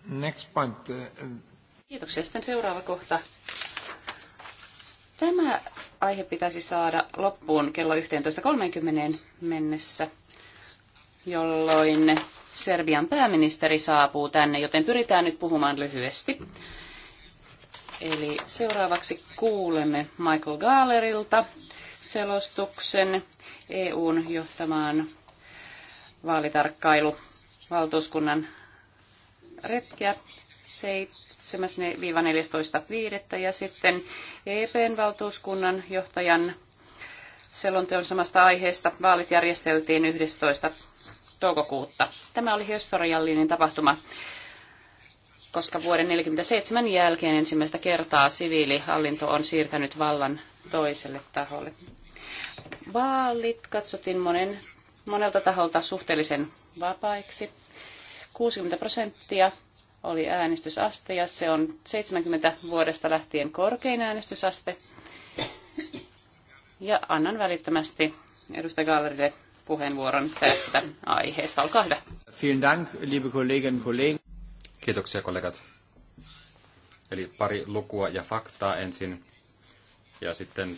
Next point. Uh, Kiitoksia. Sitten seuraava kohta Tämä aihe pitäisi saada loppuun kello 11.30 mennessä, jolloin Serbian pääministeri saapuu tänne, joten pyritään nyt puhumaan lyhyesti. Eli seuraavaksi kuulemme Michael Gaalerilta selostuksen EUn johtamaan vaalitarkkailu valtuuskunnan retkeä 7-14.5. ja sitten EPn valtuuskunnan johtajan selonteon samasta aiheesta vaalit järjesteltiin 11. toukokuuta. Tämä oli historiallinen tapahtuma koska vuoden 1947 jälkeen ensimmäistä kertaa siviilihallinto on siirtänyt vallan toiselle taholle. Vaalit katsottiin monen, monelta taholta suhteellisen vapaiksi. 60 prosenttia oli äänestysaste ja se on 70 vuodesta lähtien korkein äänestysaste. Ja annan välittömästi edustaja Gallerille puheenvuoron tästä aiheesta. Olkaa hyvä. Vielen Dank, liebe kollegen Kollegen. Kiitoksia kollegat. Eli pari lukua ja faktaa ensin ja sitten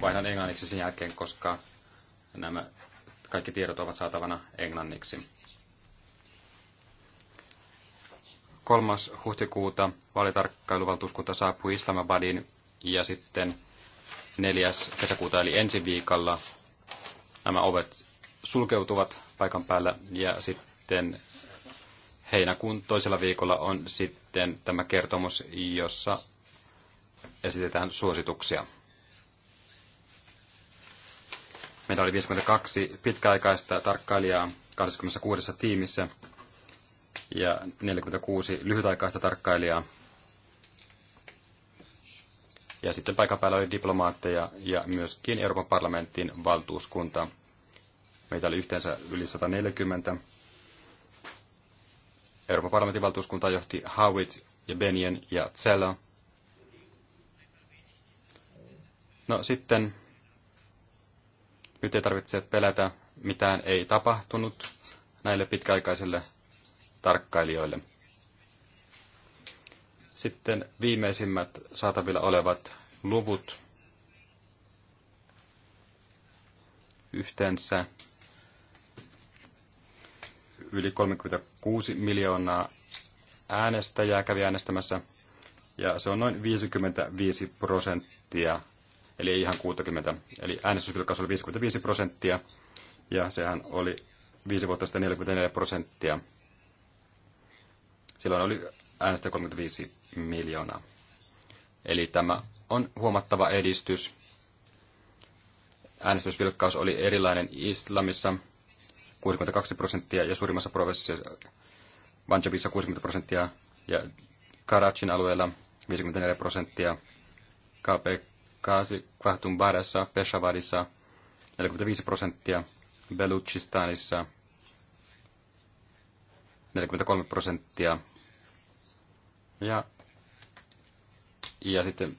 vaihdan englanniksi sen jälkeen, koska nämä kaikki tiedot ovat saatavana englanniksi. 3. huhtikuuta vaalitarkkailuvaltuuskunta saapui Islamabadiin ja sitten 4. kesäkuuta eli ensi viikolla nämä ovet sulkeutuvat paikan päällä ja sitten heinäkuun toisella viikolla on sitten tämä kertomus, jossa esitetään suosituksia. Meillä oli 52 pitkäaikaista tarkkailijaa 26 tiimissä ja 46 lyhytaikaista tarkkailijaa. Ja sitten paikan päällä oli diplomaatteja ja myöskin Euroopan parlamentin valtuuskunta. Meitä oli yhteensä yli 140. Euroopan parlamentin valtuuskunta johti Howitt ja Benien ja Zella. No sitten, nyt ei tarvitse pelätä, mitään ei tapahtunut näille pitkäaikaisille tarkkailijoille. Sitten viimeisimmät saatavilla olevat luvut yhteensä yli 36 miljoonaa äänestäjää kävi äänestämässä, ja se on noin 55 prosenttia, eli ei ihan 60, eli äänestysvilkaus oli 55 prosenttia, ja sehän oli viisi vuotta sitten 44 prosenttia. Silloin oli äänestä 35 miljoonaa. Eli tämä on huomattava edistys. Äänestysvilkkaus oli erilainen Islamissa 62 prosenttia ja suurimmassa provinssissa Vanjabissa 60 prosenttia ja Karachin alueella 54 prosenttia, KP Kaasi Kvahtumbarassa, Peshawarissa 45 prosenttia, Beluchistanissa 43 prosenttia ja, ja sitten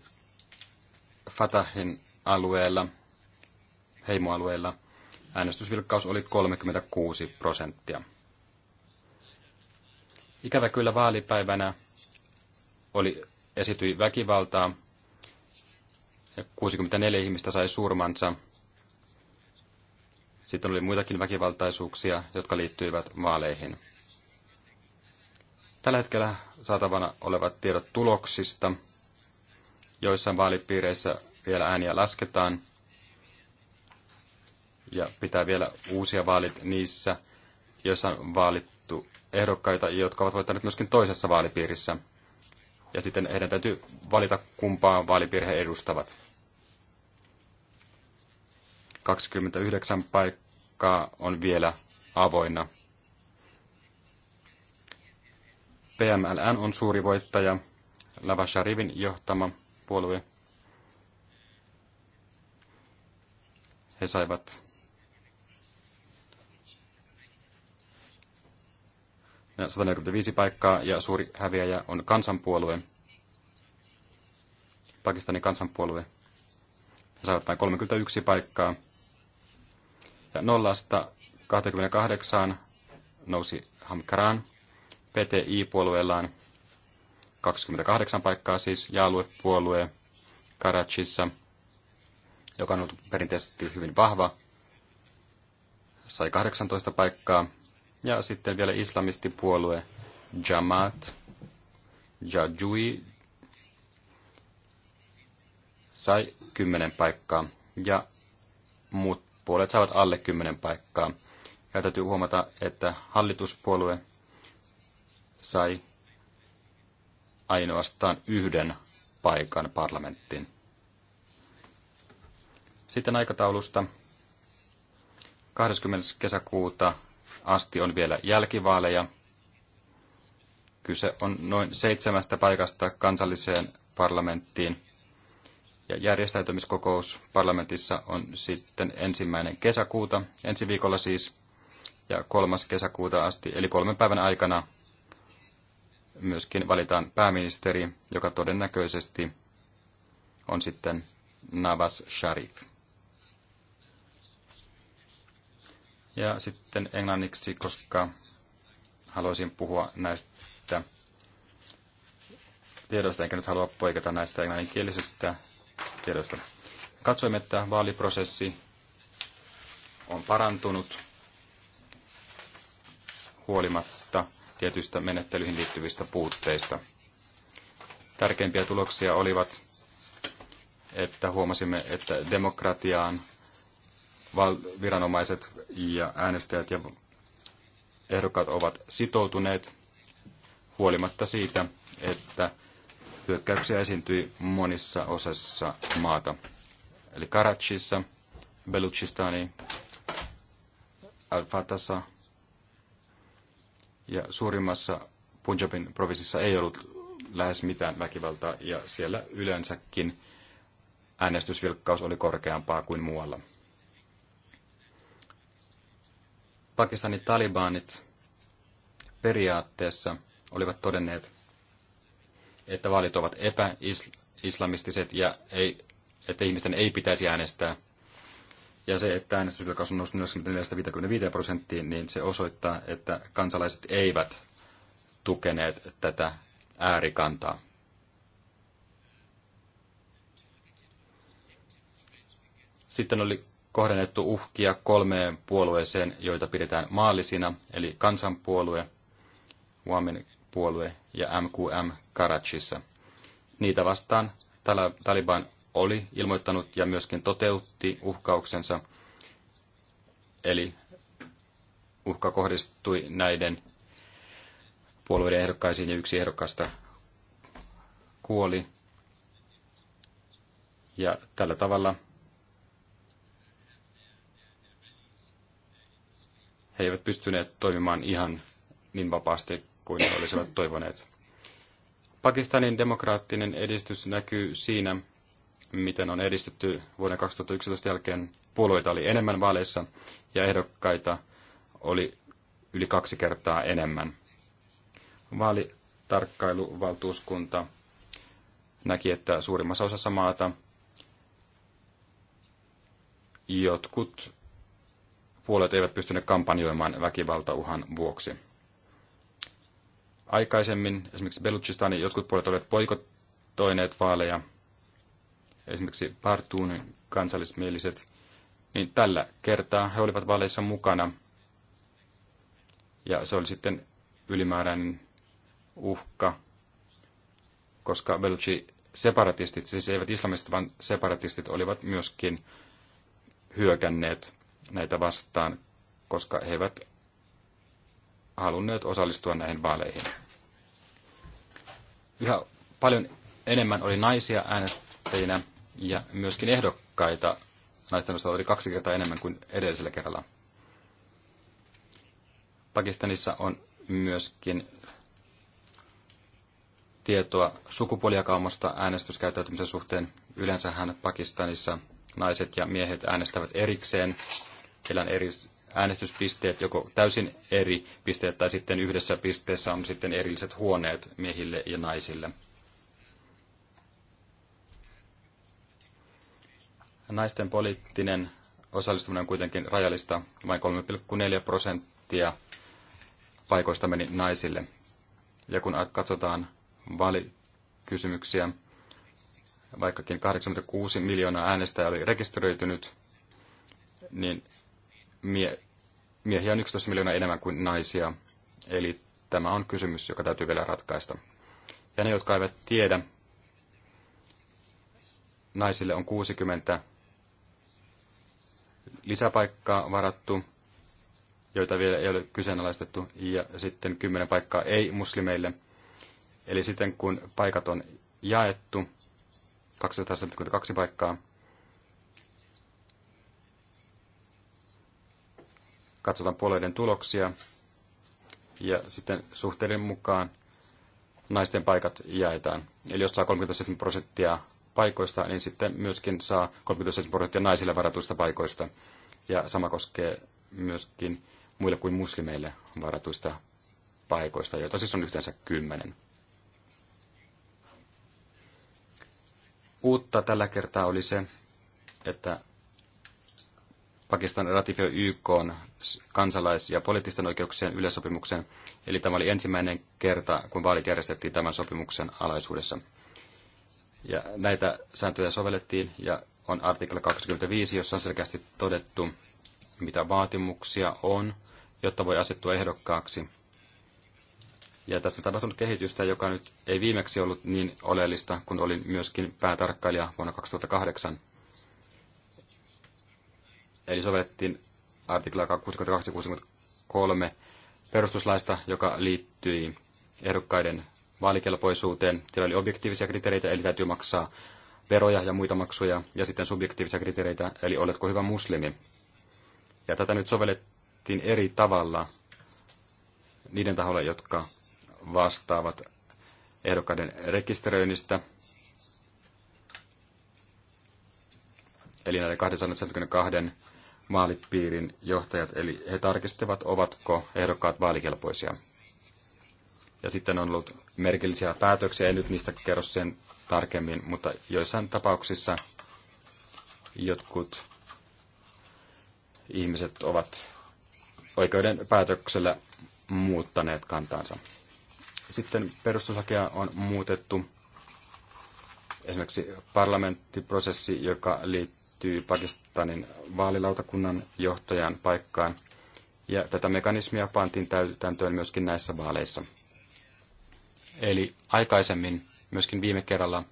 Fatahin alueella, heimoalueella, äänestysvilkkaus oli 36 prosenttia. Ikävä kyllä vaalipäivänä oli, esityi väkivaltaa. 64 ihmistä sai surmansa. Sitten oli muitakin väkivaltaisuuksia, jotka liittyivät vaaleihin. Tällä hetkellä saatavana olevat tiedot tuloksista, joissa vaalipiireissä vielä ääniä lasketaan ja pitää vielä uusia vaalit niissä, joissa on vaalittu ehdokkaita, jotka ovat voittaneet myöskin toisessa vaalipiirissä. Ja sitten heidän täytyy valita, kumpaa vaalipiiriä edustavat. 29 paikkaa on vielä avoinna. PMLN on suuri voittaja, Lava Sharivin johtama puolue. He saivat ja 145 paikkaa ja suuri häviäjä on kansanpuolue, Pakistanin kansanpuolue. He saivat vain 31 paikkaa. Ja nollasta 28 nousi Hamkaran, PTI-puolueellaan 28 paikkaa siis, ja aluepuolue Karachissa, joka on ollut perinteisesti hyvin vahva, sai 18 paikkaa, ja sitten vielä islamistipuolue Jamaat, Jajui, sai 10 paikkaa, ja muut puolet saavat alle 10 paikkaa. Ja täytyy huomata, että hallituspuolue sai ainoastaan yhden paikan parlamenttiin. Sitten aikataulusta 20. kesäkuuta asti on vielä jälkivaaleja. Kyse on noin seitsemästä paikasta kansalliseen parlamenttiin. Ja järjestäytymiskokous parlamentissa on sitten ensimmäinen kesäkuuta, ensi viikolla siis, ja kolmas kesäkuuta asti, eli kolmen päivän aikana myöskin valitaan pääministeri, joka todennäköisesti on sitten Navas Sharif. Ja sitten englanniksi, koska haluaisin puhua näistä tiedoista, enkä nyt halua poiketa näistä englanninkielisistä tiedoista. Katsoimme, että vaaliprosessi on parantunut huolimatta tietyistä menettelyihin liittyvistä puutteista. Tärkeimpiä tuloksia olivat, että huomasimme, että demokratiaan viranomaiset ja äänestäjät ja ehdokkaat ovat sitoutuneet huolimatta siitä, että hyökkäyksiä esiintyi monissa osassa maata. Eli Karachissa, Beluchistani, Alfatassa. Ja suurimmassa Punjabin provinsissa ei ollut lähes mitään väkivaltaa, ja siellä yleensäkin äänestysvilkkaus oli korkeampaa kuin muualla. Pakistanin talibanit periaatteessa olivat todenneet, että vaalit ovat epäislamistiset ja ei, että ihmisten ei pitäisi äänestää. Ja se, että äänestysylkaus on noussut 44-55 prosenttiin, niin se osoittaa, että kansalaiset eivät tukeneet tätä äärikantaa. Sitten oli kohdennettu uhkia kolmeen puolueeseen, joita pidetään maallisina, eli kansanpuolue, Huomen puolue ja MQM Karachissa. Niitä vastaan Taliban oli ilmoittanut ja myöskin toteutti uhkauksensa. Eli uhka kohdistui näiden puolueiden ehdokkaisiin ja yksi ehdokkaista kuoli. Ja tällä tavalla he eivät pystyneet toimimaan ihan niin vapaasti kuin he olisivat toivoneet. Pakistanin demokraattinen edistys näkyy siinä, miten on edistetty vuoden 2011 jälkeen. Puolueita oli enemmän vaaleissa ja ehdokkaita oli yli kaksi kertaa enemmän. Vaalitarkkailuvaltuuskunta näki, että suurimmassa osassa maata jotkut puolet eivät pystyneet kampanjoimaan väkivaltauhan vuoksi. Aikaisemmin esimerkiksi Beluchistani jotkut puolet olivat poikottoineet vaaleja – esimerkiksi Partuun kansallismieliset, niin tällä kertaa he olivat vaaleissa mukana. Ja se oli sitten ylimääräinen uhka, koska Belgi separatistit, siis eivät islamistit, vaan separatistit olivat myöskin hyökänneet näitä vastaan, koska he eivät halunneet osallistua näihin vaaleihin. Yhä paljon enemmän oli naisia äänestäjinä ja myöskin ehdokkaita naisten osalta oli kaksi kertaa enemmän kuin edellisellä kerralla. Pakistanissa on myöskin tietoa sukupuolijakaumasta äänestyskäyttäytymisen suhteen. Yleensähän Pakistanissa naiset ja miehet äänestävät erikseen. Heillä on eri äänestyspisteet, joko täysin eri pisteet tai sitten yhdessä pisteessä on sitten erilliset huoneet miehille ja naisille. Naisten poliittinen osallistuminen on kuitenkin rajallista. Vain 3,4 prosenttia paikoista meni naisille. Ja kun katsotaan valikysymyksiä, vaikkakin 86 miljoonaa äänestäjää oli rekisteröitynyt, niin mie- miehiä on 11 miljoonaa enemmän kuin naisia. Eli tämä on kysymys, joka täytyy vielä ratkaista. Ja ne, jotka eivät tiedä, naisille on 60 lisäpaikkaa varattu, joita vielä ei ole kyseenalaistettu, ja sitten kymmenen paikkaa ei-muslimeille. Eli sitten kun paikat on jaettu, 272 paikkaa, katsotaan puolueiden tuloksia, ja sitten suhteiden mukaan naisten paikat jaetaan. Eli jos saa 37 prosenttia paikoista, niin sitten myöskin saa 37 prosenttia naisille varatuista paikoista. Ja sama koskee myöskin muille kuin muslimeille varatuista paikoista, joita siis on yhteensä kymmenen. Uutta tällä kertaa oli se, että Pakistan ratifioi YK kansalais- ja poliittisten oikeuksien yleissopimuksen, eli tämä oli ensimmäinen kerta, kun vaalit järjestettiin tämän sopimuksen alaisuudessa. Ja näitä sääntöjä sovellettiin ja on artikla 25, jossa on selkeästi todettu, mitä vaatimuksia on, jotta voi asettua ehdokkaaksi. Ja tässä on tapahtunut kehitystä, joka nyt ei viimeksi ollut niin oleellista, kun olin myöskin päätarkkailija vuonna 2008. Eli sovellettiin artikla 62 63 perustuslaista, joka liittyi ehdokkaiden vaalikelpoisuuteen. Siellä oli objektiivisia kriteereitä, eli täytyy maksaa veroja ja muita maksuja, ja sitten subjektiivisia kriteereitä, eli oletko hyvä muslimi. Ja tätä nyt sovellettiin eri tavalla niiden taholla, jotka vastaavat ehdokkaiden rekisteröinnistä, eli näiden 272 maalipiirin johtajat, eli he tarkistivat, ovatko ehdokkaat vaalikelpoisia. Ja sitten on ollut merkillisiä päätöksiä. En nyt niistä kerro sen tarkemmin, mutta joissain tapauksissa jotkut ihmiset ovat oikeuden päätöksellä muuttaneet kantaansa. Sitten perustuslakia on muutettu. Esimerkiksi parlamenttiprosessi, joka liittyy Pakistanin vaalilautakunnan johtajan paikkaan. Ja tätä mekanismia pantiin täytäntöön myöskin näissä vaaleissa. Eli aikaisemmin, myöskin viime kerralla,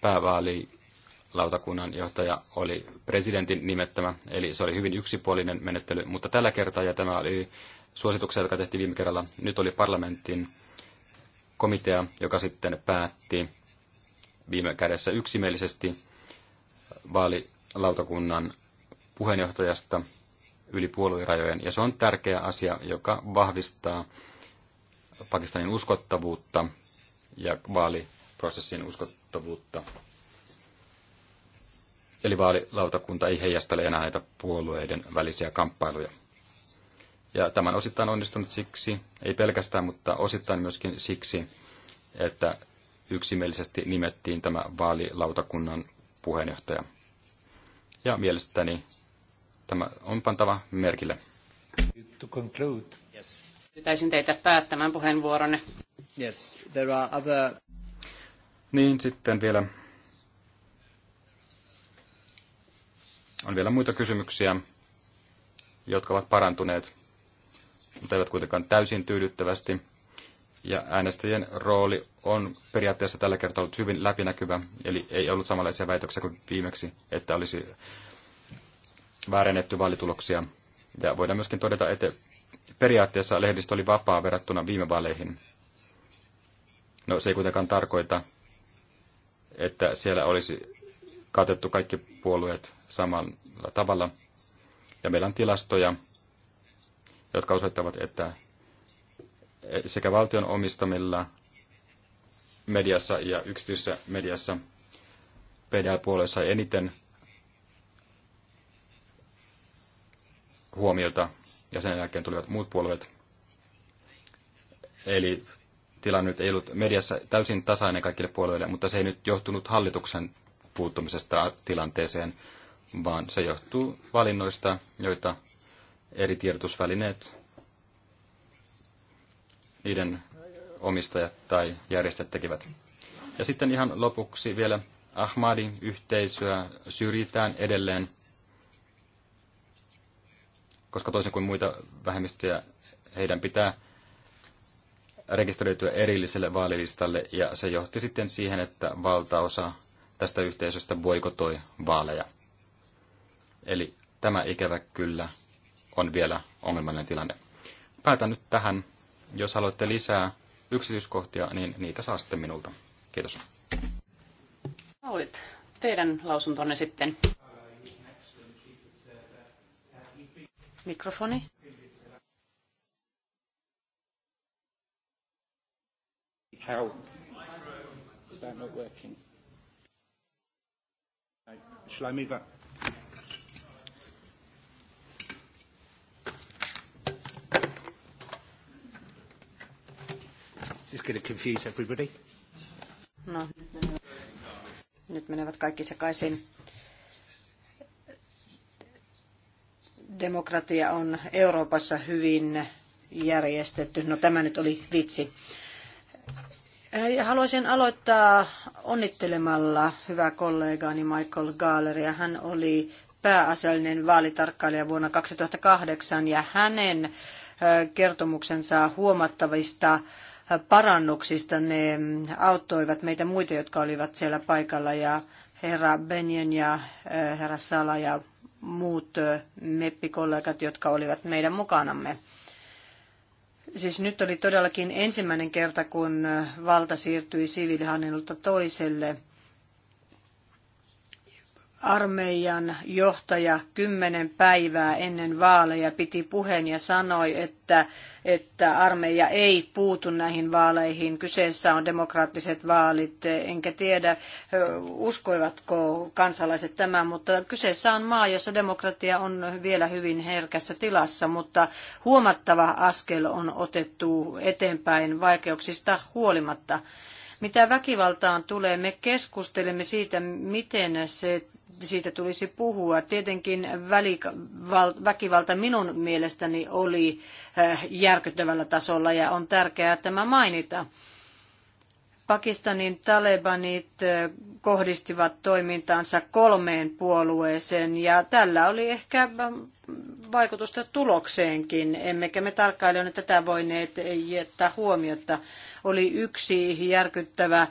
päävaalilautakunnan johtaja oli presidentin nimettämä, eli se oli hyvin yksipuolinen menettely, mutta tällä kertaa, ja tämä oli suosituksia, joka tehtiin viime kerralla, nyt oli parlamentin komitea, joka sitten päätti viime kädessä yksimielisesti vaalilautakunnan puheenjohtajasta yli puoluerajojen. Ja se on tärkeä asia, joka vahvistaa Pakistanin uskottavuutta ja vaaliprosessin uskottavuutta. Eli vaalilautakunta ei heijastele enää näitä puolueiden välisiä kamppailuja. Ja tämä on osittain onnistunut siksi, ei pelkästään, mutta osittain myöskin siksi, että yksimielisesti nimettiin tämä vaalilautakunnan puheenjohtaja. Ja mielestäni tämä on pantava merkille. To conclude. Yes. Pyytäisin teitä päättämään puheenvuoronne. Yes, there are other... Niin, sitten vielä on vielä muita kysymyksiä, jotka ovat parantuneet, mutta eivät kuitenkaan täysin tyydyttävästi. Ja äänestäjien rooli on periaatteessa tällä kertaa ollut hyvin läpinäkyvä, eli ei ollut samanlaisia väitöksiä kuin viimeksi, että olisi väärennetty vaalituloksia. Ja voidaan myöskin todeta, että periaatteessa lehdistö oli vapaa verrattuna viime vaaleihin. No se ei kuitenkaan tarkoita, että siellä olisi katettu kaikki puolueet samalla tavalla. Ja meillä on tilastoja, jotka osoittavat, että sekä valtion omistamilla mediassa ja yksityisessä mediassa PDL-puolueessa eniten huomiota ja sen jälkeen tulivat muut puolueet. Eli tilanne nyt ei ollut mediassa täysin tasainen kaikille puolueille, mutta se ei nyt johtunut hallituksen puuttumisesta tilanteeseen, vaan se johtuu valinnoista, joita eri tiedotusvälineet, niiden omistajat tai järjestöt tekivät. Ja sitten ihan lopuksi vielä Ahmadin yhteisöä syrjitään edelleen koska toisin kuin muita vähemmistöjä, heidän pitää rekisteröityä erilliselle vaalilistalle, ja se johti sitten siihen, että valtaosa tästä yhteisöstä boikotoi vaaleja. Eli tämä ikävä kyllä on vielä ongelmallinen tilanne. Päätän nyt tähän. Jos haluatte lisää yksityiskohtia, niin niitä saa sitten minulta. Kiitos. Olit teidän lausuntonne sitten. Mikrofoni. How? Is that not working? Shall I move up? This is going to confuse everybody. No, nyt menevät kaikki sekaisin. demokratia on Euroopassa hyvin järjestetty. No tämä nyt oli vitsi. Ja haluaisin aloittaa onnittelemalla hyvää kollegaani Michael Galleria. Hän oli pääasiallinen vaalitarkkailija vuonna 2008 ja hänen kertomuksensa huomattavista parannuksista ne auttoivat meitä muita, jotka olivat siellä paikalla ja herra Benjen ja herra Sala ja muut meppikollegat, jotka olivat meidän mukanamme. Siis nyt oli todellakin ensimmäinen kerta, kun valta siirtyi siviilihallinnolta toiselle – armeijan johtaja kymmenen päivää ennen vaaleja piti puheen ja sanoi, että, että armeija ei puutu näihin vaaleihin. Kyseessä on demokraattiset vaalit. Enkä tiedä, uskoivatko kansalaiset tämän, mutta kyseessä on maa, jossa demokratia on vielä hyvin herkässä tilassa, mutta huomattava askel on otettu eteenpäin vaikeuksista huolimatta. Mitä väkivaltaan tulee, me keskustelemme siitä, miten se siitä tulisi puhua. Tietenkin väkivalta minun mielestäni oli äh, järkyttävällä tasolla ja on tärkeää tämä mainita. Pakistanin talebanit äh, kohdistivat toimintaansa kolmeen puolueeseen ja tällä oli ehkä äh, vaikutusta tulokseenkin, emmekä me tarkkailijoina tätä voineet jättää huomiota oli yksi järkyttävä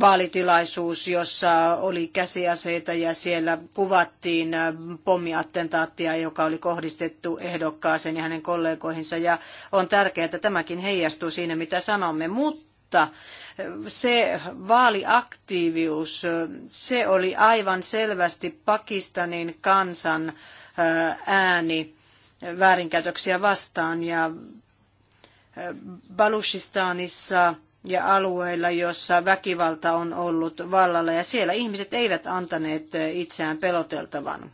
vaalitilaisuus, jossa oli käsiaseita ja siellä kuvattiin pommiattentaattia, joka oli kohdistettu ehdokkaaseen ja hänen kollegoihinsa. Ja on tärkeää, että tämäkin heijastuu siinä, mitä sanomme. Mutta se vaaliaktiivius, se oli aivan selvästi Pakistanin kansan ääni väärinkäytöksiä vastaan ja Balushistanissa ja alueilla, jossa väkivalta on ollut vallalla ja siellä ihmiset eivät antaneet itseään peloteltavan.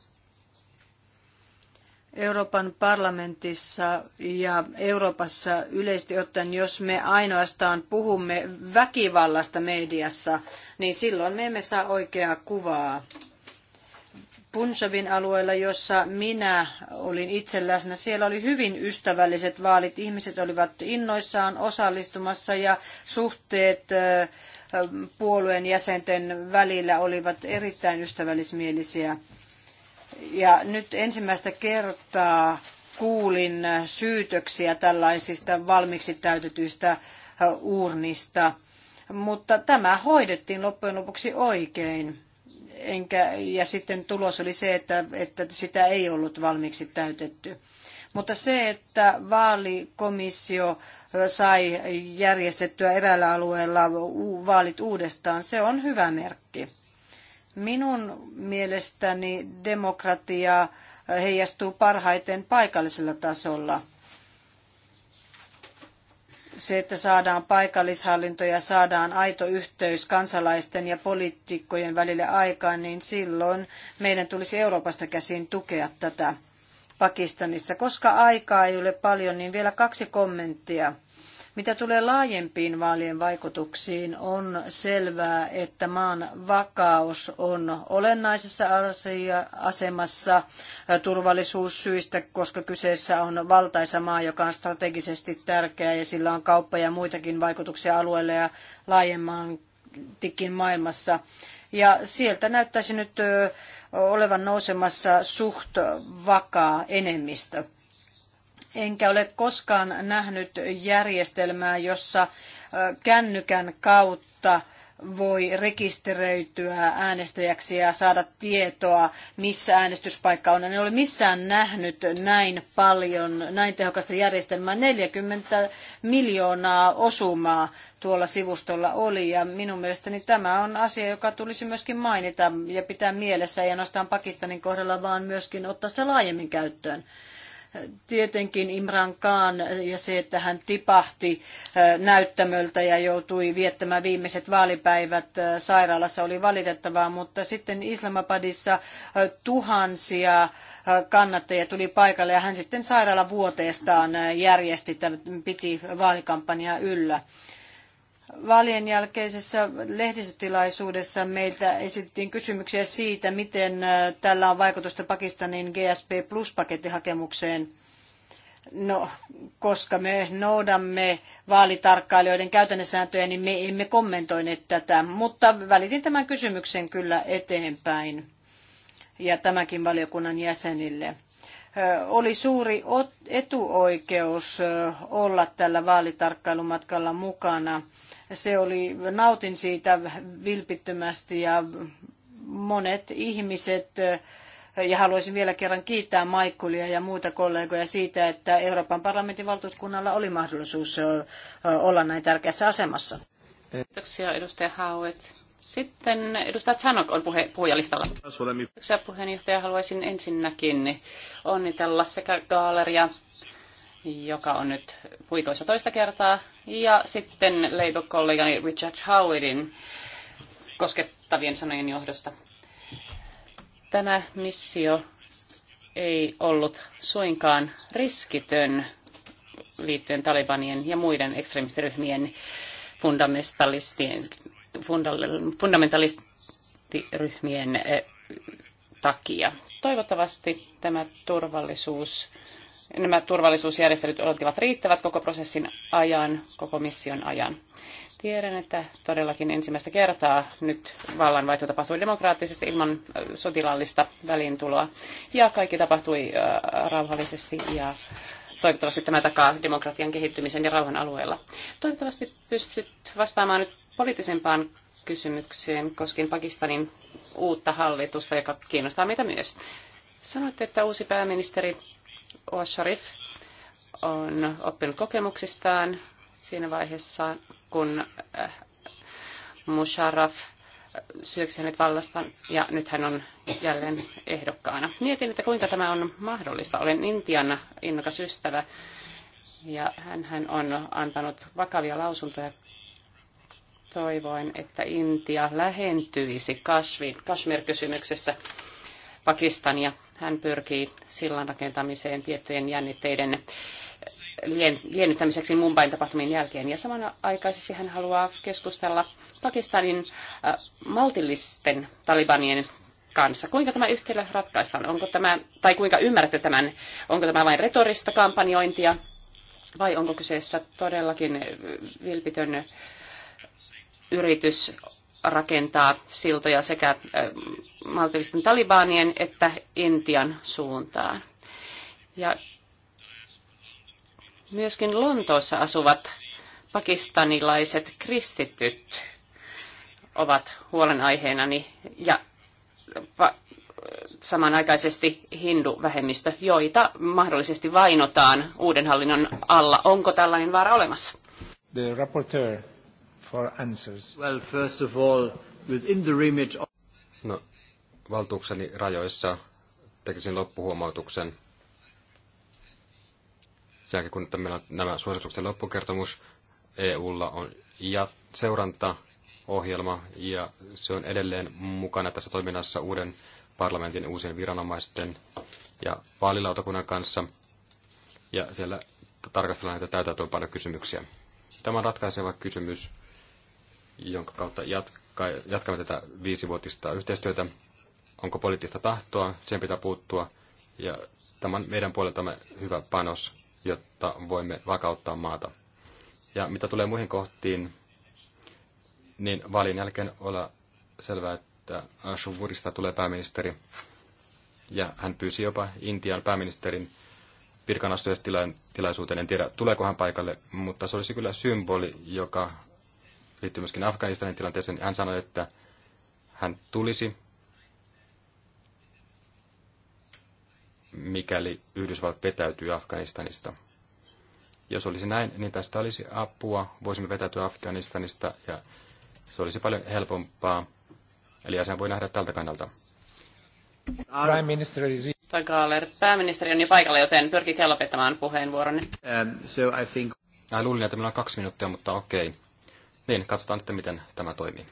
Euroopan parlamentissa ja Euroopassa yleisesti ottaen, jos me ainoastaan puhumme väkivallasta mediassa, niin silloin me emme saa oikeaa kuvaa Punjabin alueella, jossa minä olin itse läsnä, siellä oli hyvin ystävälliset vaalit. Ihmiset olivat innoissaan osallistumassa ja suhteet puolueen jäsenten välillä olivat erittäin ystävällismielisiä. Ja nyt ensimmäistä kertaa kuulin syytöksiä tällaisista valmiiksi täytetyistä uurnista, mutta tämä hoidettiin loppujen lopuksi oikein enkä, ja sitten tulos oli se, että, että sitä ei ollut valmiiksi täytetty. Mutta se, että vaalikomissio sai järjestettyä eräällä alueella vaalit uudestaan, se on hyvä merkki. Minun mielestäni demokratia heijastuu parhaiten paikallisella tasolla – se, että saadaan paikallishallinto ja saadaan aito yhteys kansalaisten ja poliitikkojen välille aikaan, niin silloin meidän tulisi Euroopasta käsin tukea tätä Pakistanissa. Koska aikaa ei ole paljon, niin vielä kaksi kommenttia. Mitä tulee laajempiin vaalien vaikutuksiin, on selvää, että maan vakaus on olennaisessa asemassa turvallisuussyistä, koska kyseessä on valtaisa maa, joka on strategisesti tärkeä ja sillä on kauppa ja muitakin vaikutuksia alueelle ja laajemman maailmassa. Ja sieltä näyttäisi nyt olevan nousemassa suht vakaa enemmistö enkä ole koskaan nähnyt järjestelmää, jossa kännykän kautta voi rekisteröityä äänestäjäksi ja saada tietoa, missä äänestyspaikka on. En ole missään nähnyt näin paljon, näin tehokasta järjestelmää. 40 miljoonaa osumaa tuolla sivustolla oli ja minun mielestäni tämä on asia, joka tulisi myöskin mainita ja pitää mielessä, ei ainoastaan Pakistanin kohdalla, vaan myöskin ottaa se laajemmin käyttöön tietenkin Imran Khan ja se, että hän tipahti näyttämöltä ja joutui viettämään viimeiset vaalipäivät sairaalassa oli valitettavaa, mutta sitten Islamabadissa tuhansia kannattajia tuli paikalle ja hän sitten sairaalavuoteestaan järjesti, piti vaalikampanjaa yllä. Vaalien jälkeisessä lehdistötilaisuudessa meiltä esitettiin kysymyksiä siitä, miten tällä on vaikutusta Pakistanin GSP Plus-pakettihakemukseen. No, koska me noudamme vaalitarkkailijoiden käytännössääntöjä, niin me emme kommentoineet tätä, mutta välitin tämän kysymyksen kyllä eteenpäin ja tämäkin valiokunnan jäsenille. Oli suuri etuoikeus olla tällä vaalitarkkailumatkalla mukana. Se oli, nautin siitä vilpittömästi ja monet ihmiset eh, ja haluaisin vielä kerran kiittää Maikkulia ja muita kollegoja siitä, että Euroopan parlamentin valtuuskunnalla oli mahdollisuus eh, eh, olla näin tärkeässä asemassa. Kiitoksia edustaja Hauet. Sitten edustaja Chanok on puhe, puhujalistalla. Kiitoksia puheenjohtaja. Haluaisin ensinnäkin onnitella sekä Gaaleria, joka on nyt puikoissa toista kertaa, ja sitten Labour-kollegani Richard Howardin koskettavien sanojen johdosta. Tämä missio ei ollut suinkaan riskitön liittyen Talibanien ja muiden ekstremistiryhmien fundamentalistien, fundamentalistiryhmien eh, takia. Toivottavasti tämä turvallisuus nämä turvallisuusjärjestelyt olivat riittävät koko prosessin ajan, koko mission ajan. Tiedän, että todellakin ensimmäistä kertaa nyt vallanvaihto tapahtui demokraattisesti ilman sotilaallista väliintuloa. Ja kaikki tapahtui rauhallisesti ja toivottavasti tämä takaa demokratian kehittymisen ja rauhan alueella. Toivottavasti pystyt vastaamaan nyt poliittisempaan kysymykseen koskien Pakistanin uutta hallitusta, joka kiinnostaa meitä myös. Sanoitte, että uusi pääministeri Sharif on oppinut kokemuksistaan siinä vaiheessa, kun äh, Musharraf syöksi hänet vallasta ja nyt hän on jälleen ehdokkaana. Mietin, että kuinka tämä on mahdollista. Olen Intian innokas ystävä ja hän on antanut vakavia lausuntoja toivoin, että Intia lähentyisi Kashmir-kysymyksessä Pakistania hän pyrkii sillan rakentamiseen tiettyjen jännitteiden liennyttämiseksi Mumbain tapahtumien jälkeen. Ja samanaikaisesti hän haluaa keskustella Pakistanin äh, maltillisten talibanien kanssa. Kuinka tämä yhtälö ratkaistaan? Onko tämä, tai kuinka ymmärrätte tämän? Onko tämä vain retorista kampanjointia vai onko kyseessä todellakin vilpitön yritys rakentaa siltoja sekä maltillisten talibanien että Intian suuntaan. Ja myöskin Lontoossa asuvat pakistanilaiset kristityt ovat huolenaiheenani ja samanaikaisesti hinduvähemmistö, joita mahdollisesti vainotaan uuden hallinnon alla. Onko tällainen vaara olemassa? The rapporteur for answers. Well, first of all, within the remit of... No, valtuukseni rajoissa tekisin loppuhuomautuksen. Sen jälkeen, kun meillä on nämä suosituksen loppukertomus, EUlla on ja seurantaohjelma, ja se on edelleen mukana tässä toiminnassa uuden parlamentin uusien viranomaisten ja vaalilautakunnan kanssa. Ja siellä tarkastellaan näitä täytäntöönpanokysymyksiä. Tämä on ratkaiseva kysymys jonka kautta jatkamme tätä viisivuotista yhteistyötä. Onko poliittista tahtoa, sen pitää puuttua. Ja tämä on meidän puoleltamme hyvä panos, jotta voimme vakauttaa maata. Ja mitä tulee muihin kohtiin, niin vaalin jälkeen olla selvää, että Ashwurista tulee pääministeri. Ja hän pyysi jopa Intian pääministerin virkanastujaistilaisuuteen. En tiedä, tuleeko hän paikalle, mutta se olisi kyllä symboli, joka liittyy myöskin Afganistanin tilanteeseen. Niin hän sanoi, että hän tulisi, mikäli Yhdysvallat vetäytyy Afganistanista. Jos olisi näin, niin tästä olisi apua. Voisimme vetäytyä Afganistanista ja se olisi paljon helpompaa. Eli asian voi nähdä tältä kannalta. pääministeri on jo paikalla, joten pyrkii lopettamaan puheenvuoronne. Um, so I think... luulin, että meillä on kaksi minuuttia, mutta okei. Okay. Niin, katsotaan sitten, miten tämä toimii.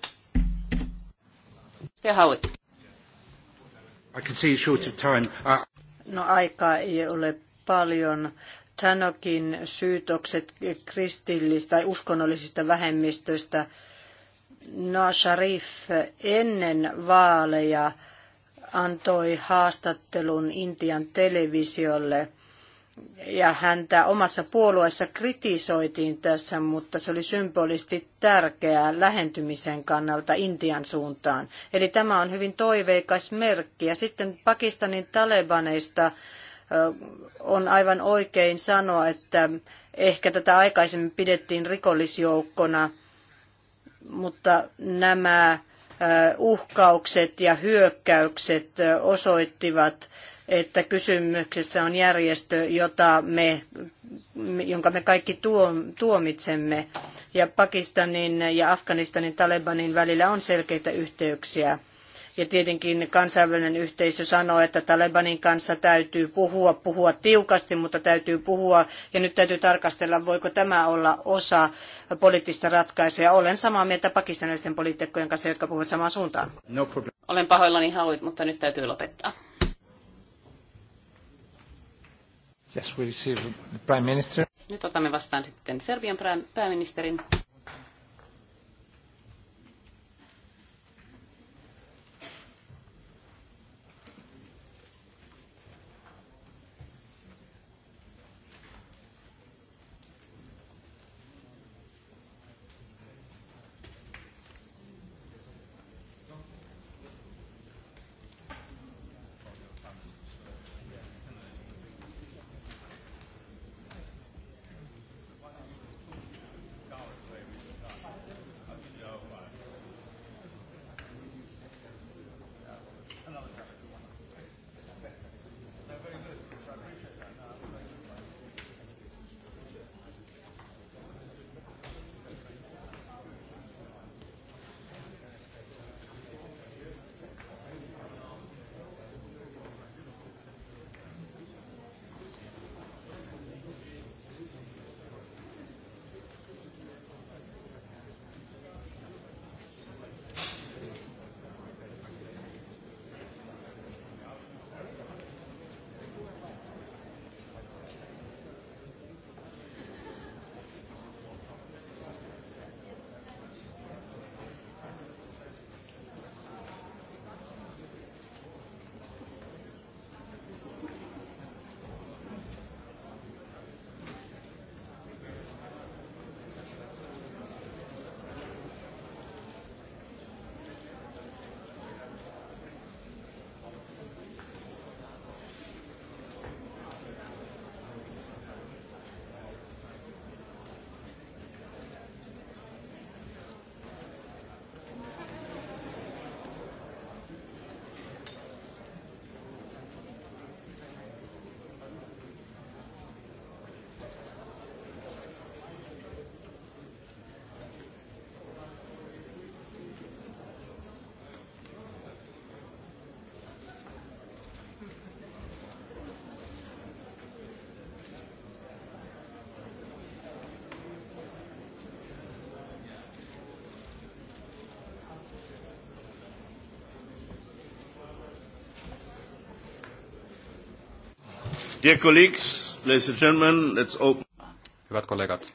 I can see short of time. Uh... No aikaa ei ole paljon. Tanokin syytökset kristillistä tai uskonnollisista vähemmistöistä. No Sharif ennen vaaleja antoi haastattelun Intian televisiolle – ja häntä omassa puolueessa kritisoitiin tässä, mutta se oli symbolisesti tärkeää lähentymisen kannalta Intian suuntaan. Eli tämä on hyvin toiveikas merkki. Ja sitten Pakistanin talebaneista on aivan oikein sanoa, että ehkä tätä aikaisemmin pidettiin rikollisjoukkona, mutta nämä uhkaukset ja hyökkäykset osoittivat, että kysymyksessä on järjestö, jota me, jonka me kaikki tuomitsemme. Ja Pakistanin ja Afganistanin Talebanin välillä on selkeitä yhteyksiä. Ja tietenkin kansainvälinen yhteisö sanoo, että Talebanin kanssa täytyy puhua, puhua tiukasti, mutta täytyy puhua. Ja nyt täytyy tarkastella, voiko tämä olla osa poliittista ratkaisua. Olen samaa mieltä pakistanilaisten poliitikkojen kanssa, jotka puhuvat samaan suuntaan. No Olen pahoillani hauit, mutta nyt täytyy lopettaa. Yes, we receive the Prime Minister. Nyt otamme vastaan sitten Serbian pääministerin. Dear colleagues, ladies and gentlemen, let's open. Hyvät kollegat,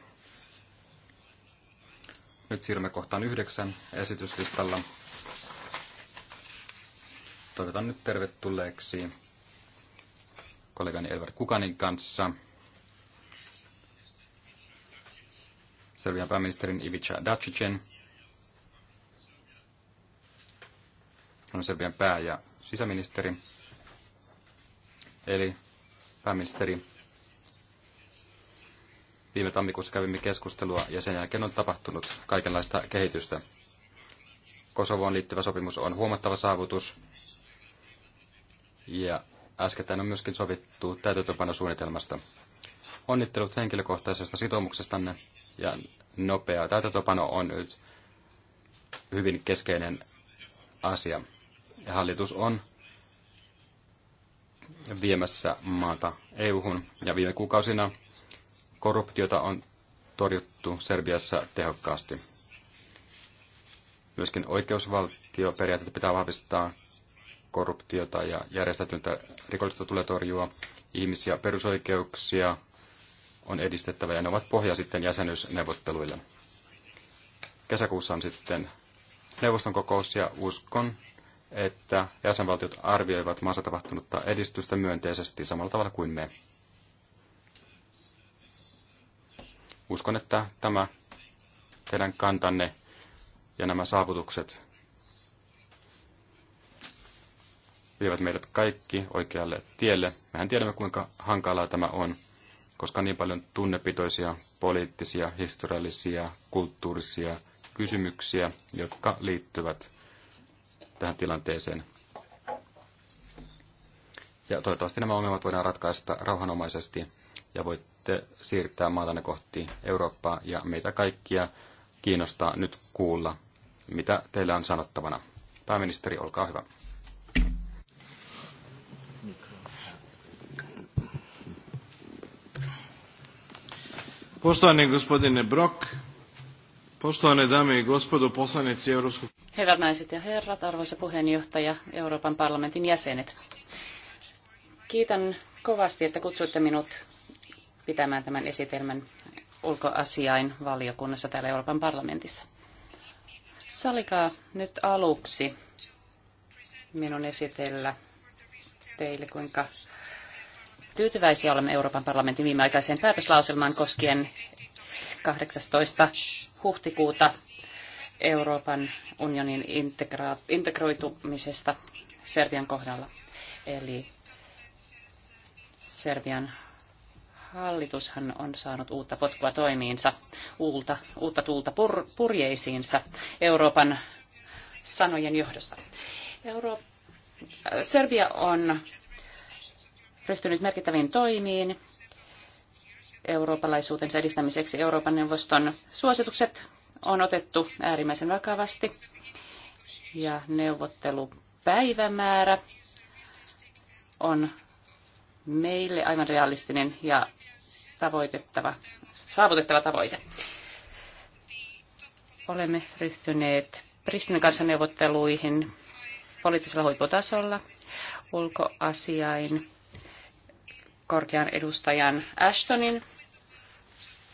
nyt siirrymme kohtaan yhdeksän esityslistalla. Toivotan nyt tervetulleeksi kollegani Elver Kukanin kanssa Serbian pääministerin Ivica Dacicen. Hän on Serbian pää- ja sisäministeri. Eli pääministeri. Viime tammikuussa kävimme keskustelua ja sen jälkeen on tapahtunut kaikenlaista kehitystä. Kosovoon liittyvä sopimus on huomattava saavutus ja äskettäin on myöskin sovittu täytäntöpanosuunnitelmasta. Onnittelut henkilökohtaisesta sitoumuksestanne ja nopea täytäntöpano on nyt hyvin keskeinen asia. Ja hallitus on viemässä maata EU-hun. Ja viime kuukausina korruptiota on torjuttu Serbiassa tehokkaasti. Myöskin oikeusvaltioperiaatteita pitää vahvistaa, korruptiota ja järjestäytyntä rikollista tulee torjua, ihmisiä perusoikeuksia on edistettävä ja ne ovat pohja sitten jäsenyysneuvotteluille. Kesäkuussa on sitten neuvoston kokous ja uskon, että jäsenvaltiot arvioivat maassa tapahtunutta edistystä myönteisesti samalla tavalla kuin me. Uskon, että tämä teidän kantanne ja nämä saavutukset vievät meidät kaikki oikealle tielle. Mehän tiedämme, kuinka hankalaa tämä on, koska on niin paljon tunnepitoisia, poliittisia, historiallisia, kulttuurisia kysymyksiä, jotka liittyvät tähän tilanteeseen. Ja toivottavasti nämä ongelmat voidaan ratkaista rauhanomaisesti ja voitte siirtää maatanne kohti Eurooppaa ja meitä kaikkia kiinnostaa nyt kuulla, mitä teillä on sanottavana. Pääministeri, olkaa hyvä. Poštovani gospodine Brok, poštovane dame i gospodo poslanici Europskog Hyvät naiset ja herrat, arvoisa puheenjohtaja, Euroopan parlamentin jäsenet. Kiitän kovasti, että kutsuitte minut pitämään tämän esitelmän ulkoasiain valiokunnassa täällä Euroopan parlamentissa. Salikaa nyt aluksi minun esitellä teille, kuinka tyytyväisiä olemme Euroopan parlamentin viimeaikaiseen päätöslauselmaan koskien 18. huhtikuuta Euroopan unionin integra- integroitumisesta Serbian kohdalla. Eli Serbian hallitushan on saanut uutta potkua toimiinsa, uutta, uutta tuulta pur, purjeisiinsa Euroopan sanojen johdosta. Euro- Serbia on ryhtynyt merkittäviin toimiin eurooppalaisuutensa edistämiseksi. Euroopan neuvoston suositukset on otettu äärimmäisen vakavasti ja neuvottelupäivämäärä on meille aivan realistinen ja tavoitettava, saavutettava tavoite. Olemme ryhtyneet Pristinan kanssa neuvotteluihin poliittisella huipputasolla ulkoasiain korkean edustajan Ashtonin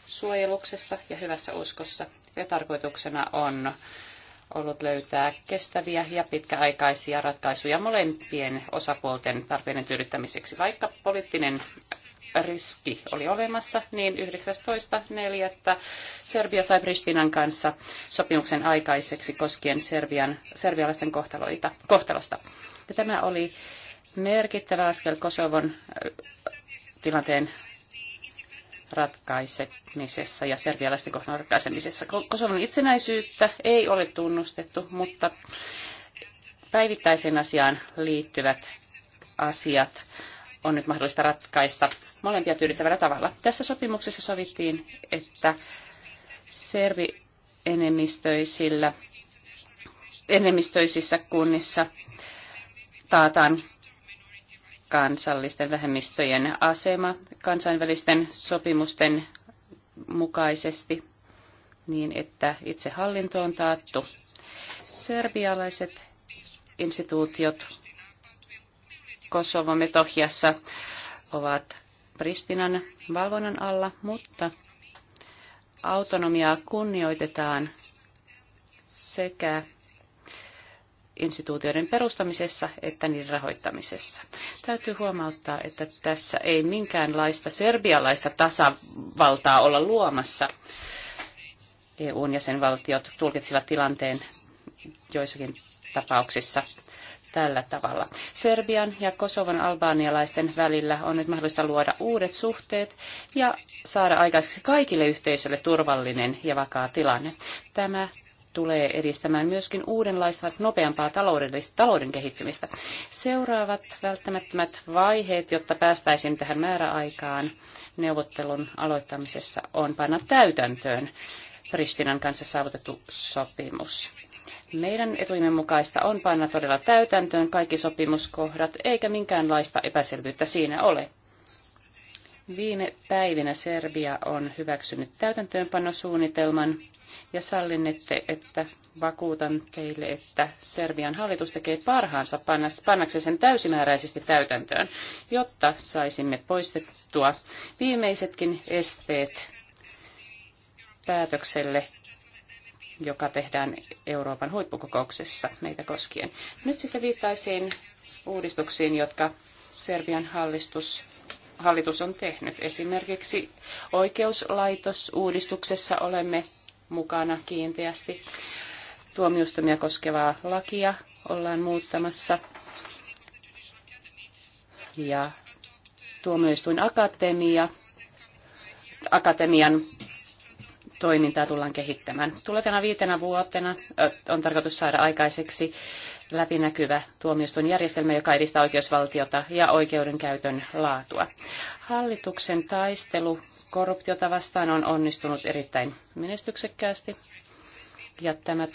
suojeluksessa ja hyvässä uskossa ja tarkoituksena on ollut löytää kestäviä ja pitkäaikaisia ratkaisuja molempien osapuolten tarpeiden tyydyttämiseksi. Vaikka poliittinen riski oli olemassa, niin 19.4. Serbia sai Pristinan kanssa sopimuksen aikaiseksi koskien Serbian, serbialaisten kohtaloita, kohtalosta. Ja tämä oli merkittävä askel Kosovon tilanteen ratkaisemisessa ja serbialaisten kohdan ratkaisemisessa. Kosovon itsenäisyyttä ei ole tunnustettu, mutta päivittäisen asiaan liittyvät asiat on nyt mahdollista ratkaista molempia tyydyttävällä tavalla. Tässä sopimuksessa sovittiin, että servienemmistöisillä enemmistöisissä kunnissa taataan kansallisten vähemmistöjen asema kansainvälisten sopimusten mukaisesti niin, että itsehallinto on taattu. Serbialaiset instituutiot Kosovo Metohjassa ovat Pristinan valvonnan alla, mutta autonomiaa kunnioitetaan sekä instituutioiden perustamisessa että niiden rahoittamisessa. Täytyy huomauttaa, että tässä ei minkäänlaista serbialaista tasavaltaa olla luomassa. EUn jäsenvaltiot tulkitsivat tilanteen joissakin tapauksissa tällä tavalla. Serbian ja Kosovan albaanialaisten välillä on nyt mahdollista luoda uudet suhteet ja saada aikaiseksi kaikille yhteisölle turvallinen ja vakaa tilanne. Tämä tulee edistämään myöskin uudenlaista nopeampaa talouden kehittymistä. Seuraavat välttämättömät vaiheet, jotta päästäisiin tähän määräaikaan neuvottelun aloittamisessa, on panna täytäntöön Pristinan kanssa saavutettu sopimus. Meidän etuimme mukaista on panna todella täytäntöön kaikki sopimuskohdat, eikä minkäänlaista epäselvyyttä siinä ole. Viime päivinä Serbia on hyväksynyt täytäntöönpanosuunnitelman, ja sallinnette, että vakuutan teille, että Serbian hallitus tekee parhaansa pannakseen sen täysimääräisesti täytäntöön, jotta saisimme poistettua viimeisetkin esteet päätökselle, joka tehdään Euroopan huippukokouksessa meitä koskien. Nyt sitten viittaisiin uudistuksiin, jotka Serbian hallitus hallitus on tehnyt. Esimerkiksi oikeuslaitosuudistuksessa olemme mukana kiinteästi. Tuomioistumia koskevaa lakia ollaan muuttamassa. Ja tuomioistuin akatemia, akatemian toimintaa tullaan kehittämään. Tulevana viitenä vuotena on tarkoitus saada aikaiseksi läpinäkyvä tuomioistuinjärjestelmä, joka edistää oikeusvaltiota ja oikeudenkäytön laatua. Hallituksen taistelu korruptiota vastaan on onnistunut erittäin menestyksekkäästi. Ja tämä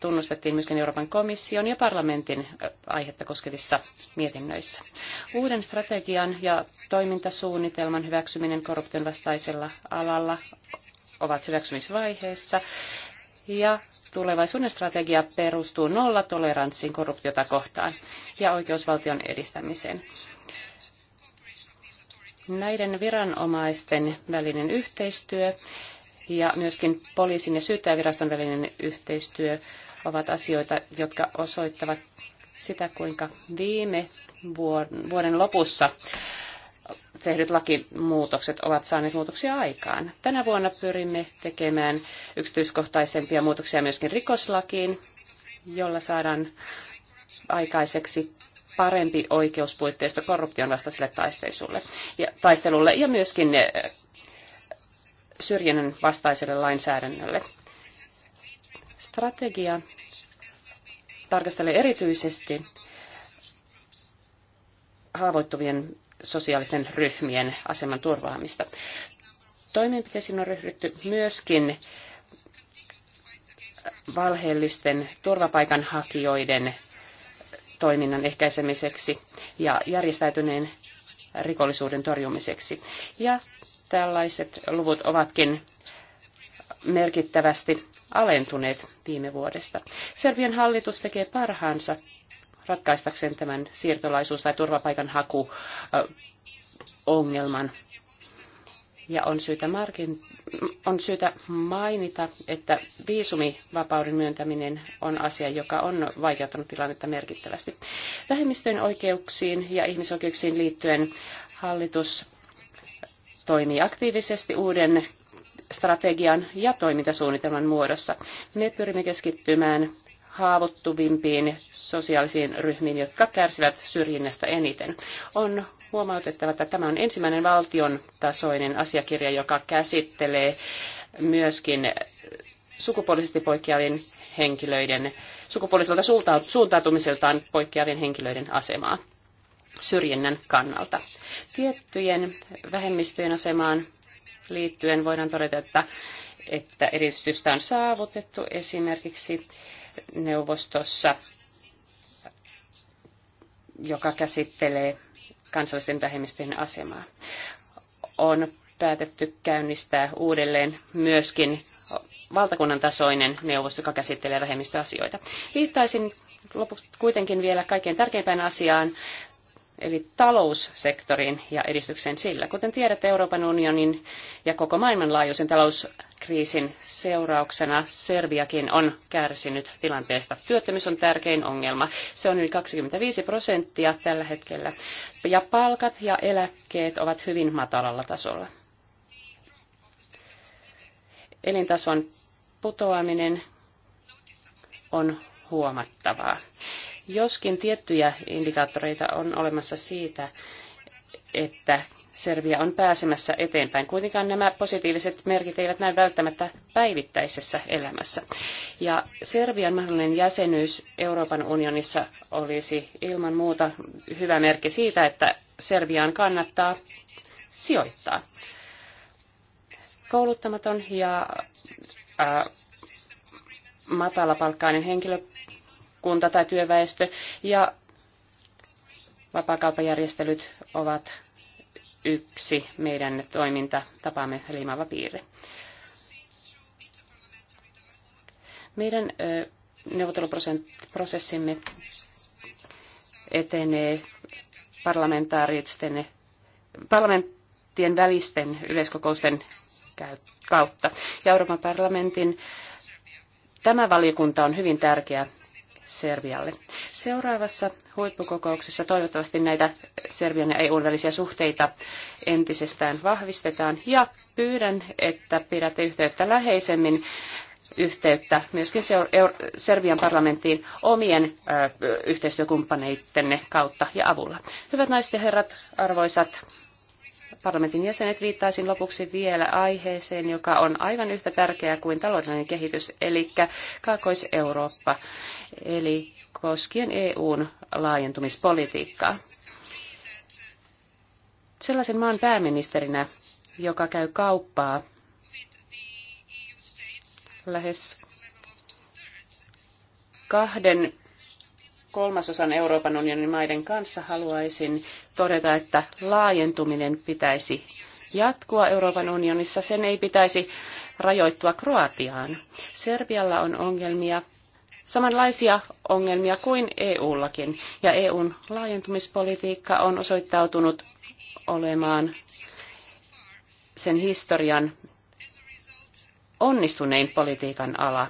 tunnustettiin myöskin Euroopan komission ja parlamentin aihetta koskevissa mietinnöissä. Uuden strategian ja toimintasuunnitelman hyväksyminen korruption vastaisella alalla ovat hyväksymisvaiheessa ja tulevaisuuden strategia perustuu nollatoleranssiin korruptiota kohtaan ja oikeusvaltion edistämiseen. Näiden viranomaisten välinen yhteistyö ja myöskin poliisin ja syyttäjäviraston välinen yhteistyö ovat asioita, jotka osoittavat sitä, kuinka viime vuoden lopussa tehdyt lakimuutokset ovat saaneet muutoksia aikaan. Tänä vuonna pyrimme tekemään yksityiskohtaisempia muutoksia myöskin rikoslakiin, jolla saadaan aikaiseksi parempi oikeuspuitteisto korruption vastaiselle taistelulle ja, taistelulle ja myöskin eh, syrjinnän vastaiselle lainsäädännölle. Strategia tarkastelee erityisesti haavoittuvien sosiaalisten ryhmien aseman turvaamista. Toimenpiteisiin on ryhdytty myöskin valheellisten turvapaikanhakijoiden toiminnan ehkäisemiseksi ja järjestäytyneen rikollisuuden torjumiseksi. Ja tällaiset luvut ovatkin merkittävästi alentuneet viime vuodesta. Serbian hallitus tekee parhaansa ratkaistakseen tämän siirtolaisuus- tai turvapaikanhakuongelman. Ja on syytä, markin, on syytä mainita, että viisumivapauden myöntäminen on asia, joka on vaikeuttanut tilannetta merkittävästi. Vähemmistöjen oikeuksiin ja ihmisoikeuksiin liittyen hallitus toimii aktiivisesti uuden strategian ja toimintasuunnitelman muodossa. Me pyrimme keskittymään haavoittuvimpiin sosiaalisiin ryhmiin, jotka kärsivät syrjinnästä eniten. On huomautettava, että tämä on ensimmäinen valtion tasoinen asiakirja, joka käsittelee myöskin sukupuolisesti poikkeavien henkilöiden, sukupuoliselta suuntautumiseltaan poikkeavien henkilöiden asemaa syrjinnän kannalta. Tiettyjen vähemmistöjen asemaan liittyen voidaan todeta, että, että edistystä on saavutettu esimerkiksi neuvostossa, joka käsittelee kansallisten vähemmistöjen asemaa. On päätetty käynnistää uudelleen myöskin valtakunnan tasoinen neuvosto, joka käsittelee vähemmistöasioita. Viittaisin lopuksi kuitenkin vielä kaikkein tärkeimpään asiaan, eli taloussektoriin ja edistykseen sillä. Kuten tiedät, Euroopan unionin ja koko maailmanlaajuisen talouskriisin seurauksena Serbiakin on kärsinyt tilanteesta. Työttömyys on tärkein ongelma. Se on yli 25 prosenttia tällä hetkellä, ja palkat ja eläkkeet ovat hyvin matalalla tasolla. Elintason putoaminen on huomattavaa joskin tiettyjä indikaattoreita on olemassa siitä, että Serbia on pääsemässä eteenpäin. Kuitenkaan nämä positiiviset merkit eivät näy välttämättä päivittäisessä elämässä. Ja Serbian mahdollinen jäsenyys Euroopan unionissa olisi ilman muuta hyvä merkki siitä, että Serbiaan kannattaa sijoittaa. Kouluttamaton ja äh, matalapalkkainen henkilö kunta tai työväestö. Ja vapaakauppajärjestelyt ovat yksi meidän toimintatapamme liimaava piirre. Meidän neuvotteluprosessimme etenee parlamentaaristen, parlamenttien välisten yleiskokousten kautta. Ja Euroopan parlamentin tämä valiokunta on hyvin tärkeä Serbialle. Seuraavassa huippukokouksessa toivottavasti näitä Serbian ja EUn välisiä suhteita entisestään vahvistetaan ja pyydän, että pidätte yhteyttä läheisemmin yhteyttä myöskin Serbian parlamenttiin omien ö, yhteistyökumppaneittenne kautta ja avulla. Hyvät naiset ja herrat, arvoisat parlamentin jäsenet, viittaisin lopuksi vielä aiheeseen, joka on aivan yhtä tärkeää kuin taloudellinen kehitys, eli kaakois eurooppa eli koskien EUn laajentumispolitiikkaa. Sellaisen maan pääministerinä, joka käy kauppaa lähes kahden kolmasosan Euroopan unionin maiden kanssa haluaisin todeta, että laajentuminen pitäisi jatkua Euroopan unionissa. Sen ei pitäisi rajoittua Kroatiaan. Serbialla on ongelmia samanlaisia ongelmia kuin EUllakin. Ja EUn laajentumispolitiikka on osoittautunut olemaan sen historian onnistunein politiikan ala.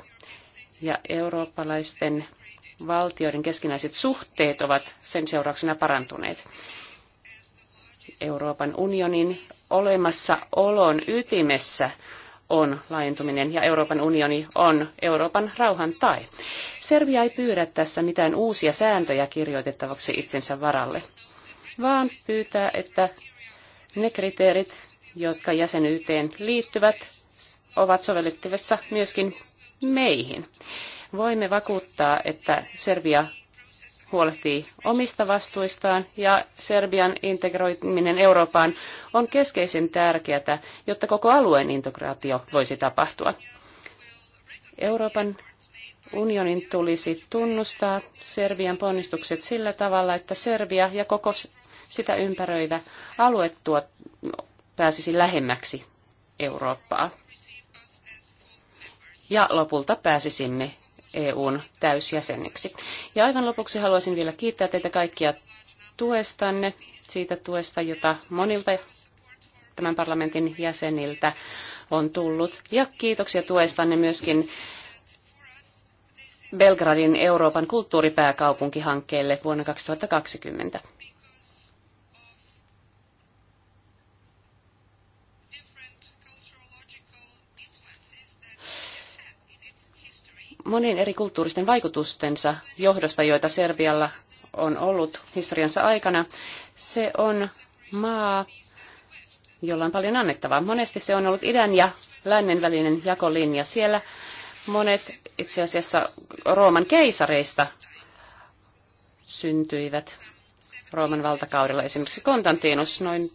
Ja eurooppalaisten valtioiden keskinäiset suhteet ovat sen seurauksena parantuneet. Euroopan unionin olemassaolon ytimessä on laajentuminen ja Euroopan unioni on Euroopan rauhan tai. Serbia ei pyydä tässä mitään uusia sääntöjä kirjoitettavaksi itsensä varalle, vaan pyytää, että ne kriteerit, jotka jäsenyyteen liittyvät, ovat sovellettavissa myöskin meihin. Voimme vakuuttaa, että Serbia huolehtii omista vastuistaan ja Serbian integroiminen Eurooppaan on keskeisen tärkeää, jotta koko alueen integraatio voisi tapahtua. Euroopan unionin tulisi tunnustaa Serbian ponnistukset sillä tavalla, että Serbia ja koko sitä ympäröivä alue pääsisi lähemmäksi Eurooppaa. Ja lopulta pääsisimme EUn täysjäseneksi. Ja aivan lopuksi haluaisin vielä kiittää teitä kaikkia tuestanne, siitä tuesta, jota monilta tämän parlamentin jäseniltä on tullut. Ja kiitoksia tuestanne myöskin Belgradin Euroopan kulttuuripääkaupunkihankkeelle vuonna 2020. monien eri kulttuuristen vaikutustensa johdosta, joita Serbialla on ollut historiansa aikana, se on maa, jolla on paljon annettavaa. Monesti se on ollut idän ja lännen välinen jakolinja. Siellä monet itse asiassa Rooman keisareista syntyivät Rooman valtakaudella. Esimerkiksi Kontantinus noin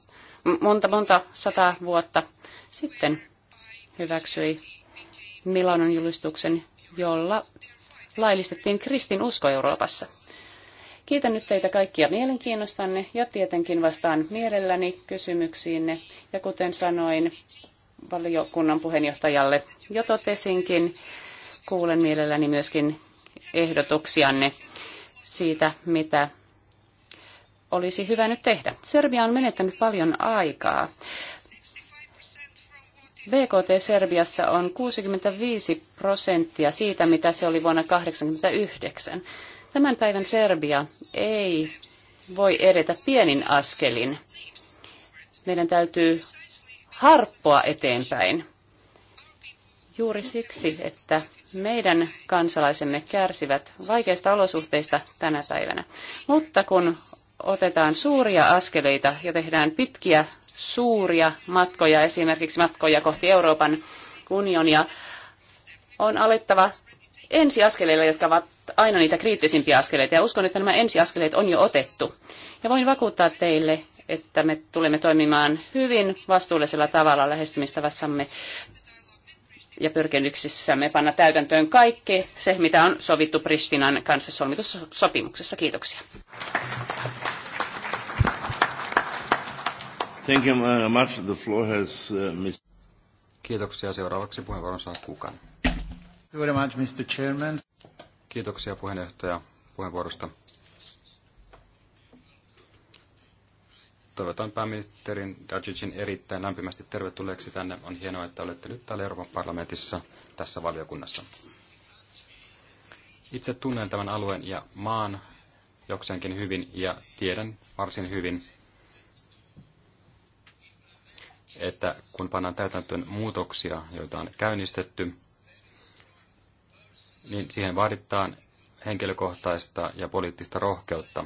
monta monta sataa vuotta sitten hyväksyi Milanon julistuksen jolla laillistettiin kristin usko Euroopassa. Kiitän nyt teitä kaikkia mielenkiinnostanne ja tietenkin vastaan mielelläni kysymyksiinne. Ja kuten sanoin valiokunnan puheenjohtajalle jo totesinkin, kuulen mielelläni myöskin ehdotuksianne siitä, mitä olisi hyvä nyt tehdä. Serbia on menettänyt paljon aikaa BKT Serbiassa on 65 prosenttia siitä, mitä se oli vuonna 1989. Tämän päivän Serbia ei voi edetä pienin askelin. Meidän täytyy harppoa eteenpäin. Juuri siksi, että meidän kansalaisemme kärsivät vaikeista olosuhteista tänä päivänä. Mutta kun otetaan suuria askeleita ja tehdään pitkiä suuria matkoja, esimerkiksi matkoja kohti Euroopan unionia, on alettava ensiaskeleilla, jotka ovat aina niitä kriittisimpiä askeleita. Ja uskon, että nämä ensiaskeleet on jo otettu. Ja voin vakuuttaa teille, että me tulemme toimimaan hyvin vastuullisella tavalla lähestymistavassamme ja pyrkimyksissämme panna täytäntöön kaikki se, mitä on sovittu Pristinan kanssa solmitussa sopimuksessa. Kiitoksia. Uh, uh, Thank you very much. The floor has, Kiitoksia. Seuraavaksi puheenvuoron saa kukaan. Very much, Mr. Chairman. Kiitoksia puheenjohtaja puheenvuorosta. Toivotan pääministerin Dajicin erittäin lämpimästi tervetulleeksi tänne. On hienoa, että olette nyt täällä Euroopan parlamentissa tässä valiokunnassa. Itse tunnen tämän alueen ja maan jokseenkin hyvin ja tiedän varsin hyvin, että kun pannaan täytäntöön muutoksia, joita on käynnistetty, niin siihen vaaditaan henkilökohtaista ja poliittista rohkeutta.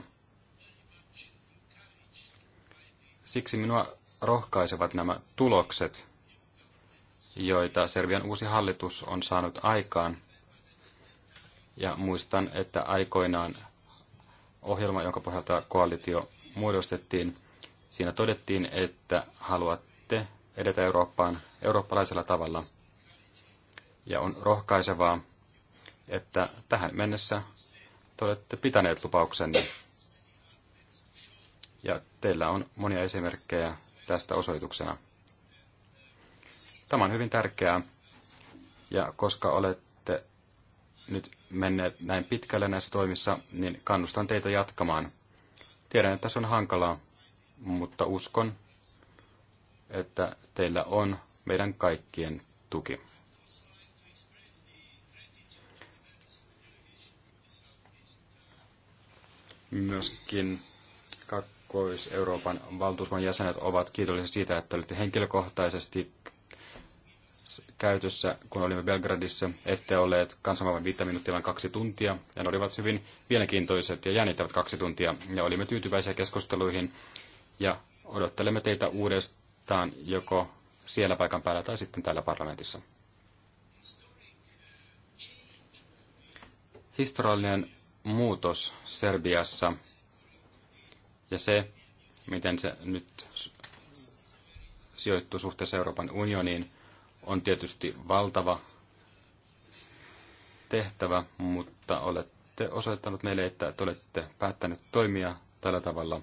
Siksi minua rohkaisevat nämä tulokset, joita Serbian uusi hallitus on saanut aikaan. Ja muistan, että aikoinaan ohjelma, jonka pohjalta koalitio muodostettiin, siinä todettiin, että haluat sitten edetä Eurooppaan eurooppalaisella tavalla. Ja on rohkaisevaa, että tähän mennessä te olette pitäneet lupauksenne. Ja teillä on monia esimerkkejä tästä osoituksena. Tämä on hyvin tärkeää, ja koska olette nyt menneet näin pitkälle näissä toimissa, niin kannustan teitä jatkamaan. Tiedän, että se on hankalaa, mutta uskon, että teillä on meidän kaikkien tuki. Myöskin Kakkois-Euroopan valtuuskunnan jäsenet ovat kiitollisia siitä, että olitte henkilökohtaisesti käytössä, kun olimme Belgradissa, ette olleet kansanvallan viittä minuuttia, vaan kaksi tuntia. Ja ne olivat hyvin mielenkiintoiset ja jännittävät kaksi tuntia. Ja olimme tyytyväisiä keskusteluihin ja odottelemme teitä uudestaan vastaan joko siellä paikan päällä tai sitten täällä parlamentissa. Historiallinen muutos Serbiassa ja se, miten se nyt sijoittuu suhteessa Euroopan unioniin, on tietysti valtava tehtävä, mutta olette osoittanut meille, että te olette päättänyt toimia tällä tavalla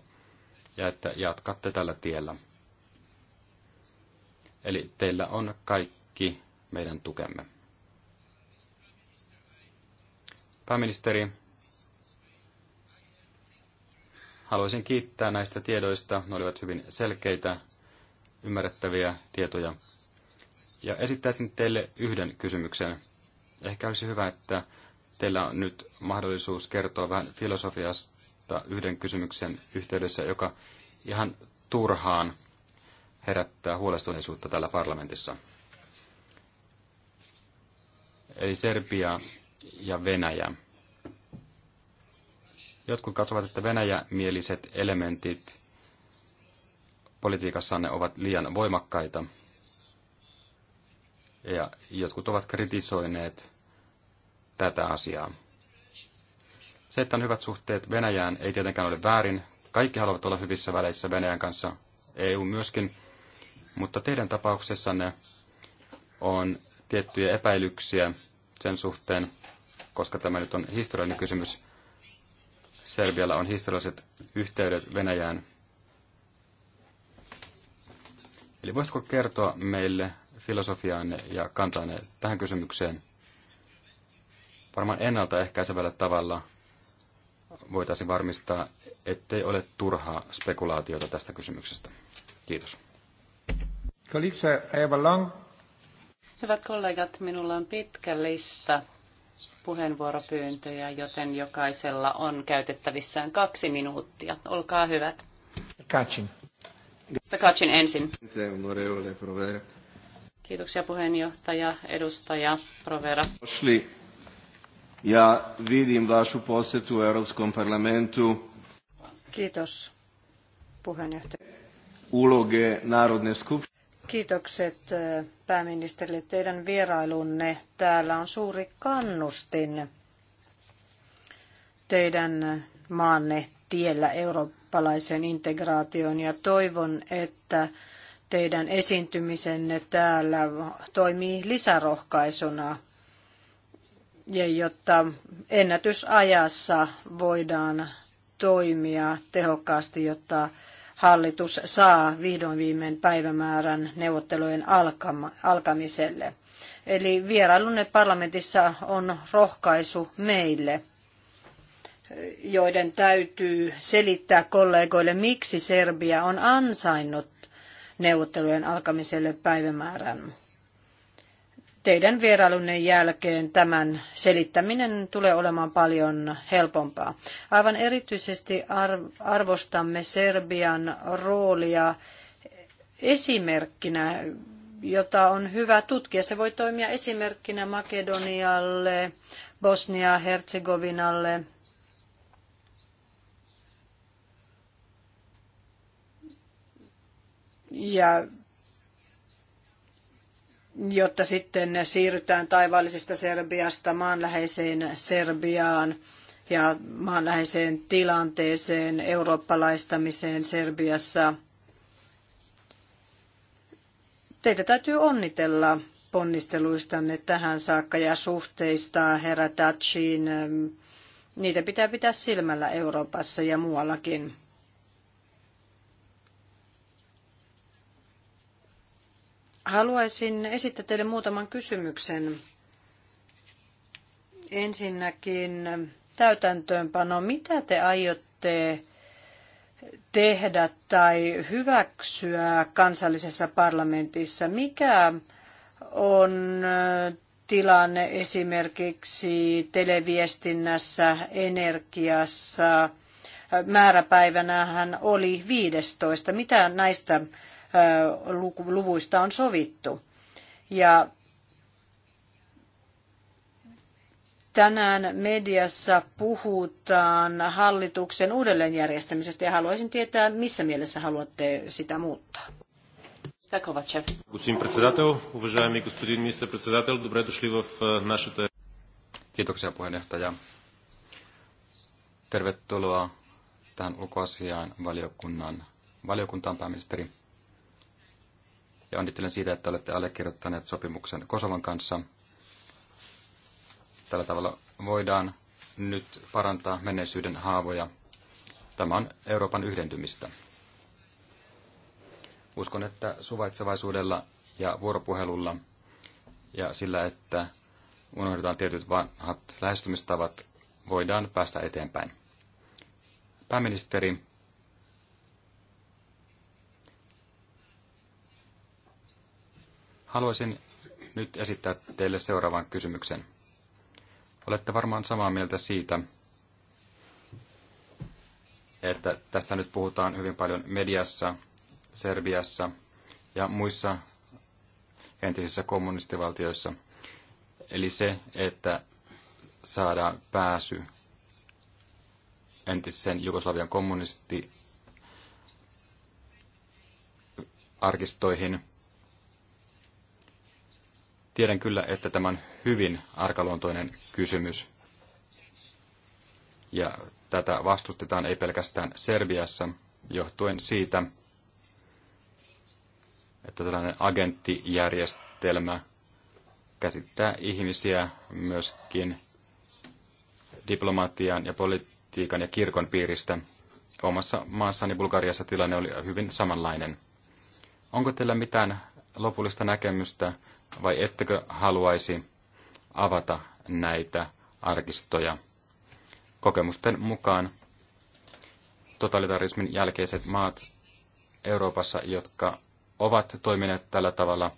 ja että jatkatte tällä tiellä. Eli teillä on kaikki meidän tukemme. Pääministeri, haluaisin kiittää näistä tiedoista. Ne olivat hyvin selkeitä, ymmärrettäviä tietoja. Ja esittäisin teille yhden kysymyksen. Ehkä olisi hyvä, että teillä on nyt mahdollisuus kertoa vähän filosofiasta yhden kysymyksen yhteydessä, joka ihan turhaan herättää huolestuneisuutta täällä parlamentissa. Eli Serbia ja Venäjä. Jotkut katsovat, että venäjämieliset elementit politiikassanne ovat liian voimakkaita. Ja jotkut ovat kritisoineet tätä asiaa. Se, että on hyvät suhteet Venäjään, ei tietenkään ole väärin. Kaikki haluavat olla hyvissä väleissä Venäjän kanssa. EU myöskin mutta teidän tapauksessanne on tiettyjä epäilyksiä sen suhteen, koska tämä nyt on historiallinen kysymys. Serbialla on historialliset yhteydet Venäjään. Eli voisitko kertoa meille filosofiaanne ja kantaanne tähän kysymykseen? Varmaan ennaltaehkäisevällä tavalla voitaisiin varmistaa, ettei ole turhaa spekulaatiota tästä kysymyksestä. Kiitos. Colleagues, I have a long... Hyvät kollegat, minulla on pitkä lista puheenvuoropyyntöjä, joten jokaisella on käytettävissään kaksi minuuttia. Olkaa hyvät. Kacin. Sakacin ensin. Kiitoksia puheenjohtaja, edustaja Provera. ja vidim vašu posetu parlamentu. Kiitos, puheenjohtaja. Uloge Narodne skupštine. Kiitokset pääministerille teidän vierailunne. Täällä on suuri kannustin teidän maanne tiellä eurooppalaisen integraation ja toivon, että teidän esiintymisenne täällä toimii lisärohkaisuna ja jotta ennätysajassa voidaan toimia tehokkaasti, jotta hallitus saa vihdoin viimein päivämäärän neuvottelujen alkamiselle. Eli vierailunne parlamentissa on rohkaisu meille joiden täytyy selittää kollegoille, miksi Serbia on ansainnut neuvottelujen alkamiselle päivämäärän teidän vierailunne jälkeen tämän selittäminen tulee olemaan paljon helpompaa. Aivan erityisesti arvostamme Serbian roolia esimerkkinä, jota on hyvä tutkia. Se voi toimia esimerkkinä Makedonialle, Bosnia-Herzegovinalle, ja jotta sitten siirrytään taivaallisesta Serbiasta maanläheiseen Serbiaan ja maanläheiseen tilanteeseen, eurooppalaistamiseen Serbiassa. Teitä täytyy onnitella ponnisteluistanne tähän saakka ja suhteista herra Daciin. Niitä pitää pitää silmällä Euroopassa ja muuallakin. Haluaisin esittää teille muutaman kysymyksen. Ensinnäkin täytäntöönpano. Mitä te aiotte tehdä tai hyväksyä kansallisessa parlamentissa? Mikä on tilanne esimerkiksi televiestinnässä, energiassa? Määräpäivänähän oli 15. Mitä näistä luvuista on sovittu. Ja tänään mediassa puhutaan hallituksen uudelleenjärjestämisestä ja haluaisin tietää, missä mielessä haluatte sitä muuttaa. Kiitoksia puheenjohtaja. Tervetuloa tähän ulkoasiaan valiokunnan valiokuntaan pääministeri ja onnittelen siitä, että olette allekirjoittaneet sopimuksen Kosovan kanssa. Tällä tavalla voidaan nyt parantaa menneisyyden haavoja. Tämä on Euroopan yhdentymistä. Uskon, että suvaitsevaisuudella ja vuoropuhelulla ja sillä, että unohdetaan tietyt vanhat lähestymistavat, voidaan päästä eteenpäin. Pääministeri, Haluaisin nyt esittää teille seuraavan kysymyksen. Olette varmaan samaa mieltä siitä, että tästä nyt puhutaan hyvin paljon mediassa, Serbiassa ja muissa entisissä kommunistivaltioissa. Eli se, että saadaan pääsy entisen Jugoslavian kommunisti arkistoihin – Tiedän kyllä, että tämä on hyvin arkaluontoinen kysymys. Ja tätä vastustetaan ei pelkästään Serbiassa, johtuen siitä, että tällainen agenttijärjestelmä käsittää ihmisiä myöskin diplomatian ja politiikan ja kirkon piiristä. Omassa maassani Bulgariassa tilanne oli hyvin samanlainen. Onko teillä mitään lopullista näkemystä vai ettekö haluaisi avata näitä arkistoja? Kokemusten mukaan totalitarismin jälkeiset maat Euroopassa, jotka ovat toimineet tällä tavalla,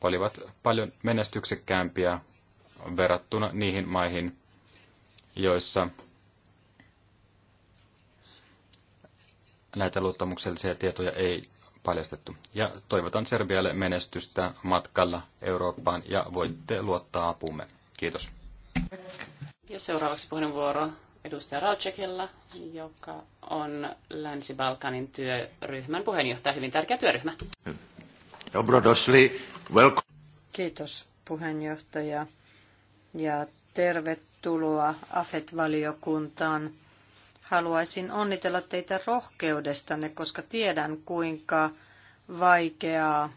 olivat paljon menestyksekkäämpiä verrattuna niihin maihin, joissa näitä luottamuksellisia tietoja ei paljastettu. Ja toivotan Serbialle menestystä matkalla Eurooppaan ja voitte luottaa apumme. Kiitos. Ja seuraavaksi puheenvuoro edustaja Raucekilla, joka on Länsi-Balkanin työryhmän puheenjohtaja. Hyvin tärkeä työryhmä. Kiitos puheenjohtaja ja tervetuloa AFET-valiokuntaan. Haluaisin onnitella teitä rohkeudestanne, koska tiedän kuinka vaikeaa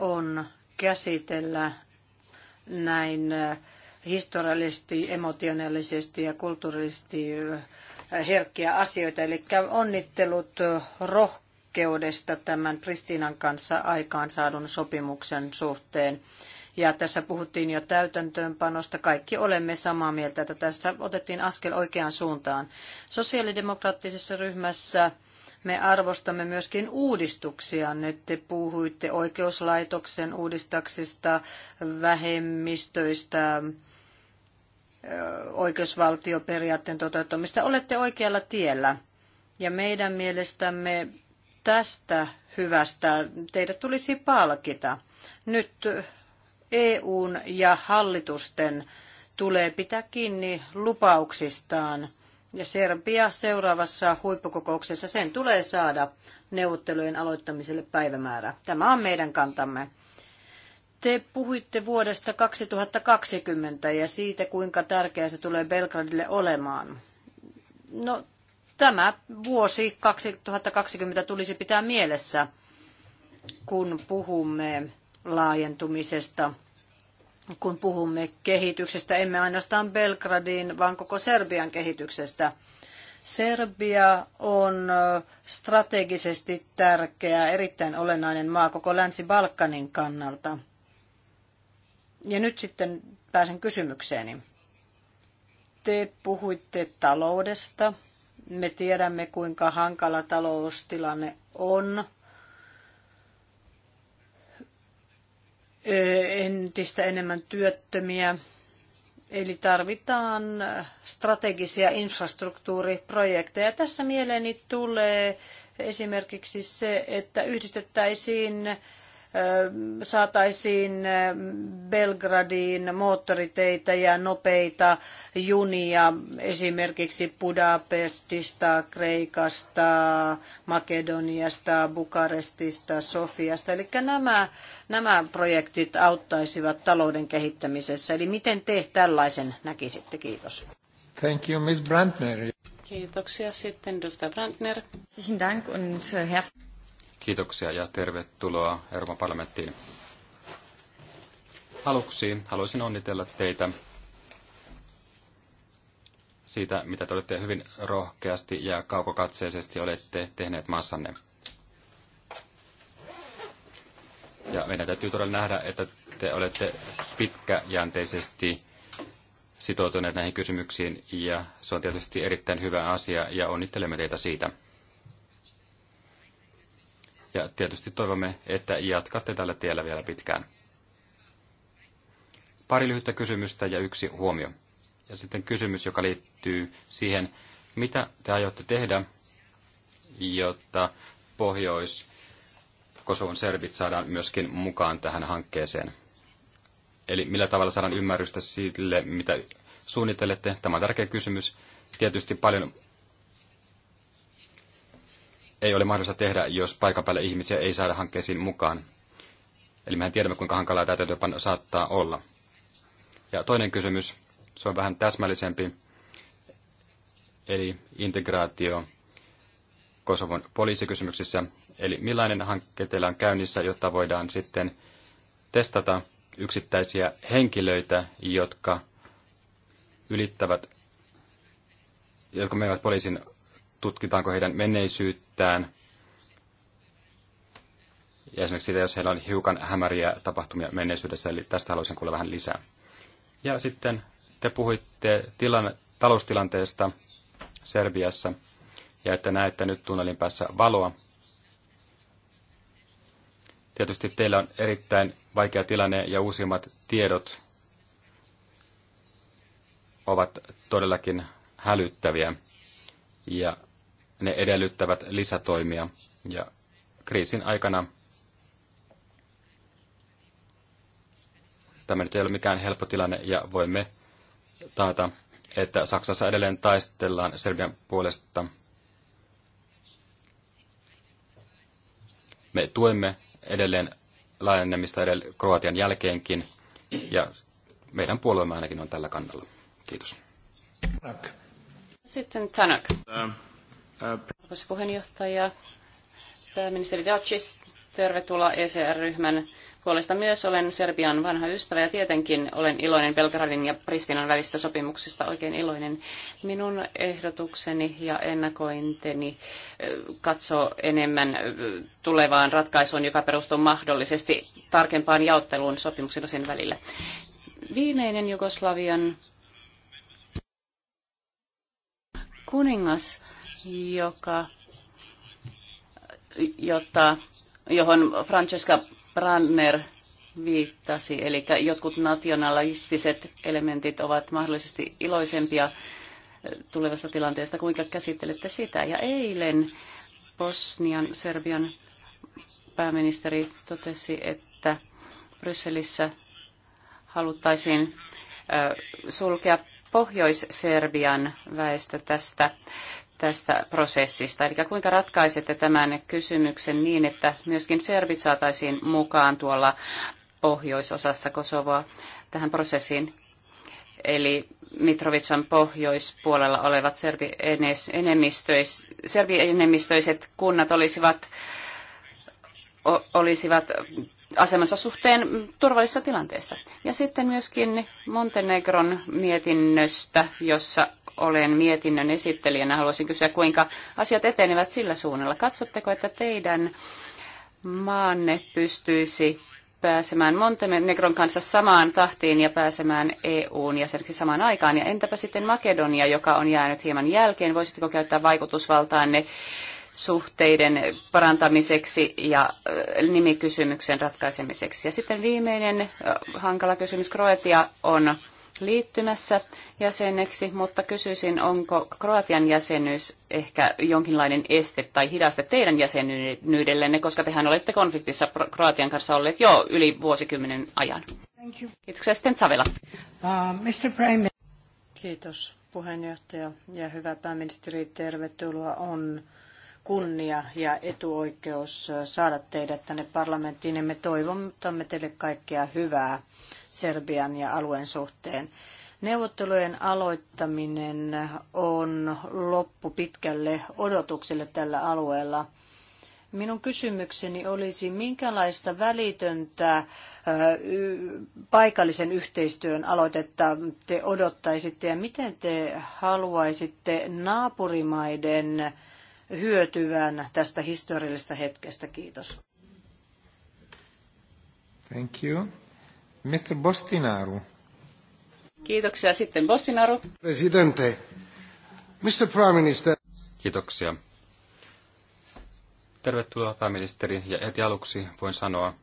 on käsitellä näin äh, historiallisesti, emotionaalisesti ja kulttuurisesti äh, herkkiä asioita. Eli onnittelut äh, rohkeudesta tämän Kristiinan kanssa aikaansaadun sopimuksen suhteen. Ja tässä puhuttiin jo täytäntöönpanosta. Kaikki olemme samaa mieltä, että tässä otettiin askel oikeaan suuntaan. Sosiaalidemokraattisessa ryhmässä me arvostamme myöskin uudistuksia. Nyt te puhuitte oikeuslaitoksen uudistaksista, vähemmistöistä, oikeusvaltioperiaatteen toteuttamista. Olette oikealla tiellä. Ja meidän mielestämme tästä hyvästä teidät tulisi palkita. Nyt EUn ja hallitusten tulee pitää kiinni lupauksistaan. Ja Serbia seuraavassa huippukokouksessa sen tulee saada neuvottelujen aloittamiselle päivämäärä. Tämä on meidän kantamme. Te puhuitte vuodesta 2020 ja siitä, kuinka tärkeää se tulee Belgradille olemaan. No, tämä vuosi 2020 tulisi pitää mielessä, kun puhumme laajentumisesta kun puhumme kehityksestä, emme ainoastaan Belgradin, vaan koko Serbian kehityksestä. Serbia on strategisesti tärkeä, erittäin olennainen maa koko Länsi-Balkanin kannalta. Ja nyt sitten pääsen kysymykseeni. Te puhuitte taloudesta. Me tiedämme, kuinka hankala taloustilanne on entistä enemmän työttömiä. Eli tarvitaan strategisia infrastruktuuriprojekteja. Tässä mieleeni tulee esimerkiksi se, että yhdistettäisiin saataisiin Belgradiin moottoriteitä ja nopeita junia esimerkiksi Budapestista, Kreikasta, Makedoniasta, Bukarestista, Sofiasta. Eli nämä, nämä projektit auttaisivat talouden kehittämisessä. Eli miten te tällaisen näkisitte? Kiitos. Thank you, Miss Brandner. Kiitoksia sitten, Dusta Brandner. Dank und äh, Kiitoksia ja tervetuloa Euroopan parlamenttiin. Aluksi haluaisin onnitella teitä siitä, mitä te olette hyvin rohkeasti ja kaukokatseisesti olette tehneet maassanne. Ja meidän täytyy todella nähdä, että te olette pitkäjänteisesti sitoutuneet näihin kysymyksiin, ja se on tietysti erittäin hyvä asia, ja onnittelemme teitä siitä. Ja tietysti toivomme, että jatkatte tällä tiellä vielä pitkään. Pari lyhyttä kysymystä ja yksi huomio. Ja sitten kysymys, joka liittyy siihen, mitä te aiotte tehdä, jotta pohjois Kosovon servit saadaan myöskin mukaan tähän hankkeeseen. Eli millä tavalla saadaan ymmärrystä sille, mitä suunnittelette? Tämä on tärkeä kysymys. Tietysti paljon ei ole mahdollista tehdä, jos paikan päälle ihmisiä ei saada hankkeisiin mukaan. Eli mehän tiedämme, kuinka hankalaa täytäntöönpano saattaa olla. Ja toinen kysymys, se on vähän täsmällisempi, eli integraatio Kosovon poliisikysymyksissä. Eli millainen hanke teillä on käynnissä, jotta voidaan sitten testata yksittäisiä henkilöitä, jotka ylittävät, jotka menevät poliisin, tutkitaanko heidän menneisyyttä, mitään. Ja esimerkiksi siitä, jos heillä on hiukan hämäriä tapahtumia menneisyydessä, eli tästä haluaisin kuulla vähän lisää. Ja sitten te puhuitte tilan, taloustilanteesta Serbiassa ja että näette nyt tunnelin päässä valoa. Tietysti teillä on erittäin vaikea tilanne ja uusimmat tiedot ovat todellakin hälyttäviä. Ja ne edellyttävät lisätoimia ja kriisin aikana tämä nyt ei ole mikään helppo tilanne ja voimme taata, että Saksassa edelleen taistellaan Serbian puolesta. Me tuemme edelleen laajennemista edelleen Kroatian jälkeenkin ja meidän puolueemme ainakin on tällä kannalla. Kiitos. Sitten Tanak. Ähm, Arvoisa puheenjohtaja, pääministeri Dacis, tervetuloa ECR-ryhmän puolesta myös. Olen Serbian vanha ystävä ja tietenkin olen iloinen Belgradin ja Pristinan välistä sopimuksesta, oikein iloinen. Minun ehdotukseni ja ennakointeni katsoo enemmän tulevaan ratkaisuun, joka perustuu mahdollisesti tarkempaan jaotteluun sopimuksen osien välillä. Viimeinen Jugoslavian kuningas joka, jota, johon Francesca Branner viittasi, eli jotkut nationalistiset elementit ovat mahdollisesti iloisempia tulevasta tilanteesta. Kuinka käsittelette sitä? Ja eilen Bosnian, Serbian pääministeri totesi, että Brysselissä haluttaisiin sulkea Pohjois-Serbian väestö tästä tästä prosessista? Eli kuinka ratkaisette tämän kysymyksen niin, että myöskin serbit saataisiin mukaan tuolla pohjoisosassa Kosovoa tähän prosessiin? Eli Mitrovitsan pohjoispuolella olevat serbienemmistöis, serbienemmistöiset kunnat olisivat, olisivat asemansa suhteen turvallisessa tilanteessa. Ja sitten myöskin Montenegron mietinnöstä, jossa olen mietinnön esittelijänä. Haluaisin kysyä, kuinka asiat etenevät sillä suunnalla. Katsotteko, että teidän maanne pystyisi pääsemään Montenegron kanssa samaan tahtiin ja pääsemään EUn jäseneksi samaan aikaan. Ja entäpä sitten Makedonia, joka on jäänyt hieman jälkeen? Voisitteko käyttää vaikutusvaltaanne suhteiden parantamiseksi ja nimikysymyksen ratkaisemiseksi? Ja sitten viimeinen hankala kysymys. Kroatia on liittymässä jäseneksi, mutta kysyisin, onko Kroatian jäsenyys ehkä jonkinlainen este tai hidaste teidän jäsenyydellenne, koska tehän olette konfliktissa Kroatian kanssa olleet jo yli vuosikymmenen ajan. Thank you. Kiitoksia sitten Savela. Uh, Mr. Prime. Kiitos puheenjohtaja ja hyvä pääministeri, tervetuloa. On kunnia ja etuoikeus saada teidät tänne parlamenttiin ja me toivomme teille kaikkea hyvää Serbian ja alueen suhteen. Neuvottelujen aloittaminen on loppu pitkälle odotukselle tällä alueella. Minun kysymykseni olisi, minkälaista välitöntä paikallisen yhteistyön aloitetta te odottaisitte ja miten te haluaisitte naapurimaiden hyötyvän tästä historiallisesta hetkestä? Kiitos. Thank you. Mr. Bostinaru. Kiitoksia. Sitten Bostinaru. Presidente. Mr. Prime Minister. Kiitoksia. Tervetuloa pääministeri ja heti aluksi voin sanoa,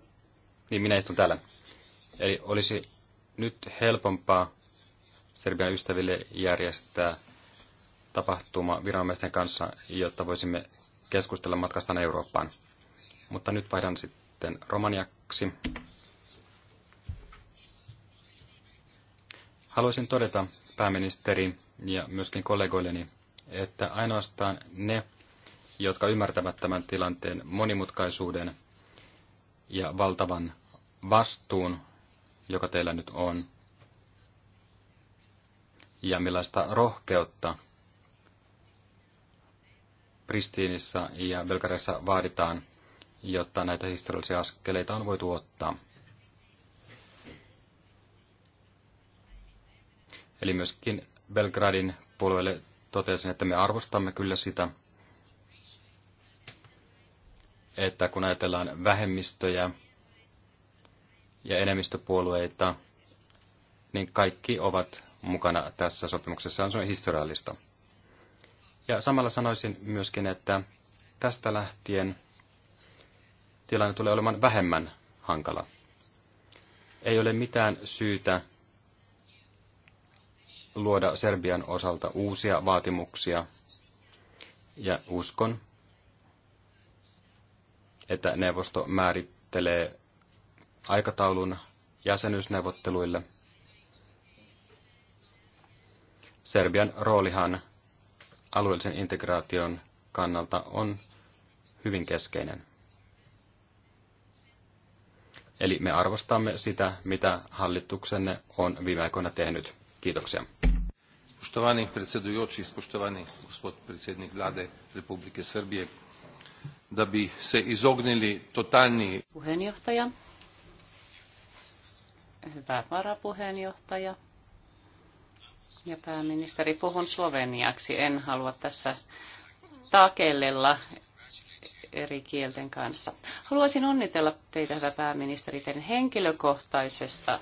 niin minä istun täällä. Eli olisi nyt helpompaa Serbian ystäville järjestää tapahtuma viranomaisten kanssa, jotta voisimme keskustella matkastaan Eurooppaan. Mutta nyt vaihdan sitten romaniaksi. Haluaisin todeta pääministeri ja myöskin kollegoilleni, että ainoastaan ne, jotka ymmärtävät tämän tilanteen monimutkaisuuden ja valtavan vastuun, joka teillä nyt on, ja millaista rohkeutta Pristiinissa ja Belgariassa vaaditaan, jotta näitä historiallisia askeleita on voitu ottaa. Eli myöskin Belgradin puolueelle totesin, että me arvostamme kyllä sitä, että kun ajatellaan vähemmistöjä ja enemmistöpuolueita, niin kaikki ovat mukana tässä sopimuksessa. Se on historiallista. Ja samalla sanoisin myöskin, että tästä lähtien tilanne tulee olemaan vähemmän hankala. Ei ole mitään syytä luoda Serbian osalta uusia vaatimuksia ja uskon, että neuvosto määrittelee aikataulun jäsenyysneuvotteluille. Serbian roolihan alueellisen integraation kannalta on hyvin keskeinen. Eli me arvostamme sitä, mitä hallituksenne on viime aikoina tehnyt. Kiitoksia. Spoštovani predsedujoči, spoštovani gospod predsednik vlade Republike Srbije, da bi se izognili totalni... Puheenjohtaja. Ja pääministeri, puhun sloveniaksi. En halua tässä takellella eri kielten kanssa. Haluaisin onnitella teitä, hyvä pääministeri, teidän henkilökohtaisesta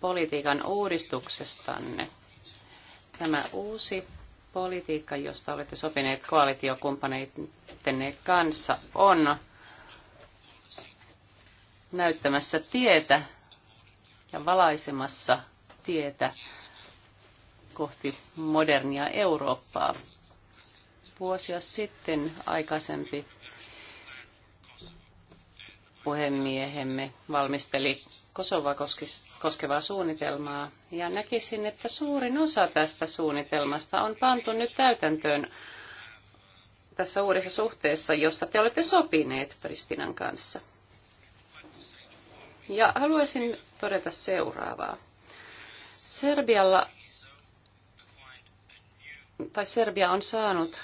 politiikan uudistuksestanne Tämä uusi politiikka, josta olette sopineet koalitiokumppaneittenne kanssa, on näyttämässä tietä ja valaisemassa tietä kohti modernia Eurooppaa. Vuosia sitten aikaisempi puhemiehemme valmisteli Kosova koskevaa suunnitelmaa. Ja näkisin, että suurin osa tästä suunnitelmasta on pantu nyt täytäntöön tässä uudessa suhteessa, josta te olette sopineet Pristinan kanssa. Ja haluaisin todeta seuraavaa. Serbialla tai Serbia on saanut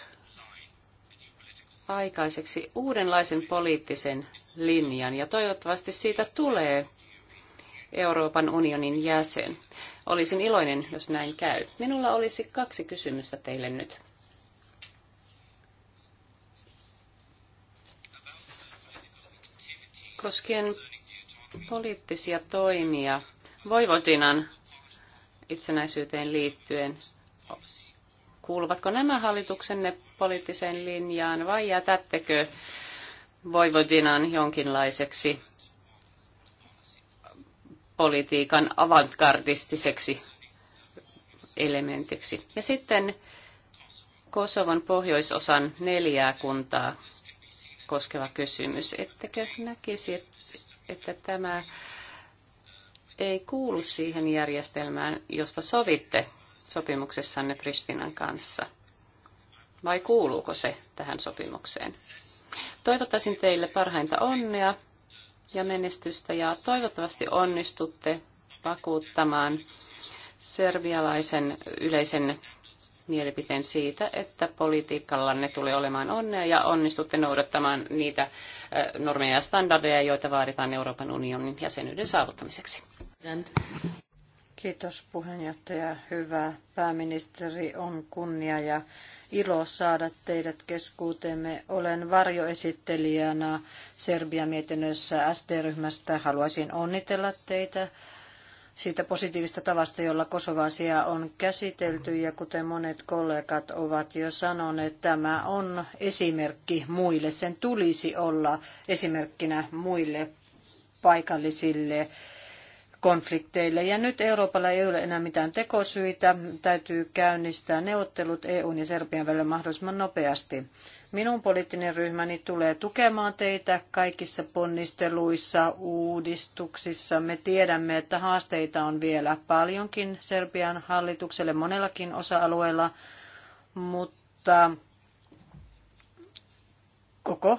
aikaiseksi uudenlaisen poliittisen linjan ja toivottavasti siitä tulee Euroopan unionin jäsen. Olisin iloinen, jos näin käy. Minulla olisi kaksi kysymystä teille nyt. Koskien poliittisia toimia Voivodinan itsenäisyyteen liittyen, kuuluvatko nämä hallituksenne poliittiseen linjaan vai jätättekö Voivodinan jonkinlaiseksi politiikan avantgardistiseksi elementiksi. Ja sitten Kosovan pohjoisosan neljää kuntaa koskeva kysymys. Ettekö näkisi, että tämä ei kuulu siihen järjestelmään, josta sovitte sopimuksessanne Pristinan kanssa? Vai kuuluuko se tähän sopimukseen? Toivottaisin teille parhainta onnea ja menestystä ja toivottavasti onnistutte vakuuttamaan serbialaisen yleisen mielipiteen siitä, että politiikallanne tulee olemaan onnea ja onnistutte noudattamaan niitä äh, normeja ja standardeja, joita vaaditaan Euroopan unionin jäsenyyden saavuttamiseksi. Kiitos puheenjohtaja. Hyvä pääministeri, on kunnia ja ilo saada teidät keskuuteemme. Olen varjoesittelijänä Serbia-mietinnössä ST-ryhmästä. Haluaisin onnitella teitä siitä positiivista tavasta, jolla kosova asia on käsitelty. Ja kuten monet kollegat ovat jo sanoneet, tämä on esimerkki muille. Sen tulisi olla esimerkkinä muille paikallisille konflikteille. Ja nyt Euroopalla ei ole enää mitään tekosyitä. Täytyy käynnistää neuvottelut EUn ja Serbian välillä mahdollisimman nopeasti. Minun poliittinen ryhmäni tulee tukemaan teitä kaikissa ponnisteluissa, uudistuksissa. Me tiedämme, että haasteita on vielä paljonkin Serbian hallitukselle monellakin osa-alueella, mutta koko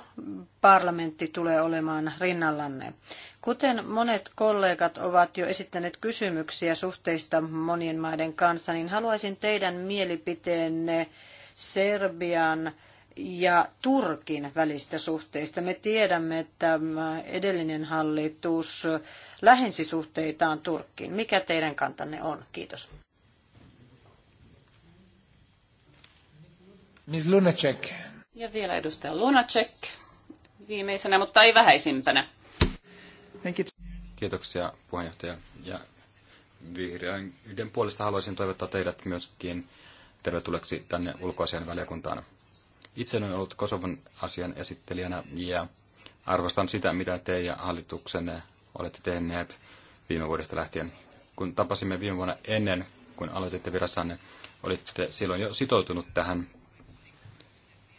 parlamentti tulee olemaan rinnallanne. Kuten monet kollegat ovat jo esittäneet kysymyksiä suhteista monien maiden kanssa, niin haluaisin teidän mielipiteenne Serbian ja Turkin välistä suhteista. Me tiedämme, että edellinen hallitus lähensi suhteitaan Turkkiin. Mikä teidän kantanne on? Kiitos. Ms. Lunacek. Ja vielä edustaja Lunacek viimeisenä, mutta ei vähäisimpänä. Kiitoksia puheenjohtaja. Ja vihreän puolesta haluaisin toivottaa teidät myöskin tervetulleeksi tänne ulkoasian valiokuntaan. Itse olen ollut Kosovon asian esittelijänä ja arvostan sitä, mitä te ja hallituksenne olette tehneet viime vuodesta lähtien. Kun tapasimme viime vuonna ennen, kun aloititte virassanne, olitte silloin jo sitoutunut tähän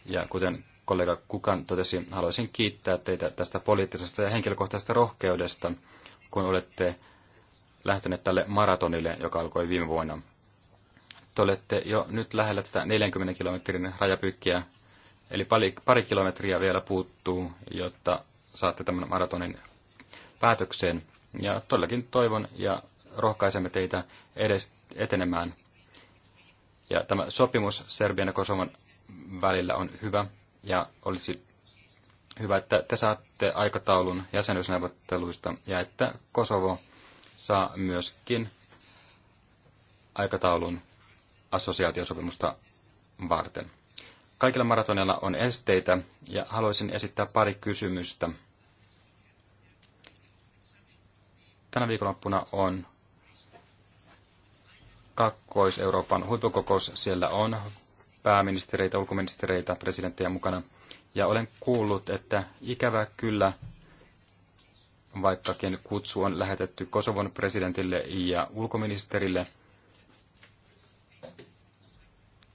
ja kuten kollega Kukan totesi, haluaisin kiittää teitä tästä poliittisesta ja henkilökohtaisesta rohkeudesta, kun olette lähteneet tälle maratonille, joka alkoi viime vuonna. Te olette jo nyt lähellä tätä 40 kilometrin rajapykkiä, eli pari kilometriä vielä puuttuu, jotta saatte tämän maratonin päätökseen. Ja todellakin toivon ja rohkaisemme teitä edes etenemään. Ja tämä sopimus Serbian ja Kosovan välillä on hyvä ja olisi hyvä, että te saatte aikataulun jäsenyysneuvotteluista ja että Kosovo saa myöskin aikataulun assosiaatiosopimusta varten. Kaikilla maratonilla on esteitä ja haluaisin esittää pari kysymystä. Tänä viikonloppuna on Kakkois-Euroopan huippukokous. Siellä on pääministereitä, ulkoministereitä, presidenttejä mukana. Ja olen kuullut, että ikävä kyllä, vaikkakin kutsu on lähetetty Kosovon presidentille ja ulkoministerille,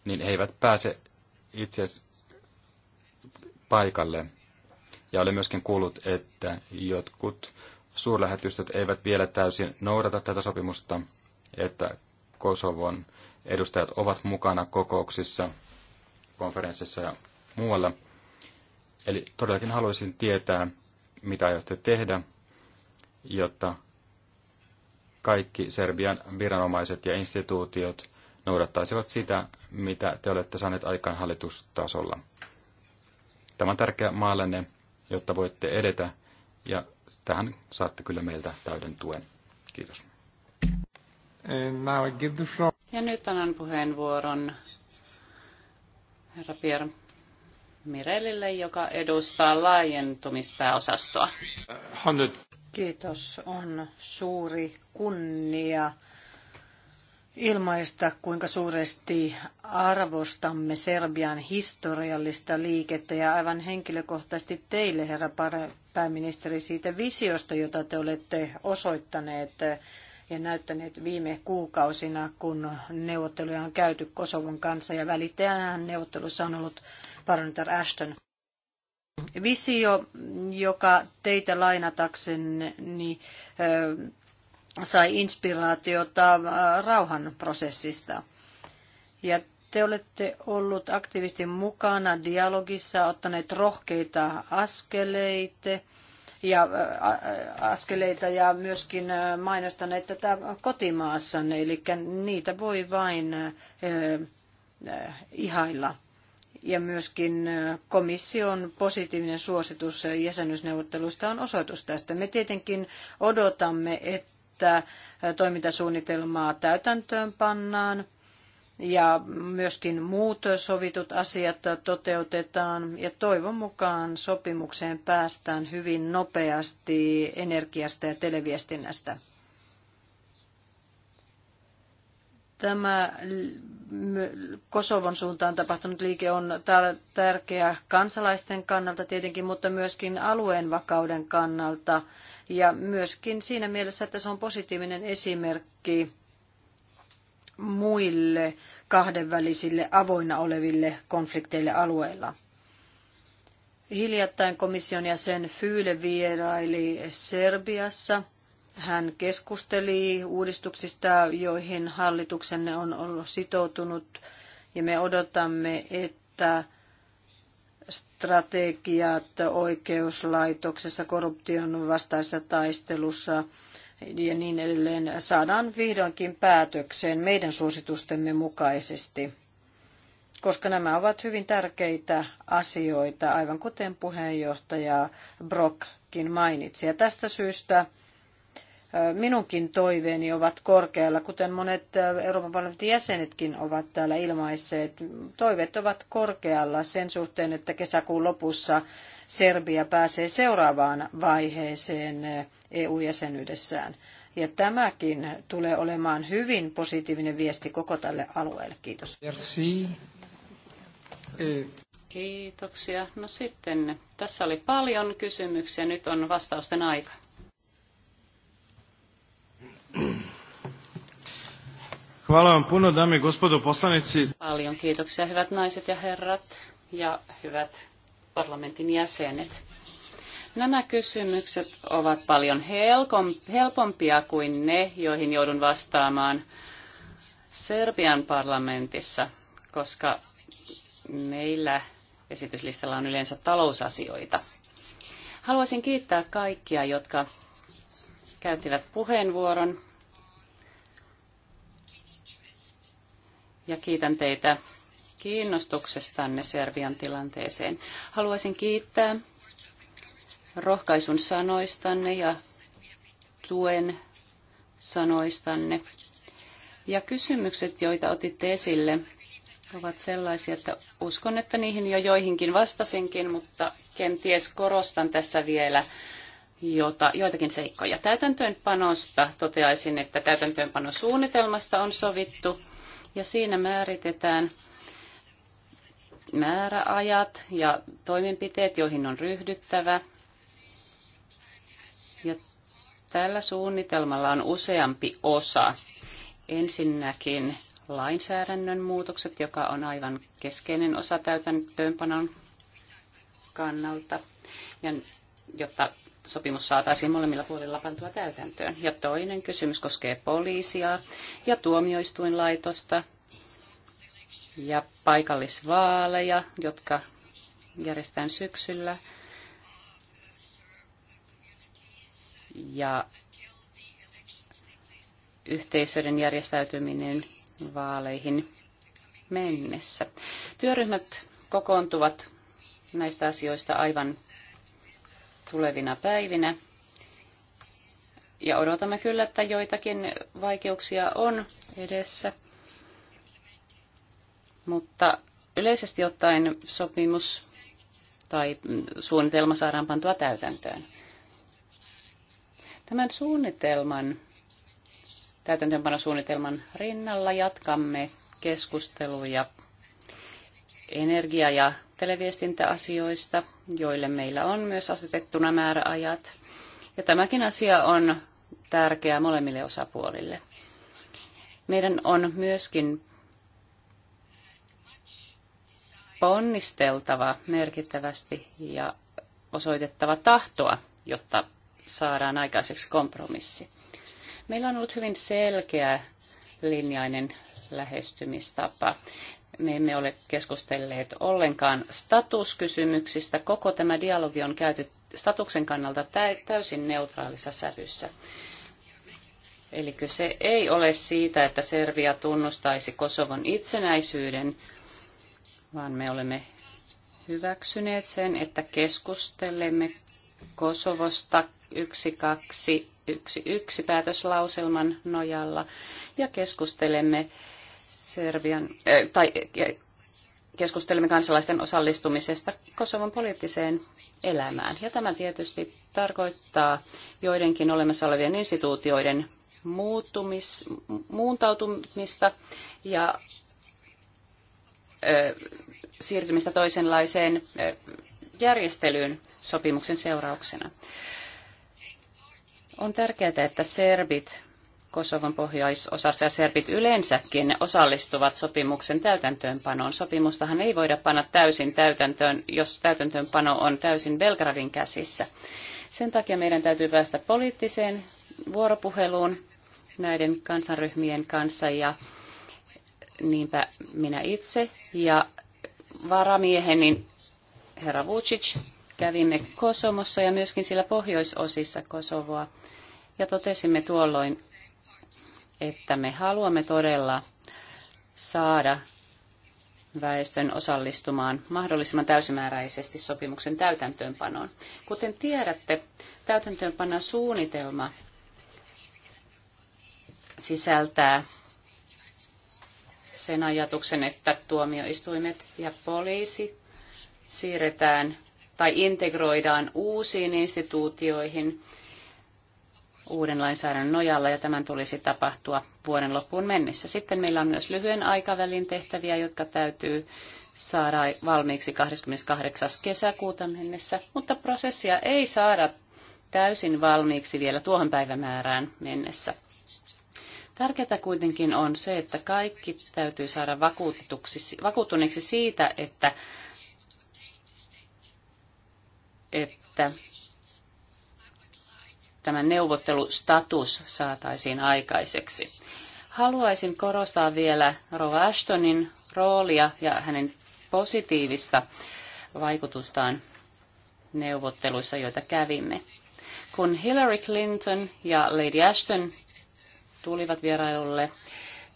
niin he eivät pääse itse paikalle. Ja olen myöskin kuullut, että jotkut suurlähetystöt eivät vielä täysin noudata tätä sopimusta, että Kosovon edustajat ovat mukana kokouksissa, konferenssissa ja muualla. Eli todellakin haluaisin tietää, mitä aiotte tehdä, jotta kaikki Serbian viranomaiset ja instituutiot noudattaisivat sitä, mitä te olette saaneet aikaan hallitustasolla. Tämä on tärkeä maallenne, jotta voitte edetä, ja tähän saatte kyllä meiltä täyden tuen. Kiitos. Now I give the floor. Ja nyt annan puheenvuoron herra Pierre Mirellille, joka edustaa laajentumispääosastoa. Kiitos. On suuri kunnia ilmaista, kuinka suuresti arvostamme Serbian historiallista liikettä ja aivan henkilökohtaisesti teille, herra pääministeri, siitä visiosta, jota te olette osoittaneet ja näyttäneet viime kuukausina, kun neuvotteluja on käyty Kosovon kanssa ja välittäjänä neuvottelussa on ollut parlamentar Ashton. Visio, joka teitä lainatakseni sai inspiraatiota rauhanprosessista. Ja te olette ollut aktiivisesti mukana dialogissa, ottaneet rohkeita askeleita ja askeleita ja myöskin mainostaneet tätä kotimaassanne, eli niitä voi vain ihailla. Ja myöskin komission positiivinen suositus jäsenyysneuvotteluista on osoitus tästä. Me tietenkin odotamme, että toimintasuunnitelmaa täytäntöön pannaan ja myöskin muut sovitut asiat toteutetaan ja toivon mukaan sopimukseen päästään hyvin nopeasti energiasta ja televiestinnästä. Tämä Kosovon suuntaan tapahtunut liike on tärkeä kansalaisten kannalta tietenkin, mutta myöskin alueen vakauden kannalta ja myöskin siinä mielessä, että se on positiivinen esimerkki muille kahdenvälisille avoinna oleville konflikteille alueilla. Hiljattain komission jäsen Fyyle vieraili Serbiassa. Hän keskusteli uudistuksista, joihin hallituksenne on ollut sitoutunut, ja me odotamme, että strategiat oikeuslaitoksessa, korruption vastaisessa taistelussa – ja niin edelleen saadaan vihdoinkin päätökseen meidän suositustemme mukaisesti, koska nämä ovat hyvin tärkeitä asioita, aivan kuten puheenjohtaja Brockkin mainitsi. Ja tästä syystä minunkin toiveeni ovat korkealla, kuten monet Euroopan parlamentin jäsenetkin ovat täällä ilmaisseet. Toiveet ovat korkealla sen suhteen, että kesäkuun lopussa Serbia pääsee seuraavaan vaiheeseen EU-jäsenyydessään. Ja tämäkin tulee olemaan hyvin positiivinen viesti koko tälle alueelle. Kiitos. Merci. E- kiitoksia. No sitten, tässä oli paljon kysymyksiä. Nyt on vastausten aika. Hvala puno, gospodo poslanici. Paljon kiitoksia, hyvät naiset ja herrat ja hyvät parlamentin jäsenet. Nämä kysymykset ovat paljon helpompia kuin ne, joihin joudun vastaamaan Serbian parlamentissa, koska meillä esityslistalla on yleensä talousasioita. Haluaisin kiittää kaikkia, jotka käyttivät puheenvuoron. Ja kiitän teitä kiinnostuksestanne Serbian tilanteeseen. Haluaisin kiittää rohkaisun sanoistanne ja tuen sanoistanne. Ja kysymykset, joita otitte esille, ovat sellaisia, että uskon, että niihin jo joihinkin vastasinkin, mutta kenties korostan tässä vielä jota, joitakin seikkoja. Täytäntöönpanosta toteaisin, että täytäntöönpanosuunnitelmasta on sovittu ja siinä määritetään määräajat ja toimenpiteet, joihin on ryhdyttävä – ja tällä suunnitelmalla on useampi osa. Ensinnäkin lainsäädännön muutokset, joka on aivan keskeinen osa täytäntöönpanon kannalta, ja jotta sopimus saataisiin molemmilla puolilla pantua täytäntöön. Ja toinen kysymys koskee poliisia ja tuomioistuinlaitosta ja paikallisvaaleja, jotka järjestetään syksyllä. ja yhteisöiden järjestäytyminen vaaleihin mennessä. Työryhmät kokoontuvat näistä asioista aivan tulevina päivinä. Ja odotamme kyllä, että joitakin vaikeuksia on edessä. Mutta yleisesti ottaen sopimus tai mm, suunnitelma saadaan pantua täytäntöön. Tämän suunnitelman, täytäntöönpanosuunnitelman rinnalla jatkamme keskusteluja energia- ja televiestintäasioista, joille meillä on myös asetettuna määräajat. Ja tämäkin asia on tärkeää molemmille osapuolille. Meidän on myöskin ponnisteltava merkittävästi ja osoitettava tahtoa, jotta saadaan aikaiseksi kompromissi. Meillä on ollut hyvin selkeä linjainen lähestymistapa. Me emme ole keskustelleet ollenkaan statuskysymyksistä. Koko tämä dialogi on käyty statuksen kannalta täysin neutraalissa sävyssä. Eli kyse ei ole siitä, että Serbia tunnustaisi Kosovon itsenäisyyden, vaan me olemme hyväksyneet sen, että keskustelemme Kosovosta 1211 päätöslauselman nojalla ja keskustelemme Serbian, äh, tai keskustelemme kansalaisten osallistumisesta Kosovon poliittiseen elämään. Ja tämä tietysti tarkoittaa joidenkin olemassa olevien instituutioiden muuttumis, muuntautumista ja ö, siirtymistä toisenlaiseen ö, järjestelyyn sopimuksen seurauksena. On tärkeää, että serbit Kosovon pohjoisosassa ja serbit yleensäkin osallistuvat sopimuksen täytäntöönpanoon. Sopimustahan ei voida panna täysin täytäntöön, jos täytäntöönpano on täysin Belgradin käsissä. Sen takia meidän täytyy päästä poliittiseen vuoropuheluun näiden kansanryhmien kanssa ja niinpä minä itse ja varamieheni herra Vucic Kävimme Kosomossa ja myöskin sillä pohjoisosissa Kosovoa ja totesimme tuolloin, että me haluamme todella saada väestön osallistumaan mahdollisimman täysimääräisesti sopimuksen täytäntöönpanoon. Kuten tiedätte, täytäntöönpanon suunnitelma sisältää sen ajatuksen, että tuomioistuimet ja poliisi siirretään tai integroidaan uusiin instituutioihin uuden lainsäädännön nojalla ja tämän tulisi tapahtua vuoden loppuun mennessä. Sitten meillä on myös lyhyen aikavälin tehtäviä, jotka täytyy saada valmiiksi 28. kesäkuuta mennessä, mutta prosessia ei saada täysin valmiiksi vielä tuohon päivämäärään mennessä. Tärkeää kuitenkin on se, että kaikki täytyy saada vakuutuneeksi siitä, että että tämä neuvottelustatus saataisiin aikaiseksi. Haluaisin korostaa vielä Rova Ashtonin roolia ja hänen positiivista vaikutustaan neuvotteluissa, joita kävimme. Kun Hillary Clinton ja Lady Ashton tulivat vierailulle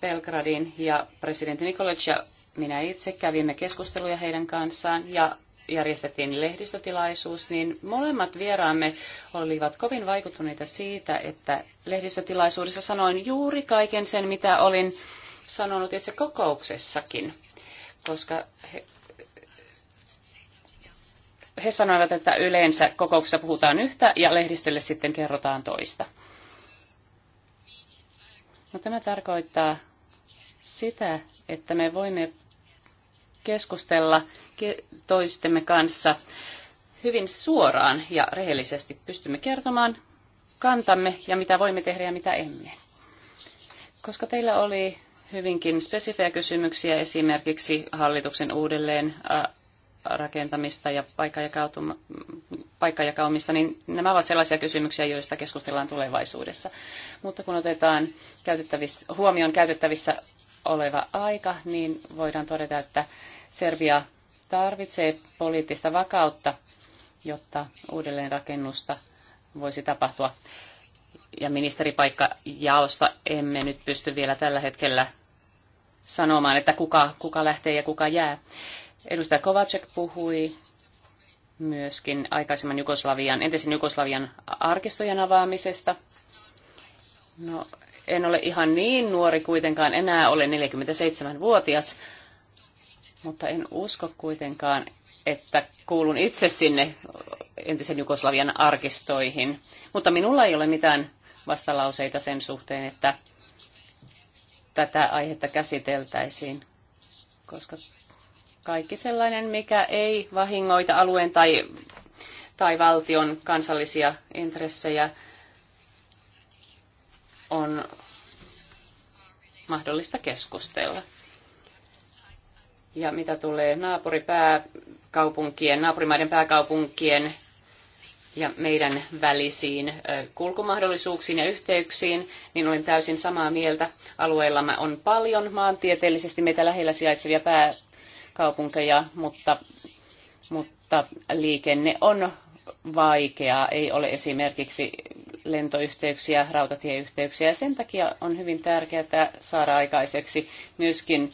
Belgradin ja presidentti Nikolic ja minä itse kävimme keskusteluja heidän kanssaan ja järjestettiin lehdistötilaisuus, niin molemmat vieraamme olivat kovin vaikuttuneita siitä, että lehdistötilaisuudessa sanoin juuri kaiken sen, mitä olin sanonut itse kokouksessakin, koska he, he sanoivat, että yleensä kokouksessa puhutaan yhtä ja lehdistölle sitten kerrotaan toista. No, tämä tarkoittaa sitä, että me voimme keskustella toistemme kanssa hyvin suoraan ja rehellisesti pystymme kertomaan kantamme ja mitä voimme tehdä ja mitä emme. Koska teillä oli hyvinkin spesifejä kysymyksiä esimerkiksi hallituksen uudelleen rakentamista ja paikkajakautumista, niin nämä ovat sellaisia kysymyksiä, joista keskustellaan tulevaisuudessa. Mutta kun otetaan käytettävissä, huomioon käytettävissä oleva aika, niin voidaan todeta, että Serbia tarvitsee poliittista vakautta, jotta uudelleenrakennusta voisi tapahtua. Ja ministeripaikkajaosta emme nyt pysty vielä tällä hetkellä sanomaan, että kuka, kuka lähtee ja kuka jää. Edustaja Kovacek puhui myöskin aikaisemman Jugoslavian, entisen Jugoslavian arkistojen avaamisesta. No, en ole ihan niin nuori kuitenkaan, enää olen 47-vuotias, mutta en usko kuitenkaan, että kuulun itse sinne entisen Jugoslavian arkistoihin. Mutta minulla ei ole mitään vastalauseita sen suhteen, että tätä aihetta käsiteltäisiin, koska kaikki sellainen, mikä ei vahingoita alueen tai, tai valtion kansallisia intressejä, on mahdollista keskustella. Ja mitä tulee naapuripääkaupunkien, naapurimaiden pääkaupunkien ja meidän välisiin kulkumahdollisuuksiin ja yhteyksiin, niin olen täysin samaa mieltä. Alueellamme on paljon maantieteellisesti meitä lähellä sijaitsevia pääkaupunkeja, mutta, mutta liikenne on vaikeaa. Ei ole esimerkiksi lentoyhteyksiä, rautatieyhteyksiä. Ja sen takia on hyvin tärkeää saada aikaiseksi myöskin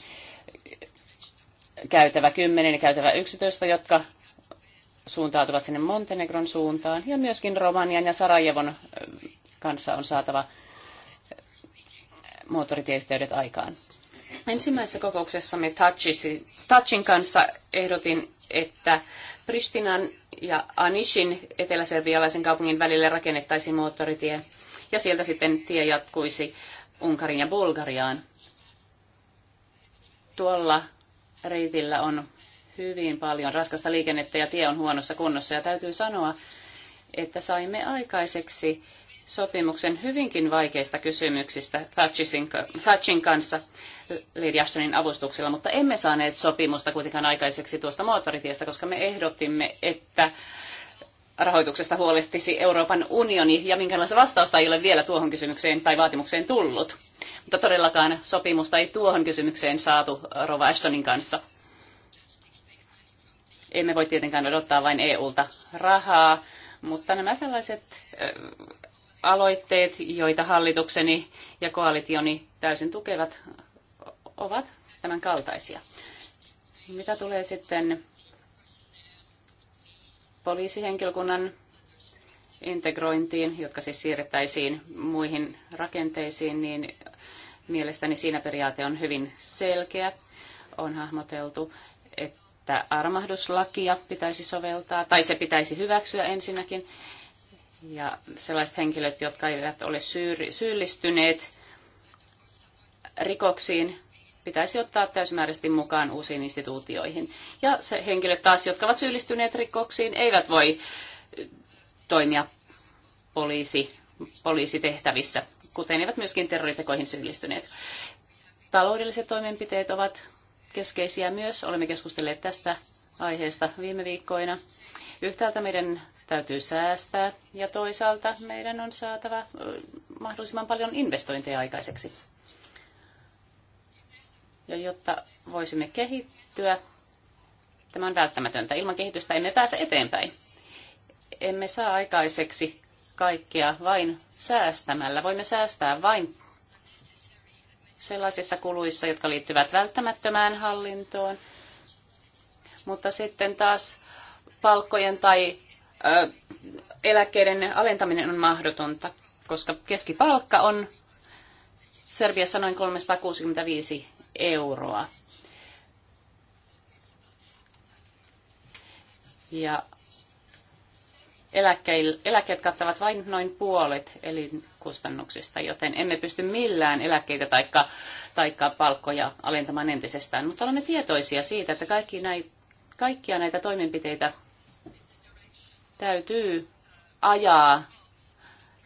käytävä 10 ja käytävä 11, jotka suuntautuvat sinne Montenegron suuntaan. Ja myöskin Romanian ja Sarajevon kanssa on saatava moottoritieyhteydet aikaan. Ensimmäisessä kokouksessa me Touchin kanssa ehdotin, että Pristinan ja Anishin eteläserbialaisen kaupungin välille rakennettaisiin moottoritie. Ja sieltä sitten tie jatkuisi Unkarin ja Bulgariaan. Tuolla reitillä on hyvin paljon raskasta liikennettä ja tie on huonossa kunnossa. Ja täytyy sanoa, että saimme aikaiseksi sopimuksen hyvinkin vaikeista kysymyksistä Thatchin kanssa Lady Ashtonin avustuksella, mutta emme saaneet sopimusta kuitenkaan aikaiseksi tuosta moottoritiestä, koska me ehdottimme, että rahoituksesta huolehtisi Euroopan unioni ja minkälaista vastausta ei ole vielä tuohon kysymykseen tai vaatimukseen tullut. Mutta todellakaan sopimusta ei tuohon kysymykseen saatu Rova Ashtonin kanssa. Emme voi tietenkään odottaa vain EUlta rahaa, mutta nämä tällaiset aloitteet, joita hallitukseni ja koalitioni täysin tukevat, ovat tämän kaltaisia. Mitä tulee sitten poliisihenkilökunnan integrointiin, jotka siis siirrettäisiin muihin rakenteisiin, niin mielestäni siinä periaate on hyvin selkeä. On hahmoteltu, että armahduslakia pitäisi soveltaa, tai se pitäisi hyväksyä ensinnäkin, ja sellaiset henkilöt, jotka eivät ole syyllistyneet rikoksiin, pitäisi ottaa täysimääräisesti mukaan uusiin instituutioihin. Ja se henkilöt taas, jotka ovat syyllistyneet rikoksiin, eivät voi toimia poliisi, poliisitehtävissä, kuten eivät myöskin terroritekoihin syyllistyneet. Taloudelliset toimenpiteet ovat keskeisiä myös. Olemme keskustelleet tästä aiheesta viime viikkoina. Yhtäältä meidän täytyy säästää ja toisaalta meidän on saatava mahdollisimman paljon investointeja aikaiseksi. Ja jotta voisimme kehittyä, tämä on välttämätöntä. Ilman kehitystä emme pääse eteenpäin. Emme saa aikaiseksi kaikkea vain säästämällä. Voimme säästää vain sellaisissa kuluissa, jotka liittyvät välttämättömään hallintoon, mutta sitten taas palkkojen tai ö, eläkkeiden alentaminen on mahdotonta, koska keskipalkka on Serbiassa noin 365 euroa. Ja eläkkeet kattavat vain noin puolet elinkustannuksista, joten emme pysty millään eläkkeitä tai taikka palkkoja alentamaan entisestään. Mutta olemme tietoisia siitä, että kaikki näitä, kaikkia näitä toimenpiteitä täytyy ajaa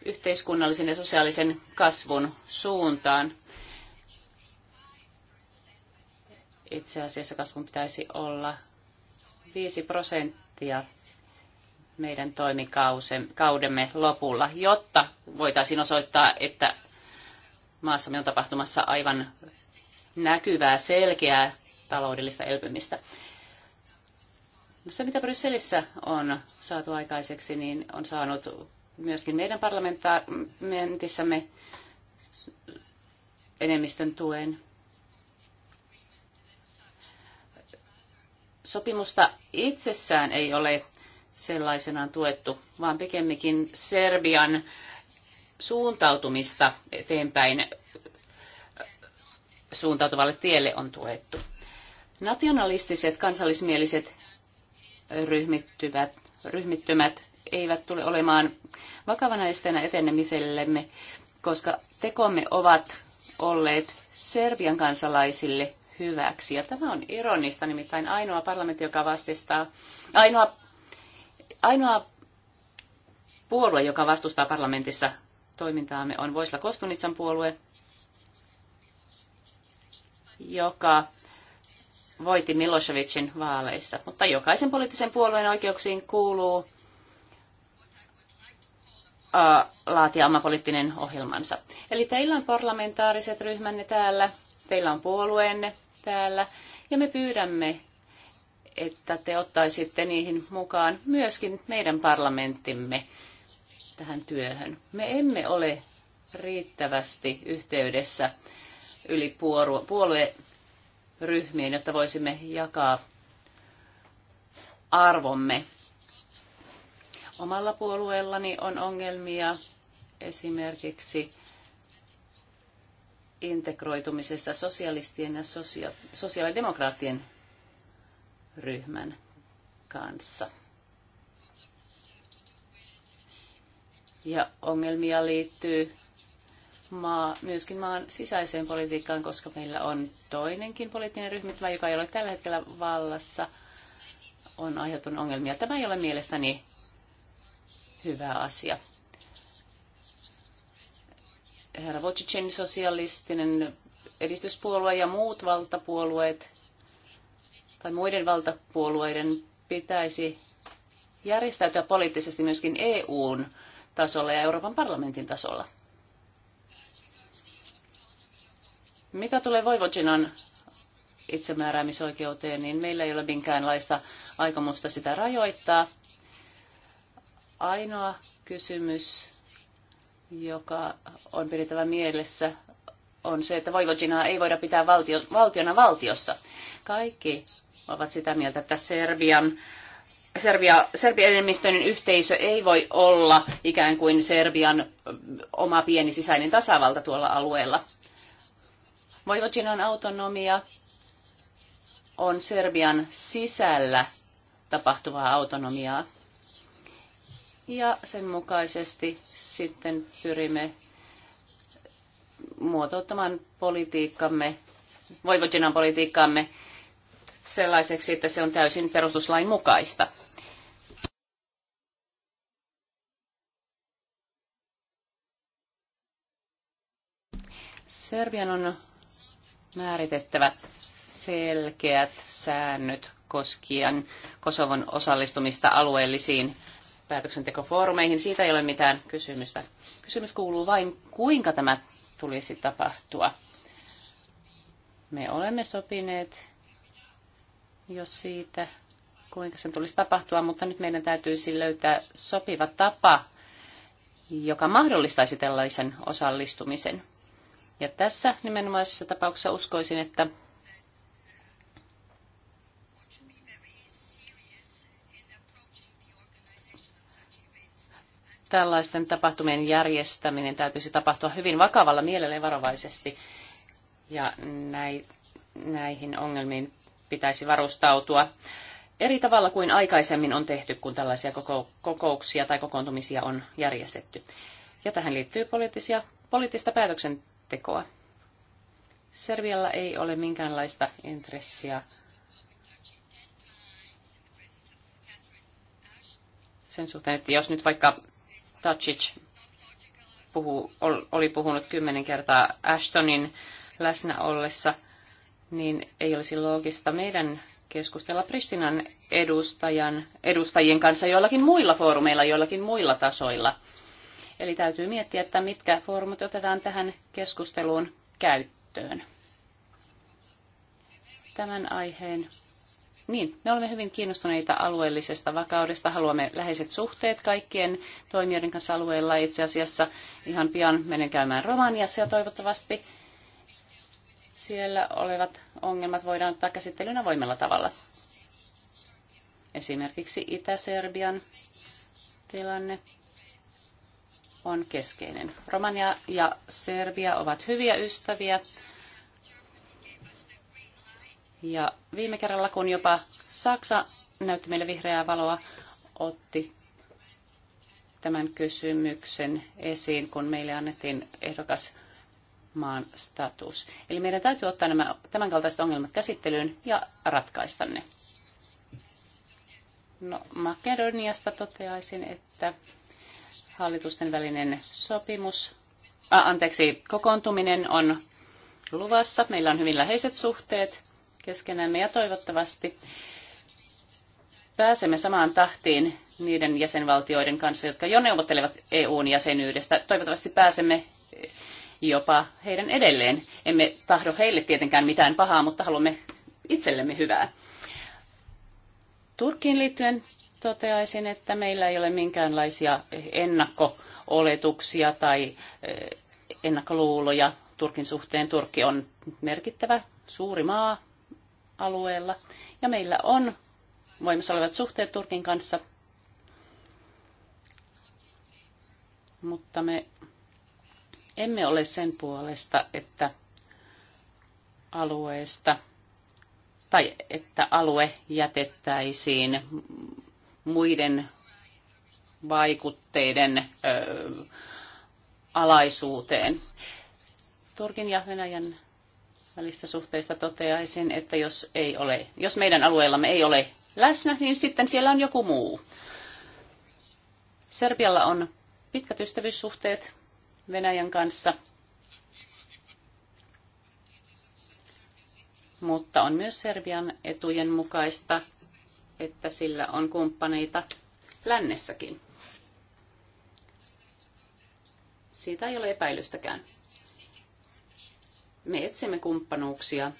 yhteiskunnallisen ja sosiaalisen kasvun suuntaan. itse asiassa kasvun pitäisi olla 5 prosenttia meidän toimikaudemme lopulla, jotta voitaisiin osoittaa, että maassamme on tapahtumassa aivan näkyvää, selkeää taloudellista elpymistä. Se, mitä Brysselissä on saatu aikaiseksi, niin on saanut myöskin meidän parlamentissamme enemmistön tuen sopimusta itsessään ei ole sellaisenaan tuettu, vaan pikemminkin Serbian suuntautumista eteenpäin suuntautuvalle tielle on tuettu. Nationalistiset, kansallismieliset ryhmittyvät, ryhmittymät eivät tule olemaan vakavana esteenä etenemisellemme, koska tekomme ovat olleet Serbian kansalaisille hyväksi. Ja tämä on ironista, nimittäin ainoa parlamentti, joka vastustaa, ainoa, ainoa puolue, joka vastustaa parlamentissa toimintaamme, on Voisla Kostunitsan puolue, joka voitti Milosevicin vaaleissa. Mutta jokaisen poliittisen puolueen oikeuksiin kuuluu laatia oma poliittinen ohjelmansa. Eli teillä on parlamentaariset ryhmänne täällä, teillä on puolueenne, täällä ja me pyydämme, että te ottaisitte niihin mukaan myöskin meidän parlamenttimme tähän työhön. Me emme ole riittävästi yhteydessä yli puolueryhmiin, jotta voisimme jakaa arvomme. Omalla puolueellani on ongelmia esimerkiksi integroitumisessa sosialistien ja sosiaalidemokraattien ryhmän kanssa. Ja ongelmia liittyy maa, myöskin maan sisäiseen politiikkaan, koska meillä on toinenkin poliittinen ryhmittymä, joka ei ole tällä hetkellä vallassa, on aiheutunut ongelmia. Tämä ei ole mielestäni hyvä asia herra Vocicin sosialistinen edistyspuolue ja muut valtapuolueet tai muiden valtapuolueiden pitäisi järjestäytyä poliittisesti myöskin EUn tasolla ja Euroopan parlamentin tasolla. Mitä tulee Vojvodinan itsemääräämisoikeuteen, niin meillä ei ole minkäänlaista aikomusta sitä rajoittaa. Ainoa kysymys joka on pidettävä mielessä, on se, että Vojvodinaa ei voida pitää valtio, valtiona valtiossa. Kaikki ovat sitä mieltä, että Serbian Serbia, Serbian enemmistöinen yhteisö ei voi olla ikään kuin Serbian oma pieni sisäinen tasavalta tuolla alueella. Vojvodinan autonomia on Serbian sisällä tapahtuvaa autonomiaa ja sen mukaisesti sitten pyrimme muotouttamaan politiikkamme, voivotinan politiikkamme sellaiseksi, että se on täysin perustuslain mukaista. Serbian on määritettävä selkeät säännöt koskien Kosovon osallistumista alueellisiin päätöksentekofoorumeihin. Siitä ei ole mitään kysymystä. Kysymys kuuluu vain, kuinka tämä tulisi tapahtua. Me olemme sopineet jo siitä, kuinka sen tulisi tapahtua, mutta nyt meidän täytyisi löytää sopiva tapa, joka mahdollistaisi tällaisen osallistumisen. Ja tässä nimenomaisessa tapauksessa uskoisin, että tällaisten tapahtumien järjestäminen täytyisi tapahtua hyvin vakavalla mielellä ja varovaisesti. Ja näihin ongelmiin pitäisi varustautua eri tavalla kuin aikaisemmin on tehty, kun tällaisia kokouksia tai kokoontumisia on järjestetty. Ja tähän liittyy poliittisia, poliittista päätöksentekoa. Servialla ei ole minkäänlaista intressiä sen suhteen, että jos nyt vaikka Tacic puhuu, oli puhunut kymmenen kertaa Ashtonin läsnä ollessa, niin ei olisi loogista meidän keskustella Pristinan edustajan, edustajien kanssa joillakin muilla foorumeilla, joillakin muilla tasoilla. Eli täytyy miettiä, että mitkä foorumit otetaan tähän keskusteluun käyttöön. Tämän aiheen niin, me olemme hyvin kiinnostuneita alueellisesta vakaudesta. Haluamme läheiset suhteet kaikkien toimijoiden kanssa alueella. Itse asiassa ihan pian menen käymään Romaniassa ja toivottavasti siellä olevat ongelmat voidaan ottaa käsittelynä avoimella tavalla. Esimerkiksi Itä-Serbian tilanne on keskeinen. Romania ja Serbia ovat hyviä ystäviä, ja viime kerralla, kun jopa Saksa näytti meille vihreää valoa, otti tämän kysymyksen esiin, kun meille annettiin ehdokas maan status. Eli meidän täytyy ottaa nämä tämänkaltaiset ongelmat käsittelyyn ja ratkaista ne. No, Makedoniasta toteaisin, että hallitusten välinen sopimus, äh, anteeksi, kokoontuminen on luvassa. Meillä on hyvin läheiset suhteet keskenämme ja toivottavasti pääsemme samaan tahtiin niiden jäsenvaltioiden kanssa, jotka jo neuvottelevat EUn jäsenyydestä. Toivottavasti pääsemme jopa heidän edelleen. Emme tahdo heille tietenkään mitään pahaa, mutta haluamme itsellemme hyvää. Turkkiin liittyen toteaisin, että meillä ei ole minkäänlaisia ennakko-oletuksia tai eh, ennakkoluuloja Turkin suhteen. Turkki on merkittävä, suuri maa, alueella. Ja meillä on voimassa olevat suhteet Turkin kanssa, mutta me emme ole sen puolesta, että alueesta tai että alue jätettäisiin muiden vaikutteiden ö, alaisuuteen. Turkin ja Venäjän välistä suhteista toteaisin, että jos, ei ole, jos meidän alueellamme ei ole läsnä, niin sitten siellä on joku muu. Serbialla on pitkät ystävyyssuhteet Venäjän kanssa, mutta on myös Serbian etujen mukaista, että sillä on kumppaneita lännessäkin. Siitä ei ole epäilystäkään. Me etsimme kumppanuuksia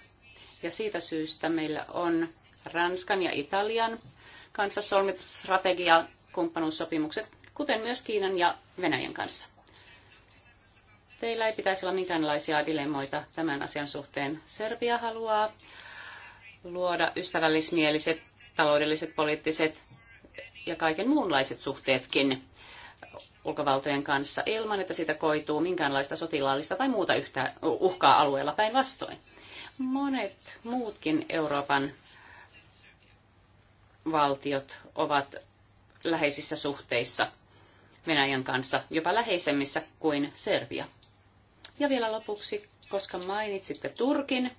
ja siitä syystä meillä on Ranskan ja Italian kanssa solmitut kumppanuussopimukset, kuten myös Kiinan ja Venäjän kanssa. Teillä ei pitäisi olla minkäänlaisia dilemmoita tämän asian suhteen. Serbia haluaa luoda ystävällismieliset, taloudelliset, poliittiset ja kaiken muunlaiset suhteetkin ulkovaltojen kanssa ilman, että siitä koituu minkäänlaista sotilaallista tai muuta yhtä uhkaa alueella päinvastoin. Monet muutkin Euroopan valtiot ovat läheisissä suhteissa Venäjän kanssa, jopa läheisemmissä kuin Serbia. Ja vielä lopuksi, koska mainitsitte Turkin,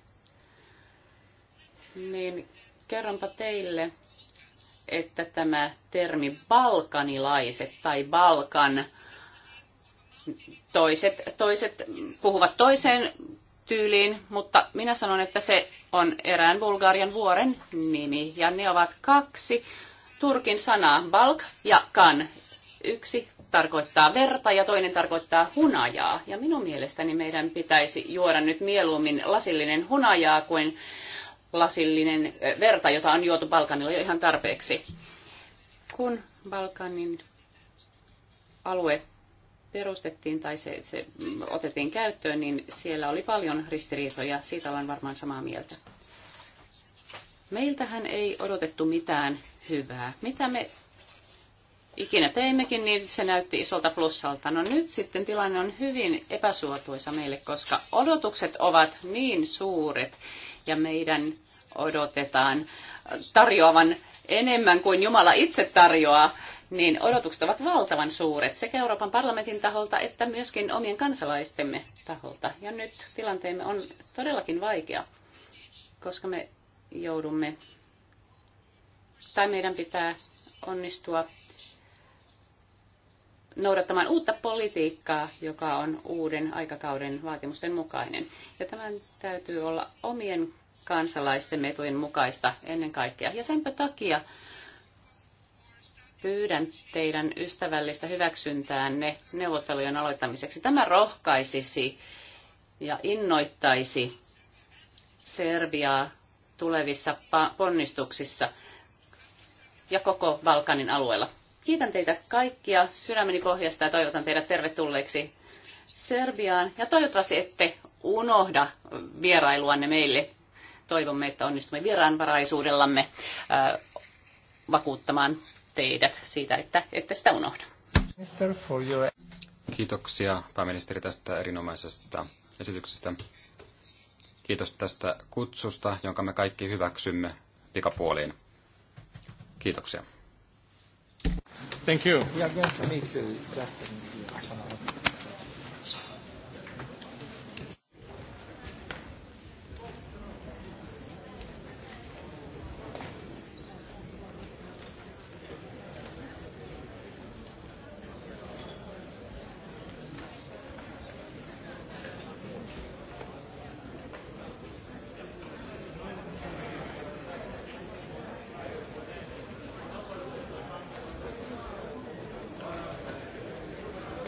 niin kerronpa teille että tämä termi balkanilaiset tai Balkan, toiset, toiset puhuvat toiseen tyyliin, mutta minä sanon, että se on erään Bulgarian vuoren nimi. Ja ne ovat kaksi turkin sanaa, balk ja kan. Yksi tarkoittaa verta ja toinen tarkoittaa hunajaa. Ja minun mielestäni meidän pitäisi juoda nyt mieluummin lasillinen hunajaa kuin lasillinen verta, jota on juotu Balkanilla jo ihan tarpeeksi. Kun Balkanin alue perustettiin tai se, se otettiin käyttöön, niin siellä oli paljon ristiriitoja. Siitä olen varmaan samaa mieltä. Meiltähän ei odotettu mitään hyvää. Mitä me ikinä teimmekin, niin se näytti isolta plussalta. No nyt sitten tilanne on hyvin epäsuotuisa meille, koska odotukset ovat niin suuret ja meidän odotetaan tarjoavan enemmän kuin Jumala itse tarjoaa, niin odotukset ovat valtavan suuret sekä Euroopan parlamentin taholta että myöskin omien kansalaistemme taholta. Ja nyt tilanteemme on todellakin vaikea, koska me joudumme, tai meidän pitää onnistua noudattamaan uutta politiikkaa, joka on uuden aikakauden vaatimusten mukainen. Ja tämän täytyy olla omien kansalaisten metujen mukaista ennen kaikkea. Ja senpä takia pyydän teidän ystävällistä hyväksyntäänne neuvottelujen aloittamiseksi. Tämä rohkaisisi ja innoittaisi Serbiaa tulevissa ponnistuksissa ja koko Balkanin alueella. Kiitän teitä kaikkia sydämeni pohjasta ja toivotan teidät tervetulleeksi Serbiaan. Ja toivottavasti ette unohda vierailuanne meille toivomme, että onnistumme vieraanvaraisuudellamme vakuuttamaan teidät siitä, että ette sitä unohda. Kiitoksia pääministeri tästä erinomaisesta esityksestä. Kiitos tästä kutsusta, jonka me kaikki hyväksymme pikapuoliin. Kiitoksia. Thank you. We are going to meet,